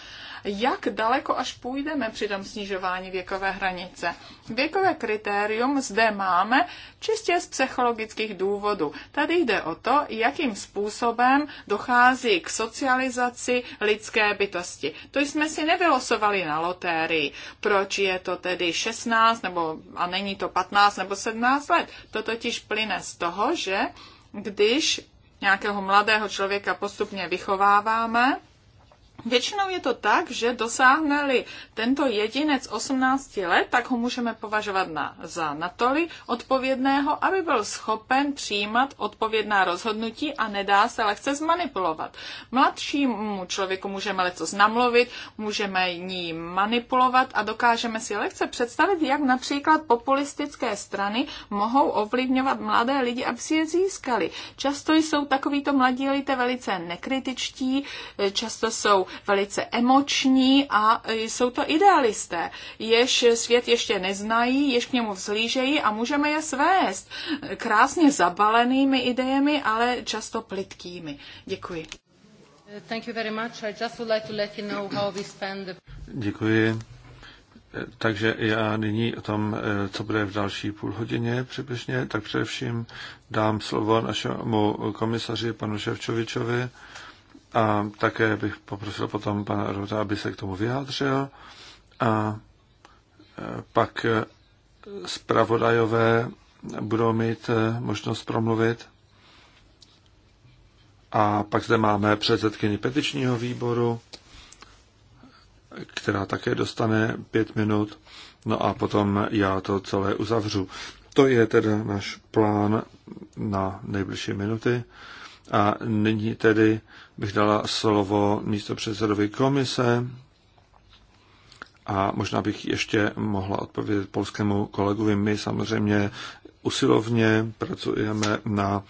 jak daleko až půjdeme při tom snižování věkové hranice. Věkové kritérium zde máme čistě z psychologických důvodů. Tady jde o to, jakým způsobem dochází k socializaci lidské bytosti. To jsme si nevylosovali na lotérii. Proč je to tedy 16 nebo a není to 15 nebo 17 let? To totiž plyne z toho, že když nějakého mladého člověka postupně vychováváme, Většinou je to tak, že dosáhne-li tento jedinec 18 let, tak ho můžeme považovat na, za natoli odpovědného, aby byl schopen přijímat odpovědná rozhodnutí a nedá se lehce zmanipulovat. Mladšímu člověku můžeme leco namluvit, můžeme ní manipulovat a dokážeme si lehce představit, jak například populistické strany mohou ovlivňovat mladé lidi, aby si je získali. Často jsou takovýto mladí lidé velice nekritičtí, často jsou velice emoční a jsou to idealisté, jež svět ještě neznají, jež k němu vzlížejí a můžeme je svést krásně zabalenými idejemi, ale často plitkými. Děkuji. Děkuji. Takže já nyní o tom, co bude v další půl hodině přibližně, tak především dám slovo našemu komisaři panu Ševčovičovi a také bych poprosil potom pana Rota, aby se k tomu vyjádřil. A e, pak e, zpravodajové budou mít e, možnost promluvit. A pak zde máme předsedkyni petičního výboru, která také dostane pět minut. No a potom já to celé uzavřu. To je teda náš plán na nejbližší minuty. A nyní tedy bych dala slovo místo předsedovi komise a možná bych ještě mohla odpovědět polskému kolegovi. My samozřejmě usilovně pracujeme na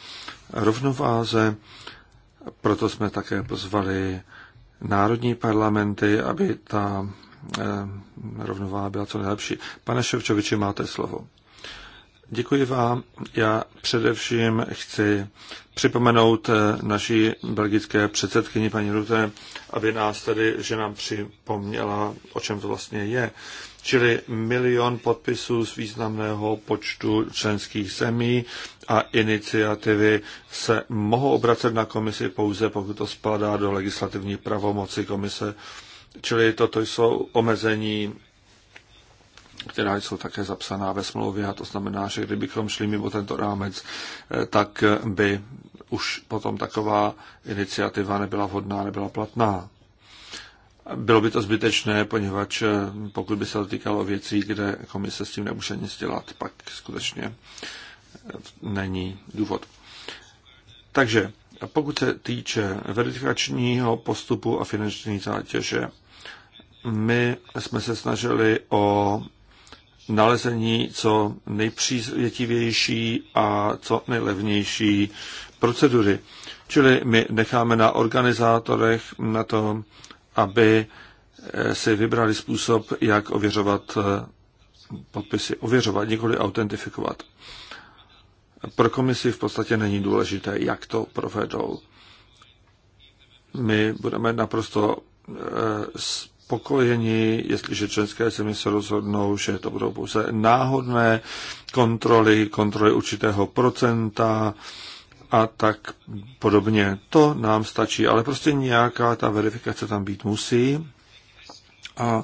rovnováze, proto jsme také pozvali národní parlamenty, aby ta eh, rovnováha byla co nejlepší. Pane Ševčoviči, máte slovo. Děkuji vám. Já především chci připomenout eh, naší belgické předsedkyni paní Rute, aby nás tedy, že nám připomněla, o čem to vlastně je. Čili milion podpisů z významného počtu členských zemí a iniciativy se mohou obracet na komisi pouze, pokud to spadá do legislativní pravomoci komise. Čili toto jsou omezení která jsou také zapsaná ve smlouvě a to znamená, že kdybychom šli mimo tento rámec, eh, tak eh, by už potom taková iniciativa nebyla vhodná, nebyla platná. Bylo by to zbytečné, poněvadž eh, pokud by se to týkalo věcí, kde komise s tím nemůže nic dělat, pak skutečně není důvod. Takže pokud se týče verifikačního postupu a finanční zátěže, my jsme se snažili o nalezení co nejpřívětivější a co nejlevnější procedury. Čili my necháme na organizátorech na to, aby eh, si vybrali způsob, jak ověřovat eh, podpisy. Ověřovat, nikoli autentifikovat. Pro komisi v podstatě není důležité, jak to provedou. My budeme naprosto eh, spokojeni, jestliže české země se rozhodnou, že to budou pouze náhodné kontroly, kontroly určitého procenta a tak podobně. To nám stačí, ale prostě nějaká ta verifikace tam být musí a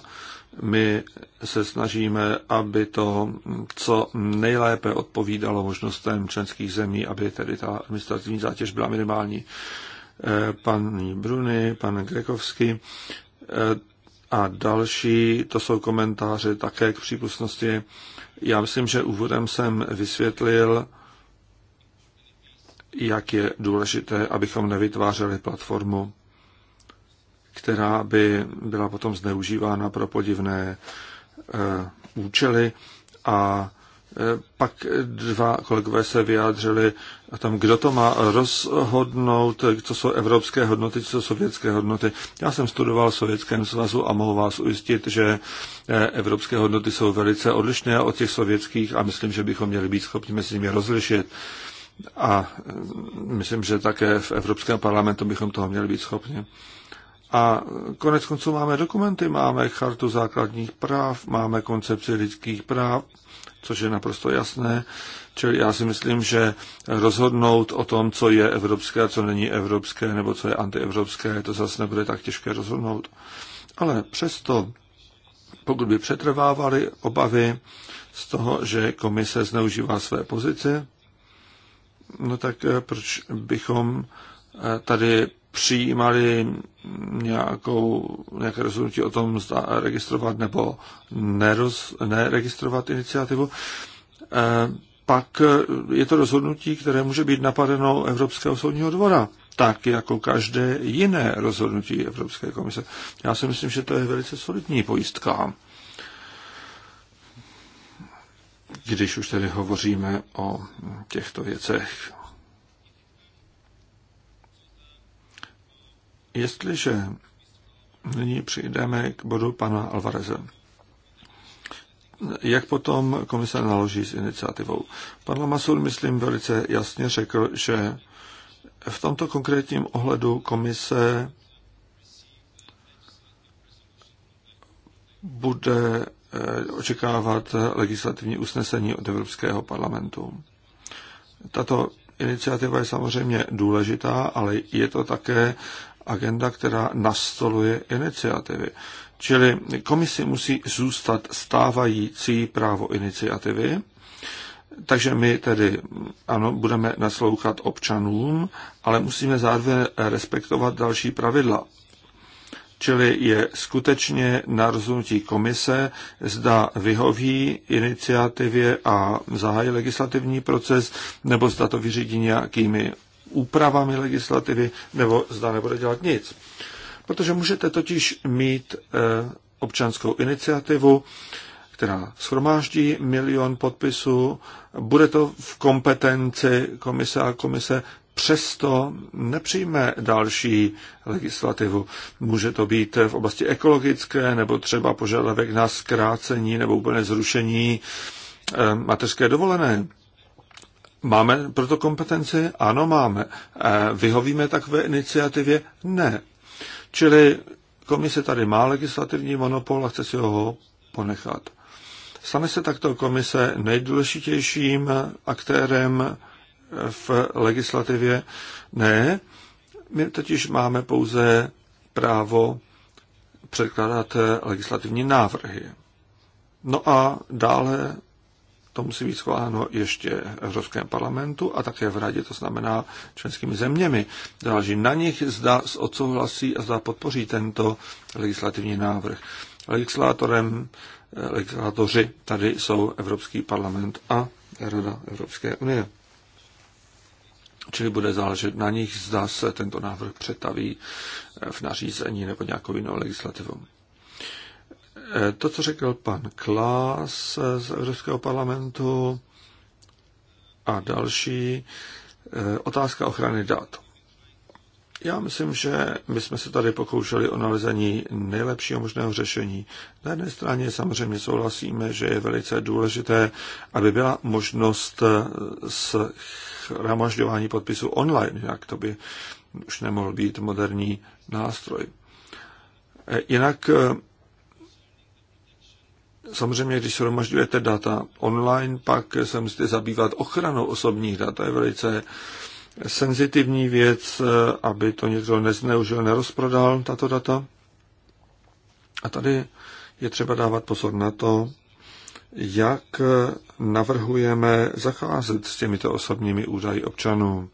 my se snažíme, aby to co nejlépe odpovídalo možnostem členských zemí, aby tedy ta administrativní zátěž byla minimální. Eh, pan Bruny, pan Grekovský, eh, a další, to jsou komentáře také k přípustnosti. Já myslím, že úvodem jsem vysvětlil, jak je důležité, abychom nevytvářeli platformu, která by byla potom zneužívána pro podivné e, účely. A e, pak dva kolegové se vyjádřili a tam, kdo to má rozhodnout, co jsou evropské hodnoty, co jsou sovětské hodnoty. Já jsem studoval v Sovětském svazu a mohu vás ujistit, že eh, evropské hodnoty jsou velice odlišné od těch sovětských a myslím, že bychom měli být schopni mezi nimi rozlišit. A eh, myslím, že také v Evropském parlamentu bychom toho měli být schopni. A konec konců máme dokumenty, máme chartu základních práv, máme koncepci lidských práv, což je naprosto jasné. Čili já si myslím, že rozhodnout o tom, co je evropské a co není evropské, nebo co je antievropské, to zase nebude tak těžké rozhodnout. Ale přesto, pokud by přetrvávaly obavy z toho, že komise zneužívá své pozice, no tak eh, proč bychom eh, tady přijímali nějakou, nějaké rozhodnutí o tom, zda registrovat nebo neroz, neregistrovat iniciativu. Eh, pak eh, je to rozhodnutí, které může být napadeno Evropského soudního dvora, tak jako každé jiné rozhodnutí Evropské komise. Já si myslím, že to je velice solidní pojistka. Když už tedy hovoříme o těchto věcech. Jestliže nyní přijdeme k bodu pana Alvareze jak potom komise naloží s iniciativou. Pan Lamasur, myslím, velice jasně řekl, že v tomto konkrétním ohledu komise bude eh, očekávat legislativní usnesení od Evropského parlamentu. Tato iniciativa je samozřejmě důležitá, ale je to také agenda, která nastoluje iniciativy. Čili komisi musí zůstat stávající právo iniciativy, takže my tedy, ano, budeme naslouchat občanům, ale musíme zároveň respektovat další pravidla. Čili je skutečně na rozhodnutí komise, zda vyhoví iniciativě a zahájí legislativní proces, nebo zda to vyřídí nějakými úpravami legislativy, nebo zda nebude dělat nic protože můžete totiž mít eh, občanskou iniciativu, která schromáždí milion podpisů, bude to v kompetenci komise a komise přesto nepřijme další legislativu. Může to být v oblasti ekologické, nebo třeba požadavek na zkrácení nebo úplné zrušení eh, mateřské dovolené. Máme proto kompetenci? Ano, máme. Eh, vyhovíme takové iniciativě? Ne. Čili komise tady má legislativní monopol a chce si ho ponechat. Stane se takto komise nejdůležitějším aktérem v legislativě? Ne, my totiž máme pouze právo předkládat legislativní návrhy. No a dále to musí být schváleno ještě v Evropském parlamentu a také v Radě, to znamená členskými zeměmi. Záleží na nich, zda odsouhlasí a zda podpoří tento legislativní návrh. Legislátorem, eh, legislátoři tady jsou Evropský parlament a Rada Evropské unie. Čili bude záležet na nich, zda se tento návrh přetaví eh, v nařízení nebo nějakou jinou legislativou. Eh, to, co řekl pan Klás eh, z Evropského parlamentu a další, eh, otázka ochrany dat. Já myslím, že my jsme se tady pokoušeli o nalezení nejlepšího možného řešení. Na jedné straně samozřejmě souhlasíme, že je velice důležité, aby byla možnost shromažďování podpisu online, jak to by už nemohl být moderní nástroj. Jinak Samozřejmě, když shromažďujete data online, pak se musíte zabývat ochranou osobních dat. To je velice senzitivní věc, aby to někdo nezneužil, nerozprodal tato data. A tady je třeba dávat pozor na to, jak navrhujeme zacházet s těmito osobními údaji občanů.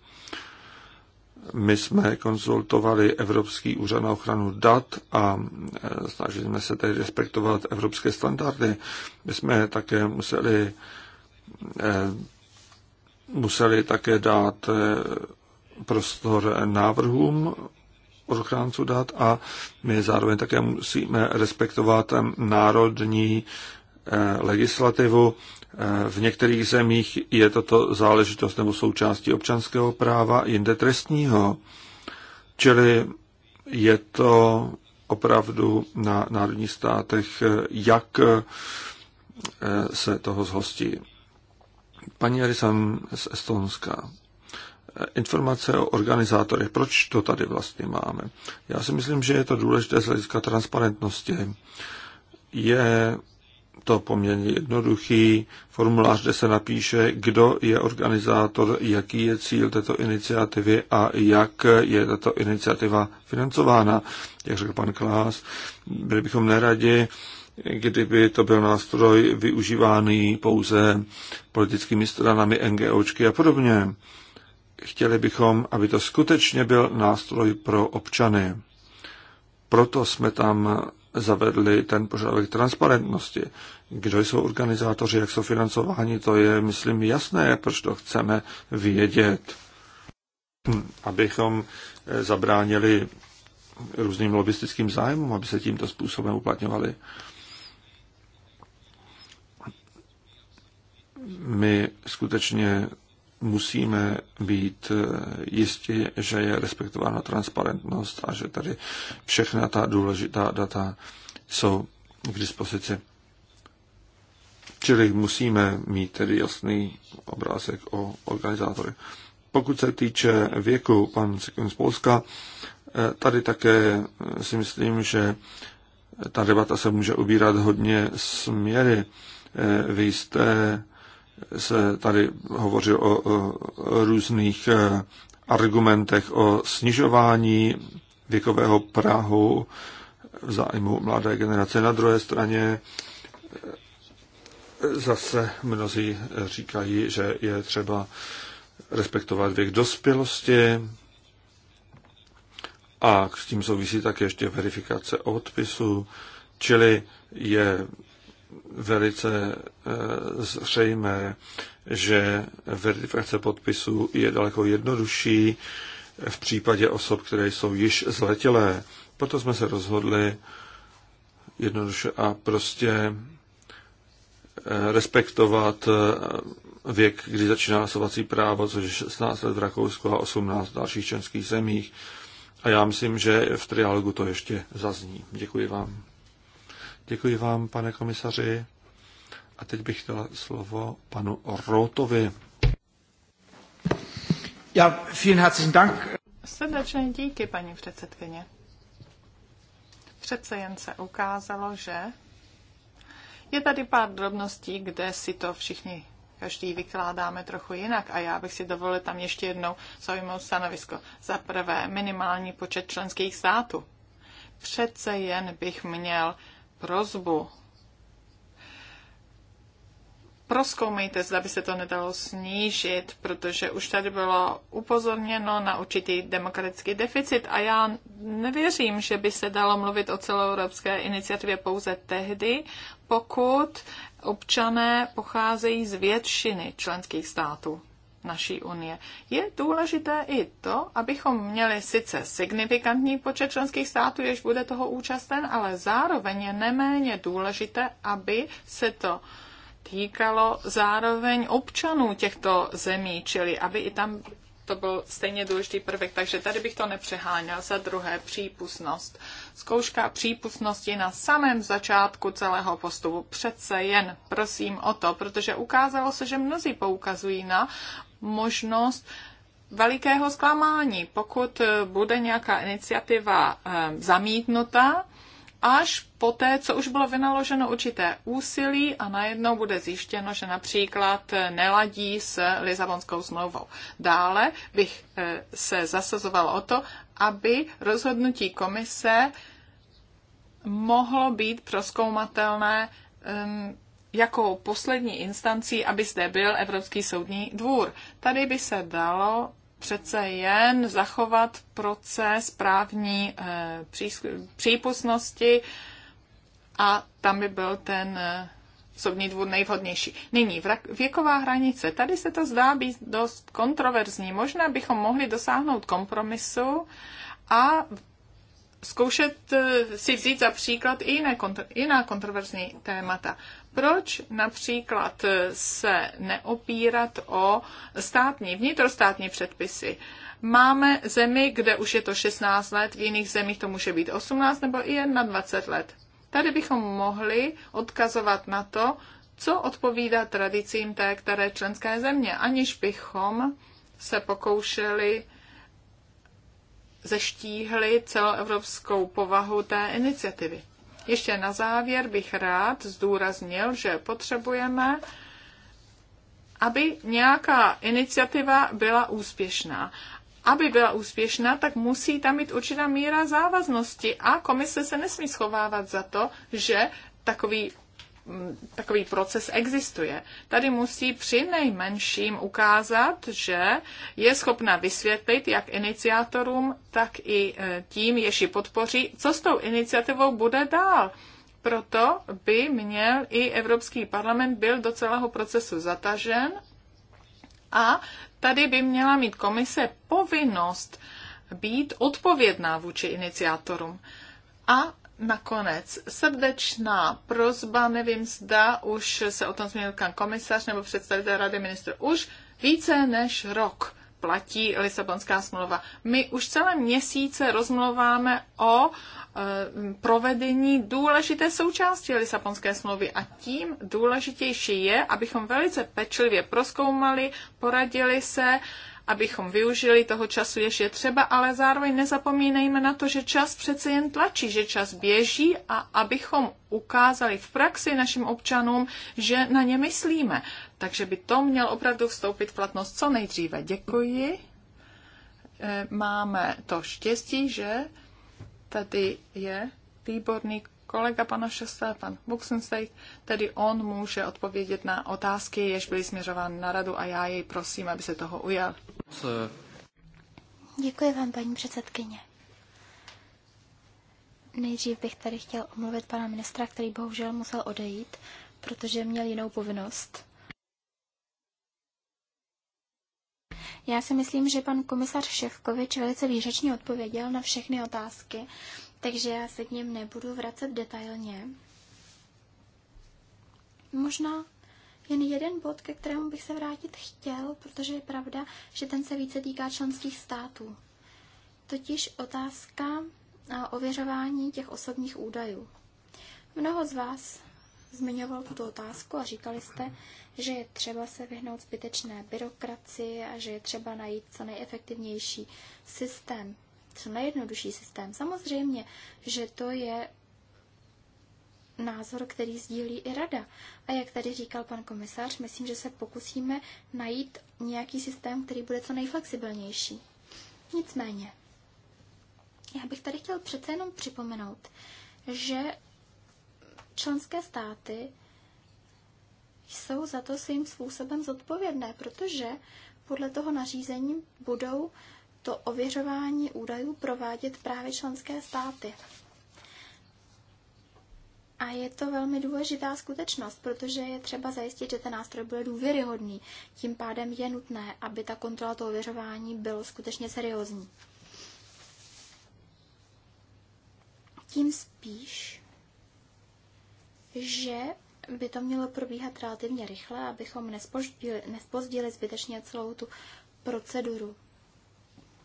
My jsme konzultovali Evropský úřad na ochranu dat a e, snažili jsme se tedy respektovat evropské standardy. My jsme také museli, e, museli také dát e, prostor návrhům ochránců dat a my zároveň také musíme respektovat národní legislativu v některých zemích je toto záležitost nebo součástí občanského práva, jinde trestního. Čili je to opravdu na národních státech, jak eh, se toho zhostí. Paní Arisan z Estonska. Informace o organizátorech. Proč to tady vlastně máme? Já si myslím, že je to důležité z hlediska transparentnosti. Je to poměrně jednoduchý formulář, kde se napíše, kdo je organizátor, jaký je cíl této iniciativy a jak je tato iniciativa financována. Jak řekl pan Klás, byli bychom neradi, kdyby to byl nástroj využívaný pouze politickými stranami, NGOčky a podobně. Chtěli bychom, aby to skutečně byl nástroj pro občany. Proto jsme tam zavedli ten požadavek transparentnosti. Kdo jsou organizátoři, jak jsou financováni, to je, myslím, jasné, proč to chceme vědět, hm, abychom eh, zabránili různým lobistickým zájmům, aby se tímto způsobem uplatňovali. My skutečně musíme být eh, jistí, že je respektována transparentnost a že tady všechna ta důležitá data jsou k dispozici. Čili musíme mít tedy jasný obrázek o organizátory. Pokud se týče věku, pan Sekun z Polska, eh, tady také eh, si myslím, že ta debata se může ubírat hodně směry. Vy jste se tady hovořil o, o různých eh, argumentech o snižování věkového prahu v zájmu mladé generace. Na druhé straně eh, zase mnozí říkají, že je třeba respektovat věk dospělosti a s tím souvisí také ještě verifikace odpisu, čili je velice eh, zřejmé, že verifikace podpisů je daleko jednodušší v případě osob, které jsou již zletilé. Proto jsme se rozhodli jednoduše a prostě eh, respektovat eh, věk, kdy začíná hlasovací právo, což je 16 let v Rakousku a 18 v dalších členských zemích. A já myslím, že v trialogu to ještě zazní. Děkuji vám. Děkuji vám, pane komisaři. A teď bych dala slovo panu Rotovi. Ja, vielen herzlichen Dank. Srdečně díky, paní předsedkyně. Přece jen se ukázalo, že je tady pár drobností, kde si to všichni každý vykládáme trochu jinak a já bych si dovolil tam ještě jednou zaujmout stanovisko. Za prvé, minimální počet členských států. Přece jen bych měl prozbu. Proskoumejte, zda by se to nedalo snížit, protože už tady bylo upozorněno na určitý demokratický deficit a já nevěřím, že by se dalo mluvit o celoevropské iniciativě pouze tehdy, pokud občané pocházejí z většiny členských států naší unie. Je důležité i to, abychom měli sice signifikantní počet členských států, jež bude toho účasten, ale zároveň je neméně důležité, aby se to týkalo zároveň občanů těchto zemí, čili aby i tam to byl stejně důležitý prvek, takže tady bych to nepřeháněl. Za druhé, přípustnost. Zkouška přípustnosti na samém začátku celého postupu. Přece jen prosím o to, protože ukázalo se, že mnozí poukazují na možnost velikého zklamání, pokud eh, bude nějaká iniciativa eh, zamítnuta, až poté, co už bylo vynaloženo určité úsilí a najednou bude zjištěno, že například eh, neladí s Lizabonskou smlouvou. Dále bych se zasazoval o to, aby rozhodnutí komise mohlo být proskoumatelné ehm, jako poslední instancí, aby zde byl Evropský soudní dvůr. Tady by se dalo přece jen zachovat proces právní eh, přípustnosti a tam by byl ten eh, soudní dvůr nejvhodnější. Nyní věková hranice. Tady se to zdá být dost kontroverzní. Možná bychom mohli dosáhnout kompromisu a zkoušet eh, si vzít za příklad i jiné, jiná kontroverzní témata. Proč například eh, se neopírat o státní, vnitrostátní předpisy? Máme zemi, kde už je to 16 let, v jiných zemích to může být 18 nebo i jen na 20 let. Tady bychom mohli odkazovat na to, co odpovídá tradicím té které členské země, aniž bychom se pokoušeli zeštíhli celoevropskou povahu té iniciativy. Ještě na závěr bych rád zdůraznil, že potřebujeme, aby nějaká iniciativa byla úspěšná. Aby byla úspěšná, tak musí tam mít určitá míra závaznosti a komise se nesmí schovávat za to, že takový takový proces existuje. Tady musí při nejmenším ukázat, že je schopna vysvětlit jak iniciátorům, tak i e, tím, jež ji podpoří, co s tou iniciativou bude dál. Proto by měl i Evropský parlament byl do celého procesu zatažen a tady by měla mít komise povinnost být odpovědná vůči iniciátorům. A Nakonec srdečná prozba, nevím, zda už se o tom změnil pan komisař nebo představitel Rady ministrů. Už více než rok platí Lisabonská smlouva. My už celé měsíce rozmluváme o e, provedení důležité součásti Lisabonské smlouvy a tím důležitější je, abychom velice pečlivě proskoumali, poradili se, abychom využili toho času, jež je třeba, ale zároveň nezapomínejme na to, že čas přece jen tlačí, že čas běží a abychom ukázali v praxi našim občanům, že na ně myslíme. Takže by to měl opravdu vstoupit v platnost co nejdříve. Děkuji. E, máme to štěstí, že tady je výborný kolega pana Šesta, pan Buxenstein, tedy on může odpovědět na otázky, jež byly směřovány na radu a já jej prosím, aby se toho ujal. Děkuji vám, paní předsedkyně. Nejdřív bych tady chtěl omluvit pana ministra, který bohužel musel odejít, protože měl jinou povinnost. Já si myslím, že pan komisař Ševkovič velice výřečně odpověděl na všechny otázky takže já se k něm nebudu vracet detailně. Možná jen jeden bod, ke kterému bych se vrátit chtěl, protože je pravda, že ten se více týká členských států. Totiž otázka ověřování těch osobních údajů. Mnoho z vás zmiňovalo tuto otázku a říkali jste, že je třeba se vyhnout zbytečné byrokracii a že je třeba najít co nejefektivnější systém co nejjednodušší systém. Samozřejmě, že to je názor, který sdílí i rada. A jak tady říkal pan komisař, myslím, že se pokusíme najít nějaký systém, který bude co nejflexibilnější. Nicméně, já bych tady chtěl přece jenom připomenout, že členské státy jsou za to svým způsobem zodpovědné, protože podle toho nařízení budou to ověřování údajů provádět právě členské státy. A je to velmi důležitá skutečnost, protože je třeba zajistit, že ten nástroj bude důvěryhodný. Tím pádem je nutné, aby ta kontrola toho ověřování byla skutečně seriózní. Tím spíš, že by to mělo probíhat relativně rychle, abychom nespozdili, nespozdili zbytečně celou tu proceduru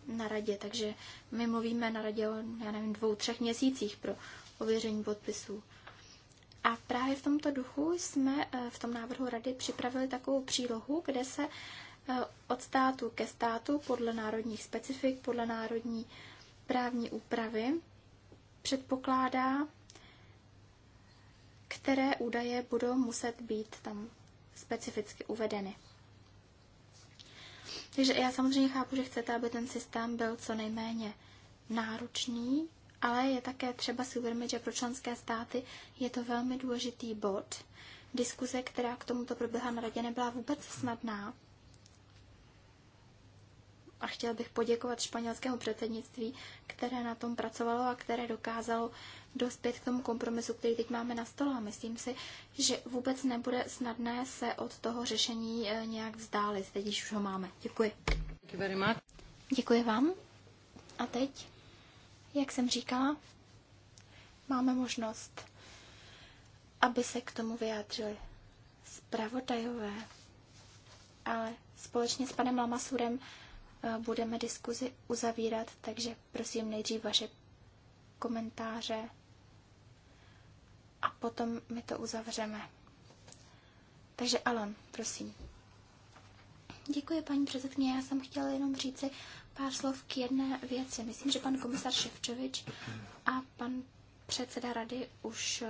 na radě, takže my mluvíme na radě o, já nevím, dvou, třech měsících pro ověření podpisů. A právě v tomto duchu jsme e, v tom návrhu rady připravili takovou přílohu, kde se e, od státu ke státu podle národních specifik, podle národní právní úpravy předpokládá, které údaje budou muset být tam specificky uvedeny. Takže já samozřejmě chápu, že chcete, aby ten systém byl co nejméně náročný, ale je také třeba si uvědomit, že pro členské státy je to velmi důležitý bod. Diskuze, která k tomuto proběhla na radě, nebyla vůbec snadná a chtěl bych poděkovat španělskému předsednictví, které na tom pracovalo a které dokázalo dospět k tomu kompromisu, který teď máme na stole. A myslím si, že vůbec nebude snadné se od toho řešení eh, nějak vzdálit. Teď už ho máme. Děkuji. Děkuji vám. A teď, jak jsem říkala, máme možnost, aby se k tomu vyjádřili zpravodajové. Ale společně s panem Lamasurem budeme diskuzi uzavírat, takže prosím nejdřív vaše komentáře a potom my to uzavřeme. Takže Alan, prosím. Děkuji, paní předsedkyně. Já jsem chtěla jenom říci pár slov k jedné věci. Myslím, že pan komisar Ševčovič a pan předseda rady už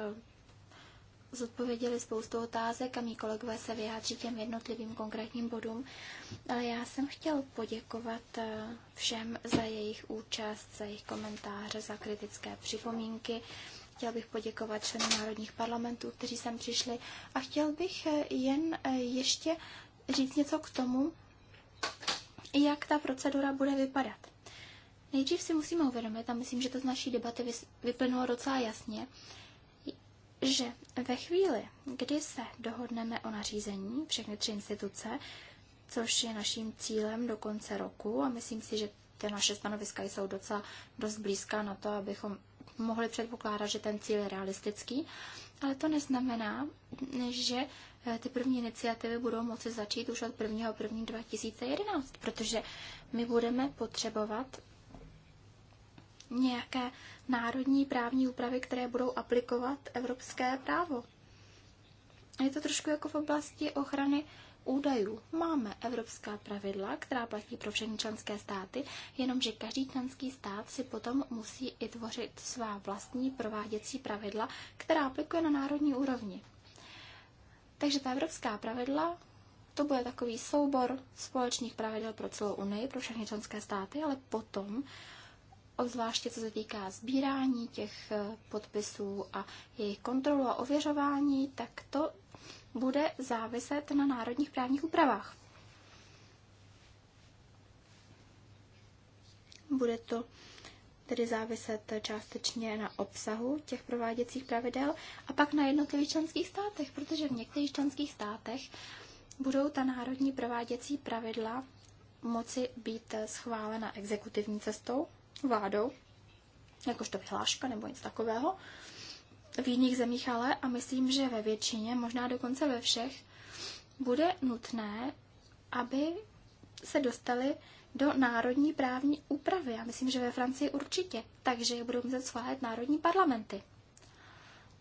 zodpověděli spoustu otázek a mý kolegové se vyjádří těm jednotlivým konkrétním bodům, ale já jsem chtěl poděkovat eh, všem za jejich účast, za jejich komentáře, za kritické připomínky. Chtěl bych poděkovat členům národních parlamentů, kteří sem přišli a chtěl bych eh, jen eh, ještě říct něco k tomu, jak ta procedura bude vypadat. Nejdřív si musíme uvědomit, a myslím, že to z naší debaty vyplynulo docela jasně, že ve chvíli, kdy se dohodneme o nařízení, všechny tři instituce, což je naším cílem do konce roku a myslím si, že ty naše stanoviska jsou docela dost blízká na to, abychom mohli předpokládat, že ten cíl je realistický, ale to neznamená, že eh, ty první iniciativy budou moci začít už od 1.1.2011, protože my budeme potřebovat nějaké národní právní úpravy, které budou aplikovat evropské právo. Je to trošku jako v oblasti ochrany údajů. Máme evropská pravidla, která platí pro všechny členské státy, jenomže každý členský stát si potom musí i tvořit svá vlastní prováděcí pravidla, která aplikuje na národní úrovni. Takže ta evropská pravidla, to bude takový soubor společných pravidel pro celou Unii, pro všechny členské státy, ale potom obzvláště co se týká sbírání těch eh, podpisů a jejich kontrolu a ověřování, tak to bude záviset na národních právních úpravách. Bude to tedy záviset částečně na obsahu těch prováděcích pravidel a pak na jednotlivých členských státech, protože v některých členských státech budou ta národní prováděcí pravidla moci být eh, schválena exekutivní cestou vládou, jakožto vyhláška nebo něco takového, v jiných zemích ale, a myslím, že ve většině, možná dokonce ve všech, bude nutné, aby se dostali do národní právní úpravy. Já myslím, že ve Francii určitě, takže je budou muset schválit národní parlamenty.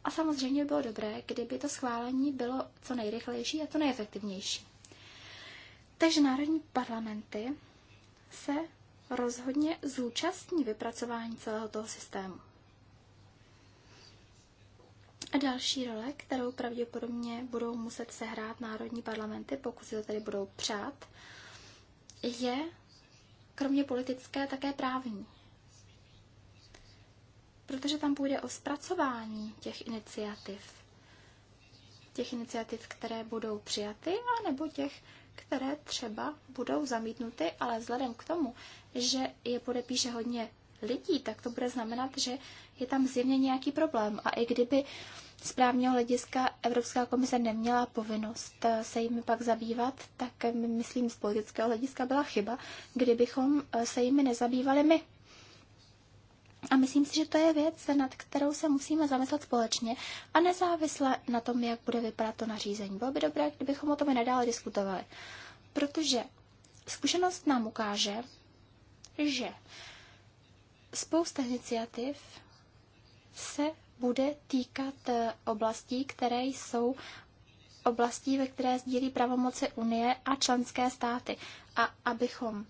A samozřejmě bylo dobré, kdyby to schválení bylo co nejrychlejší a co nejefektivnější. Takže národní parlamenty se rozhodně zúčastní vypracování celého toho systému. A další role, kterou pravděpodobně budou muset sehrát národní parlamenty, pokud si to tedy budou přát, je kromě politické také právní. Protože tam půjde o zpracování těch iniciativ. Těch iniciativ, které budou přijaty, anebo těch, které třeba budou zamítnuty, ale vzhledem k tomu, že je podepíše hodně lidí, tak to bude znamenat, že je tam zjevně nějaký problém. A i kdyby z právního hlediska Evropská komise neměla povinnost eh, se jimi pak zabývat, tak mm, myslím z politického hlediska byla chyba, kdybychom eh, se jimi nezabývali my. A myslím si, že to je věc, nad kterou se musíme zamyslet společně a nezávisle na tom, jak bude vypadat to nařízení. Bylo by dobré, kdybychom o tom i nadále diskutovali. Protože zkušenost nám ukáže, že spousta iniciativ se bude týkat eh, oblastí, které jsou oblastí, ve které sdílí pravomoci Unie a členské státy. A abychom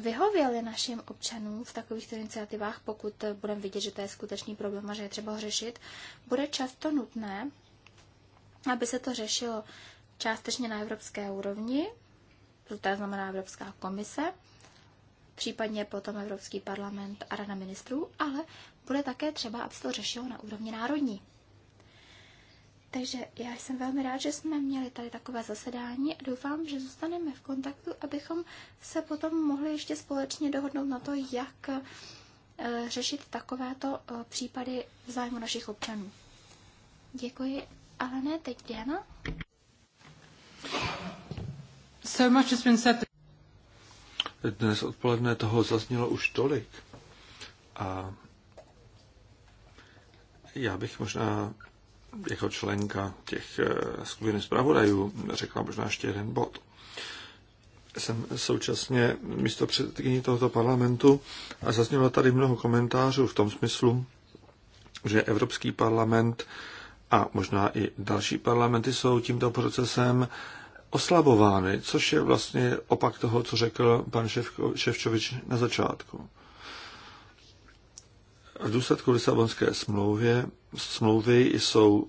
vyhověli našim občanům v takovýchto iniciativách, pokud budeme vidět, že to je skutečný problém a že je třeba ho řešit, bude často nutné, aby se to řešilo částečně na evropské úrovni, to znamená Evropská komise, případně potom Evropský parlament a Rada ministrů, ale bude také třeba, aby se to řešilo na úrovni národní. Takže já jsem velmi rád, že jsme měli tady takové zasedání a doufám, že zůstaneme v kontaktu, abychom se potom mohli ještě společně dohodnout na to, jak eh, řešit takovéto eh, případy v zájmu našich občanů. Děkuji, ale ne teď Diana. So much has been said. Dnes odpoledne toho zaznělo už tolik. A já bych možná jako členka těch eh, skupin zpravodajů řekla možná ještě jeden bod. Jsem současně místo předsedkyní tohoto parlamentu a zaznělo tady mnoho komentářů v tom smyslu, že Evropský parlament a možná i další parlamenty jsou tímto procesem oslabovány, což je vlastně opak toho, co řekl pan Ševčovič na začátku. V důsledku Lisabonské smlouvy, smlouvy jsou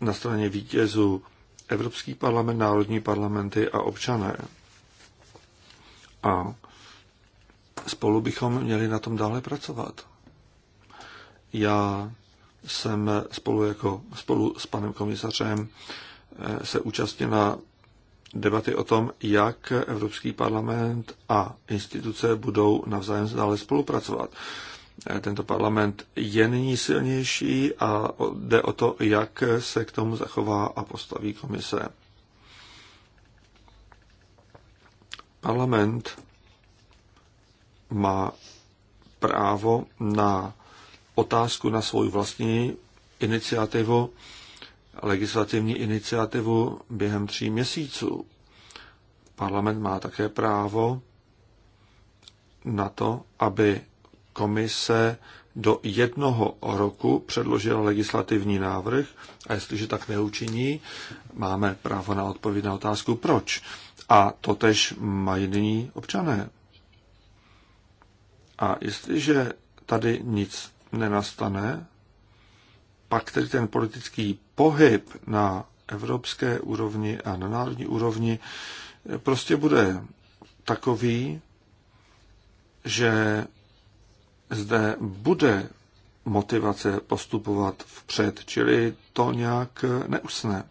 na straně vítězů Evropský parlament, národní parlamenty a občané. A spolu bychom měli na tom dále pracovat. Já jsem spolu, jako, spolu s panem komisařem eh, se účastnil na debaty o tom, jak Evropský parlament a instituce budou navzájem dále spolupracovat tento parlament je nyní silnější a jde o to, jak se k tomu zachová a postaví komise. Parlament má právo na otázku na svou vlastní iniciativu, legislativní iniciativu během tří měsíců. Parlament má také právo na to, aby komise do jednoho roku předložila legislativní návrh a jestliže tak neučiní, máme právo na odpověď na otázku proč. A to tež mají nyní občané. A jestliže tady nic nenastane, pak tedy ten politický pohyb na evropské úrovni a na národní úrovni prostě bude takový, že zde bude motivace postupovat vpřed, čili to nějak neusne.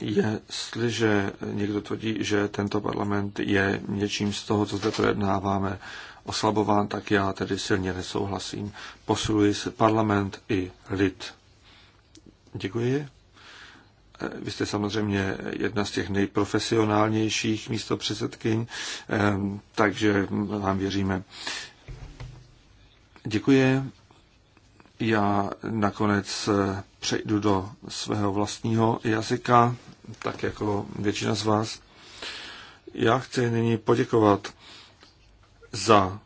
Jestliže někdo tvrdí, že tento parlament je něčím z toho, co zde projednáváme, oslabován, tak já tedy silně nesouhlasím. Posiluji se parlament i lid. Děkuji vy jste samozřejmě jedna z těch nejprofesionálnějších místopředsedkyň, takže vám věříme. Děkuji. Já nakonec eh, přejdu do svého vlastního jazyka, tak jako většina z vás. Já chci nyní poděkovat za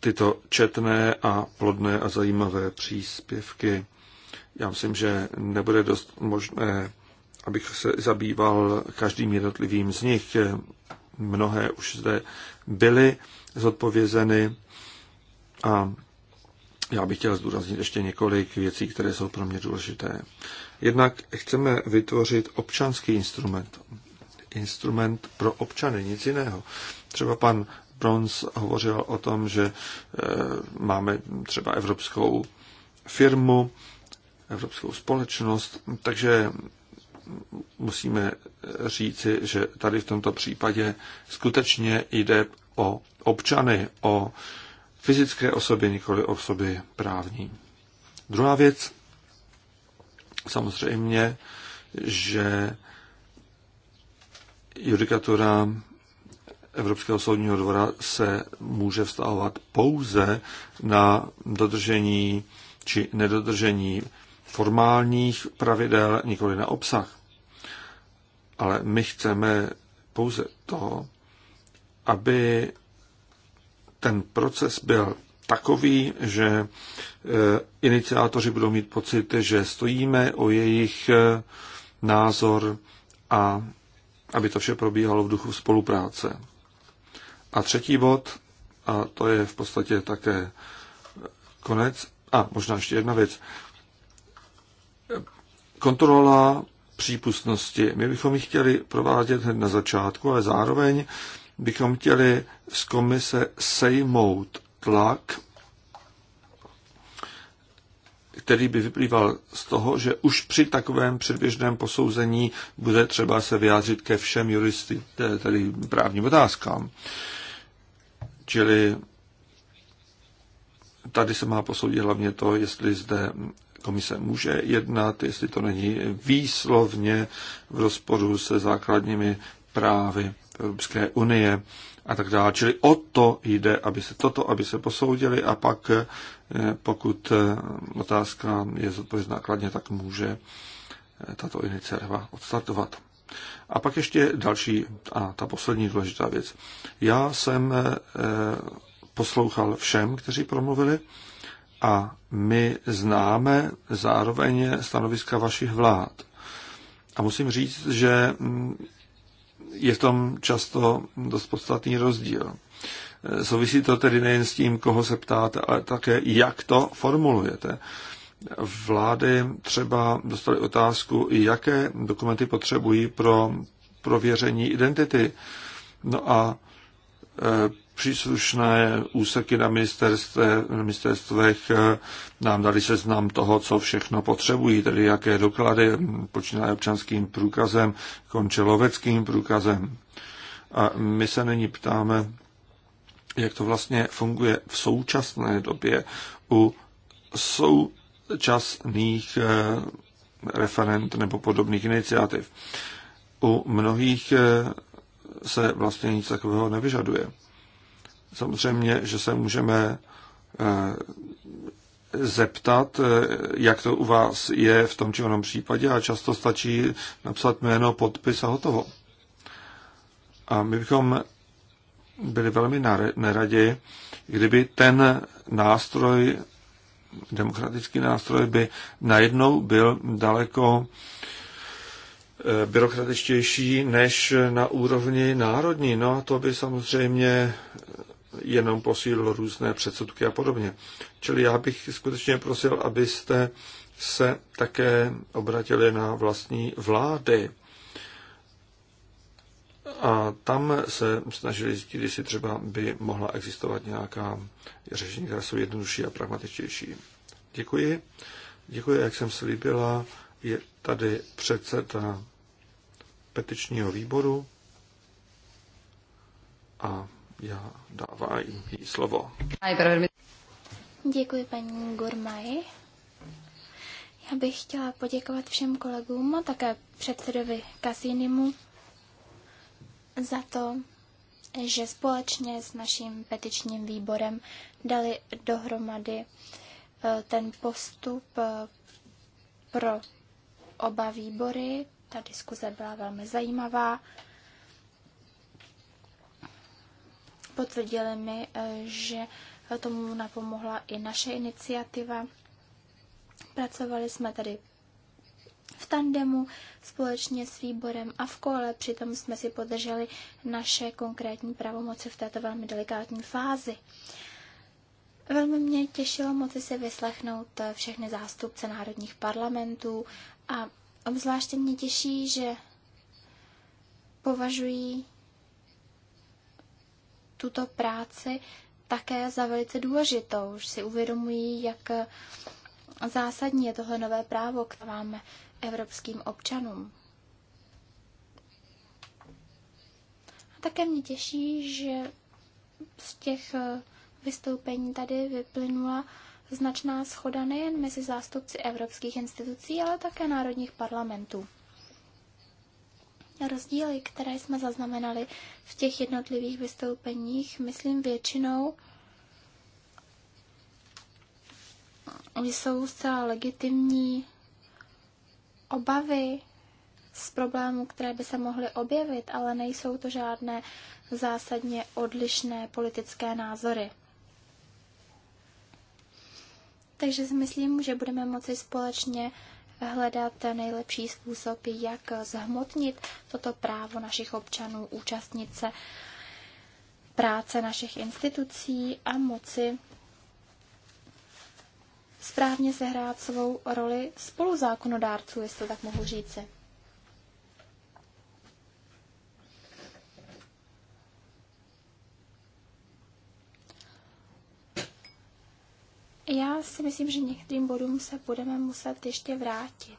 tyto četné a plodné a zajímavé příspěvky. Já myslím, že nebude dost možné, abych se zabýval každým jednotlivým z nich. Mnohé už zde byly zodpovězeny a já bych chtěl zdůraznit ještě několik věcí, které jsou pro mě důležité. Jednak chceme vytvořit občanský instrument. Instrument pro občany, nic jiného. Třeba pan Brons hovořil o tom, že eh, máme třeba evropskou firmu, evropskou společnost, takže musíme říci, že tady v tomto případě skutečně jde o občany, o fyzické osoby, nikoli osoby právní. Druhá věc, samozřejmě, že judikatura Evropského soudního dvora se může vztahovat pouze na dodržení či nedodržení formálních pravidel, nikoli na obsah. Ale my chceme pouze to, aby ten proces byl takový, že e, iniciátoři budou mít pocit, že stojíme o jejich e, názor a aby to vše probíhalo v duchu spolupráce. A třetí bod, a to je v podstatě také konec, a možná ještě jedna věc, kontrola přípustnosti. My bychom ji chtěli provádět hned na začátku, ale zároveň bychom chtěli z komise sejmout tlak, který by vyplýval z toho, že už při takovém předběžném posouzení bude třeba se vyjádřit ke všem juristy, tedy právním otázkám. Čili tady se má posoudit hlavně to, jestli zde komise může jednat, jestli to není výslovně v rozporu se základními právy Evropské unie a tak dále. Čili o to jde, aby se toto, aby se posoudili a pak, eh, pokud eh, otázka je zodpovězná kladně, tak může eh, tato iniciativa odstartovat. A pak ještě další, a ta poslední důležitá věc. Já jsem poslouchal všem, kteří promluvili a my známe zároveň stanoviska vašich vlád. A musím říct, že mm, je v tom často dost podstatný rozdíl. E, souvisí to tedy nejen s tím, koho se ptáte, ale také jak to formulujete. Vlády třeba dostaly otázku, jaké dokumenty potřebují pro prověření identity. No a e, příslušné úseky na ministerstvech eh, nám dali seznam toho, co všechno potřebují, tedy jaké doklady, počínaje občanským průkazem, konče loveckým průkazem. A my se nyní ptáme, jak to vlastně funguje v současné době u současných eh, referent nebo podobných iniciativ. U mnohých eh, se vlastně nic takového nevyžaduje. Samozřejmě, že se můžeme eh, zeptat, eh, jak to u vás je v tom či onom případě a často stačí napsat jméno, podpis a hotovo. A my bychom byli velmi neradi, kdyby ten nástroj, demokratický nástroj, by najednou byl daleko eh, byrokratičtější než na úrovni národní. No a to by samozřejmě jenom posílil různé předsudky a podobně. Čili já bych skutečně prosil, abyste se také obratili na vlastní vlády. A tam se snažili zjistit, jestli třeba by mohla existovat nějaká řešení, která jsou jednodušší a pragmatičtější. Děkuji. Děkuji, jak jsem slíbila, je tady předseda petičního výboru a já dávám jí slovo. Děkuji paní Gurmaj. Já bych chtěla poděkovat všem kolegům a také předsedovi Kasinimu za to, že společně s naším petičním výborem dali dohromady eh, ten postup eh, pro oba výbory. Ta diskuze byla velmi zajímavá Potvrdili mi, eh, že tomu napomohla i naše iniciativa. Pracovali jsme tady v tandemu společně s výborem a v kole, přitom jsme si podrželi naše konkrétní pravomoci v této velmi delikátní fázi. Velmi mě těšilo moci si vyslechnout eh, všechny zástupce národních parlamentů a obzvláště mě těší, že považují tuto práci také za velice důležitou. Už si uvědomují, jak zásadní je tohle nové právo, které máme evropským občanům. A také mě těší, že z těch eh, vystoupení tady vyplynula značná schoda nejen mezi zástupci evropských institucí, ale také národních parlamentů rozdíly, které jsme zaznamenali v těch jednotlivých vystoupeních, myslím většinou jsou zcela legitimní obavy z problémů, které by se mohly objevit, ale nejsou to žádné zásadně odlišné politické názory. Takže si myslím, že budeme moci společně hledat nejlepší způsob, jak zhmotnit toto právo našich občanů účastnit se práce našich institucí a moci správně sehrát svou roli spoluzákonodárců, jestli tak mohu říci. Já si myslím, že některým bodům se budeme muset ještě vrátit.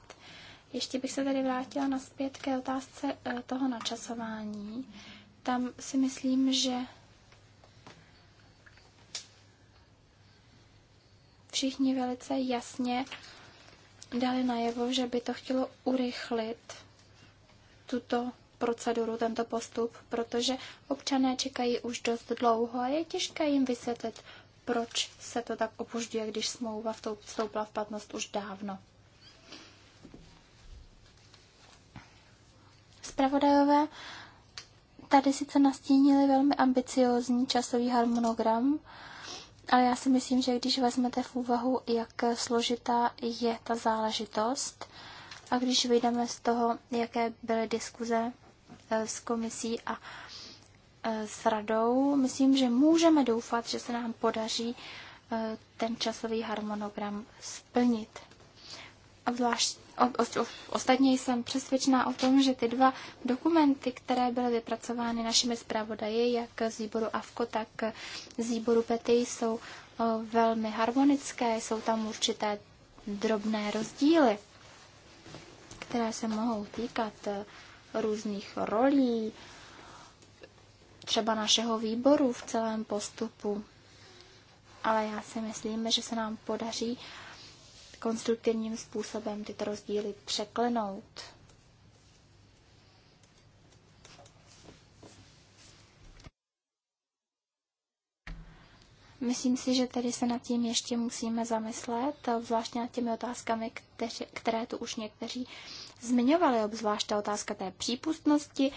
Ještě bych se tady vrátila naspět ke otázce eh, toho načasování. Tam si myslím, že všichni velice jasně dali najevo, že by to chtělo urychlit tuto proceduru, tento postup, protože občané čekají už dost dlouho a je těžké jim vysvětlit, proč se to tak opožďuje, když smlouva vstoupila v platnost už dávno. Spravodajové tady sice nastínili velmi ambiciózní časový harmonogram, ale já si myslím, že když vezmete v úvahu, jak složitá je ta záležitost, a když vyjdeme z toho, jaké byly diskuze eh, s komisí a Eh, s radou, myslím, že můžeme doufat, že se nám podaří eh, ten časový harmonogram splnit. Obzvlášť, o, o, o, ostatně jsem přesvědčená o tom, že ty dva dokumenty, které byly vypracovány našimi zpravodaji, jak z výboru AVKO, tak z výboru PETI, jsou eh, velmi harmonické, jsou tam určité drobné rozdíly, které se mohou týkat různých rolí, třeba našeho výboru v celém postupu. Ale já si myslím, že se nám podaří konstruktivním způsobem tyto rozdíly překlenout. Myslím si, že tedy se nad tím ještě musíme zamyslet, obzvláště nad těmi otázkami, které tu už někteří zmiňovali, obzvlášť ta otázka té přípustnosti,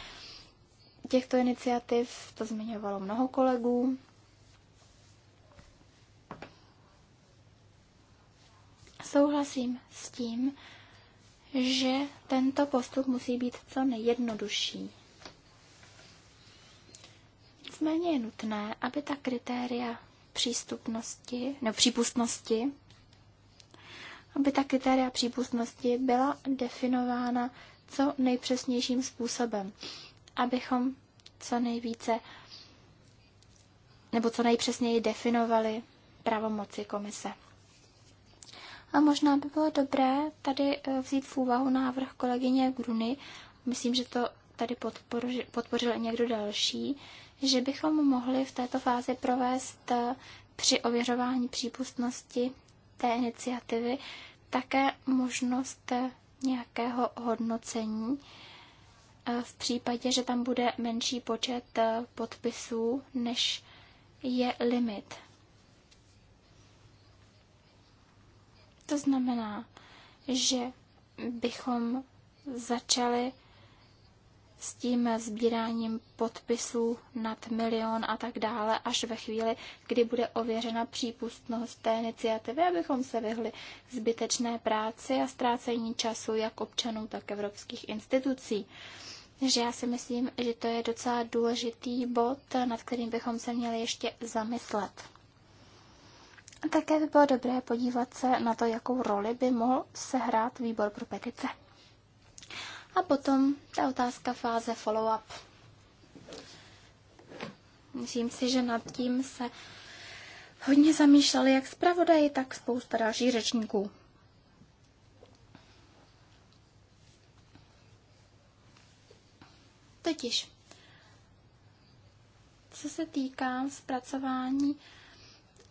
těchto iniciativ, to zmiňovalo mnoho kolegů. Souhlasím s tím, že tento postup musí být co nejjednodušší. Nicméně je nutné, aby ta kritéria přístupnosti nebo přípustnosti, aby ta kritéria přípustnosti byla definována co nejpřesnějším způsobem abychom co nejvíce nebo co nejpřesněji definovali pravomoci komise. A možná by bylo dobré tady eh, vzít v úvahu návrh kolegyně Gruny, myslím, že to tady podpořil, podpořil někdo další, že bychom mohli v této fázi provést eh, při ověřování přípustnosti té iniciativy také možnost eh, nějakého hodnocení v případě, že tam bude menší počet eh, podpisů, než je limit. To znamená, že bychom začali s tím sbíráním podpisů nad milion a tak dále, až ve chvíli, kdy bude ověřena přípustnost té iniciativy, abychom se vyhli zbytečné práci a ztrácení času jak občanů, tak evropských institucí že já si myslím, že to je docela důležitý bod, nad kterým bychom se měli ještě zamyslet. A také by bylo dobré podívat se na to, jakou roli by mohl sehrát výbor pro petice. A potom ta otázka fáze follow-up. Myslím si, že nad tím se hodně zamýšleli jak zpravodaji, tak spousta dalších řečníků. Totiž, co se týká zpracování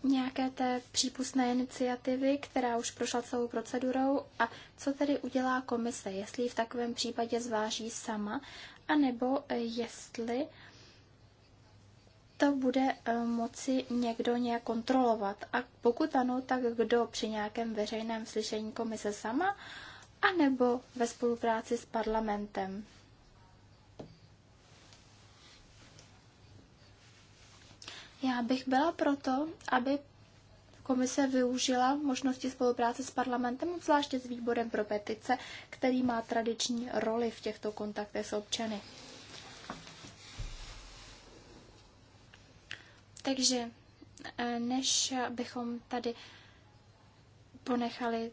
nějaké té přípustné iniciativy, která už prošla celou procedurou a co tedy udělá komise, jestli v takovém případě zváží sama, anebo eh, jestli to bude eh, moci někdo nějak kontrolovat. A pokud ano, tak kdo při nějakém veřejném slyšení komise sama, anebo ve spolupráci s parlamentem. Já bych byla proto, aby komise využila možnosti spolupráce s parlamentem, zvláště s výborem pro petice, který má tradiční roli v těchto kontaktech s občany. Takže eh, než bychom tady ponechali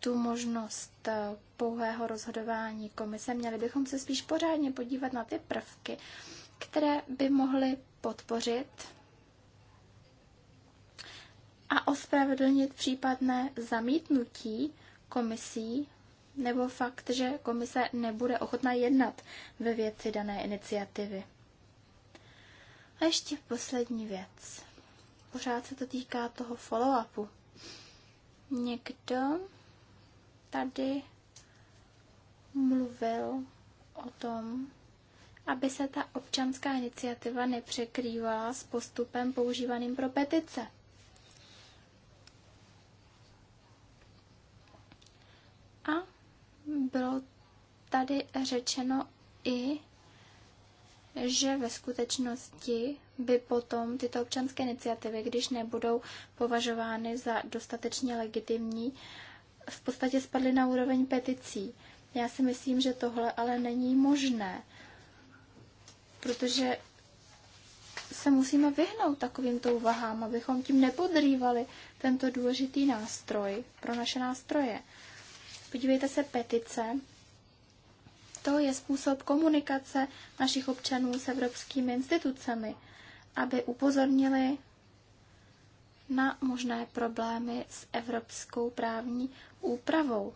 tu možnost eh, pouhého rozhodování komise, měli bychom se spíš pořádně podívat na ty prvky, které by mohly podpořit a ospravedlnit případné zamítnutí komisí nebo fakt, že komise nebude ochotná jednat ve věci dané iniciativy. A ještě poslední věc. Pořád se to týká toho follow-upu. Někdo tady mluvil o tom, aby se ta občanská iniciativa nepřekrývala s postupem používaným pro petice. Bylo tady řečeno i, že ve skutečnosti by potom tyto občanské iniciativy, když nebudou považovány za dostatečně legitimní, v podstatě spadly na úroveň peticí. Já si myslím, že tohle ale není možné, protože se musíme vyhnout takovýmto uvahám, abychom tím nepodrývali tento důležitý nástroj pro naše nástroje. Podívejte se petice. To je způsob komunikace našich občanů s evropskými institucemi, aby upozornili na možné problémy s evropskou právní úpravou.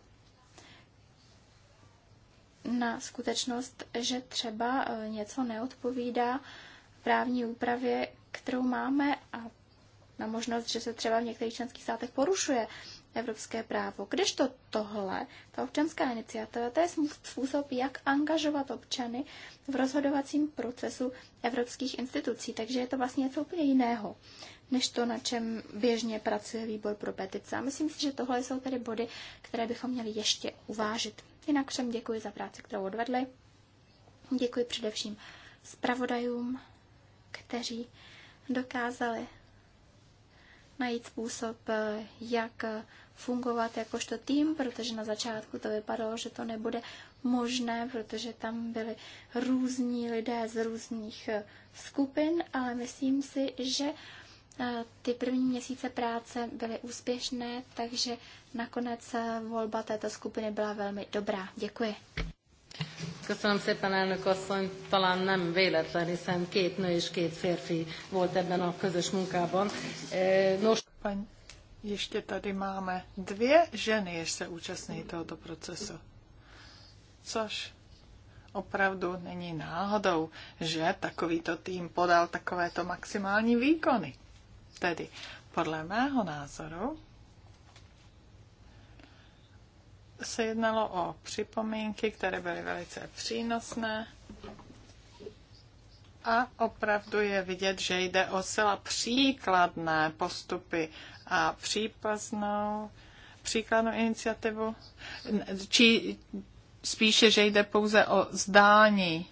Na skutečnost, že třeba e, něco neodpovídá právní úpravě, kterou máme a na možnost, že se třeba v některých členských státech porušuje evropské právo. Kdežto tohle, ta občanská iniciativa, to je způsob, jak angažovat občany v rozhodovacím procesu evropských institucí. Takže je to vlastně něco úplně jiného, než to, na čem běžně pracuje výbor pro petice. A myslím si, že tohle jsou tedy body, které bychom měli ještě uvážit. Jinak všem děkuji za práci, kterou odvedli. Děkuji především zpravodajům, kteří dokázali najít způsob, jak fungovat jakožto tým, protože na začátku to vypadalo, že to nebude možné, protože tam byli různí lidé z různých eh, skupin, ale myslím si, že eh, ty první měsíce práce byly úspěšné, takže nakonec eh, volba této skupiny byla velmi dobrá. Děkuji. Köszönöm szépen, elnök asszony. Talán nem véletlen, hiszen két nő és két férfi volt ebben a közös munkában. Nos... Pani, ještě tady máme dvě ženy, jež se účastní tohoto procesu. Což opravdu není náhodou, že takovýto tým podal takovéto maximální výkony. Tedy podle mého názoru se jednalo o připomínky, které byly velice přínosné a opravdu je vidět, že jde o zcela příkladné postupy a případnou příkladnou iniciativu, či spíše, že jde pouze o zdání.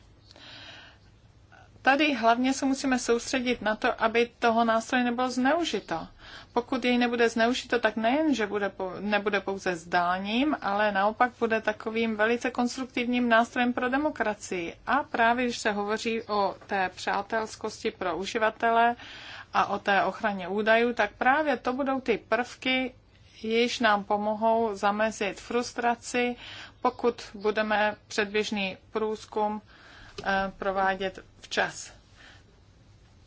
Tady hlavně se musíme soustředit na to, aby toho nástroje nebylo zneužito. Pokud jej nebude zneužito, tak nejen, že bude, nebude pouze zdáním, ale naopak bude takovým velice konstruktivním nástrojem pro demokracii. A právě když se hovoří o té přátelskosti pro uživatele, a o té ochraně údajů, tak právě to budou ty prvky, jež nám pomohou zamezit frustraci, pokud budeme předběžný průzkum eh, provádět včas.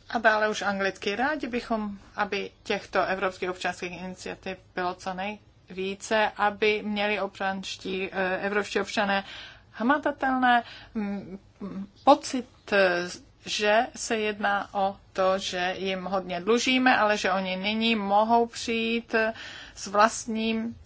A dále už anglicky. Rádi bychom, aby těchto evropských občanských iniciativ bylo co nejvíce, aby měli občanští, eh, evropští občané hmatatelné mm, mm, pocit eh, že se jedná o to, že jim hodně dlužíme, ale že oni nyní mohou přijít s vlastním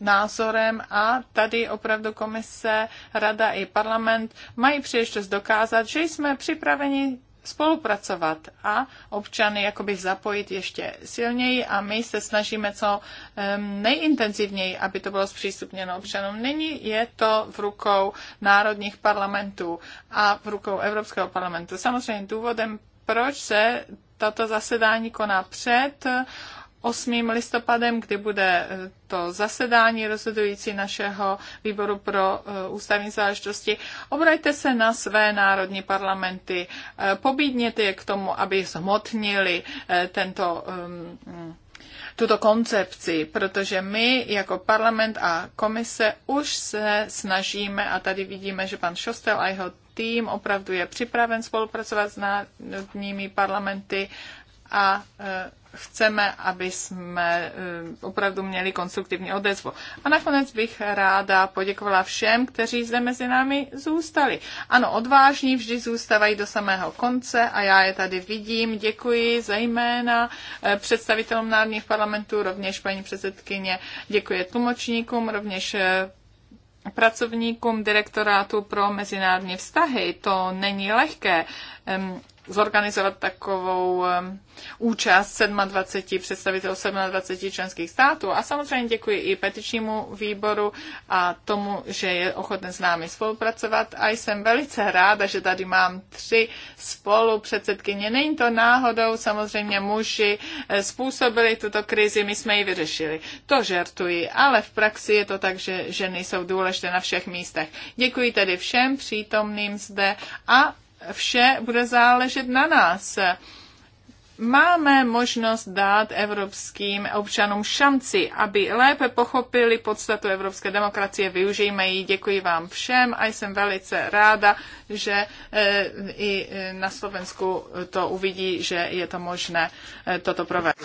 názorem a tady opravdu komise, rada i parlament mají příležitost dokázat, že jsme připraveni spolupracovat a občany jakoby zapojit ještě silněji a my se snažíme co nejintenzivněji, aby to bylo zpřístupněno občanům. Nyní je to v rukou národních parlamentů a v rukou Evropského parlamentu. Samozřejmě důvodem, proč se tato zasedání koná před 8. listopadem, kdy bude e, to zasedání rozhodující našeho výboru pro e, ústavní záležitosti. Obraťte se na své národní parlamenty, e, pobídněte je k tomu, aby zhmotnili tento tuto koncepci, protože my jako parlament a komise už se snažíme, a tady vidíme, že pan Šostel a jeho tým opravdu je připraven spolupracovat s národními parlamenty a chceme, aby jsme eh, opravdu měli konstruktivní odezvu. A nakonec bych ráda poděkovala všem, kteří zde mezi námi zůstali. Ano, odvážní vždy zůstávají do samého konce a já je tady vidím. Děkuji zejména eh, představitelům národních parlamentů, rovněž paní předsedkyně, děkuji tlumočníkům, rovněž eh, pracovníkům direktorátu pro mezinárodní vztahy. To není lehké zorganizovat takovou účast 27 představitel 27 členských států. A samozřejmě děkuji i petičnímu výboru a tomu, že je ochoten s námi spolupracovat. A jsem velice ráda, že tady mám tři spolupředsedkyně. Není to náhodou, samozřejmě muži eh, způsobili tuto krizi, my jsme ji vyřešili. To žertuji, ale v praxi je to tak, že ženy jsou důležité na všech místech. Děkuji tedy všem přítomným zde a vše bude záležet na nás. Máme možnost dát evropským občanům šanci, aby lépe pochopili podstatu evropské demokracie. Využijme ji. Děkuji vám všem a jsem velice ráda, že eh, i eh, na Slovensku to uvidí, že je to možné eh, toto provést.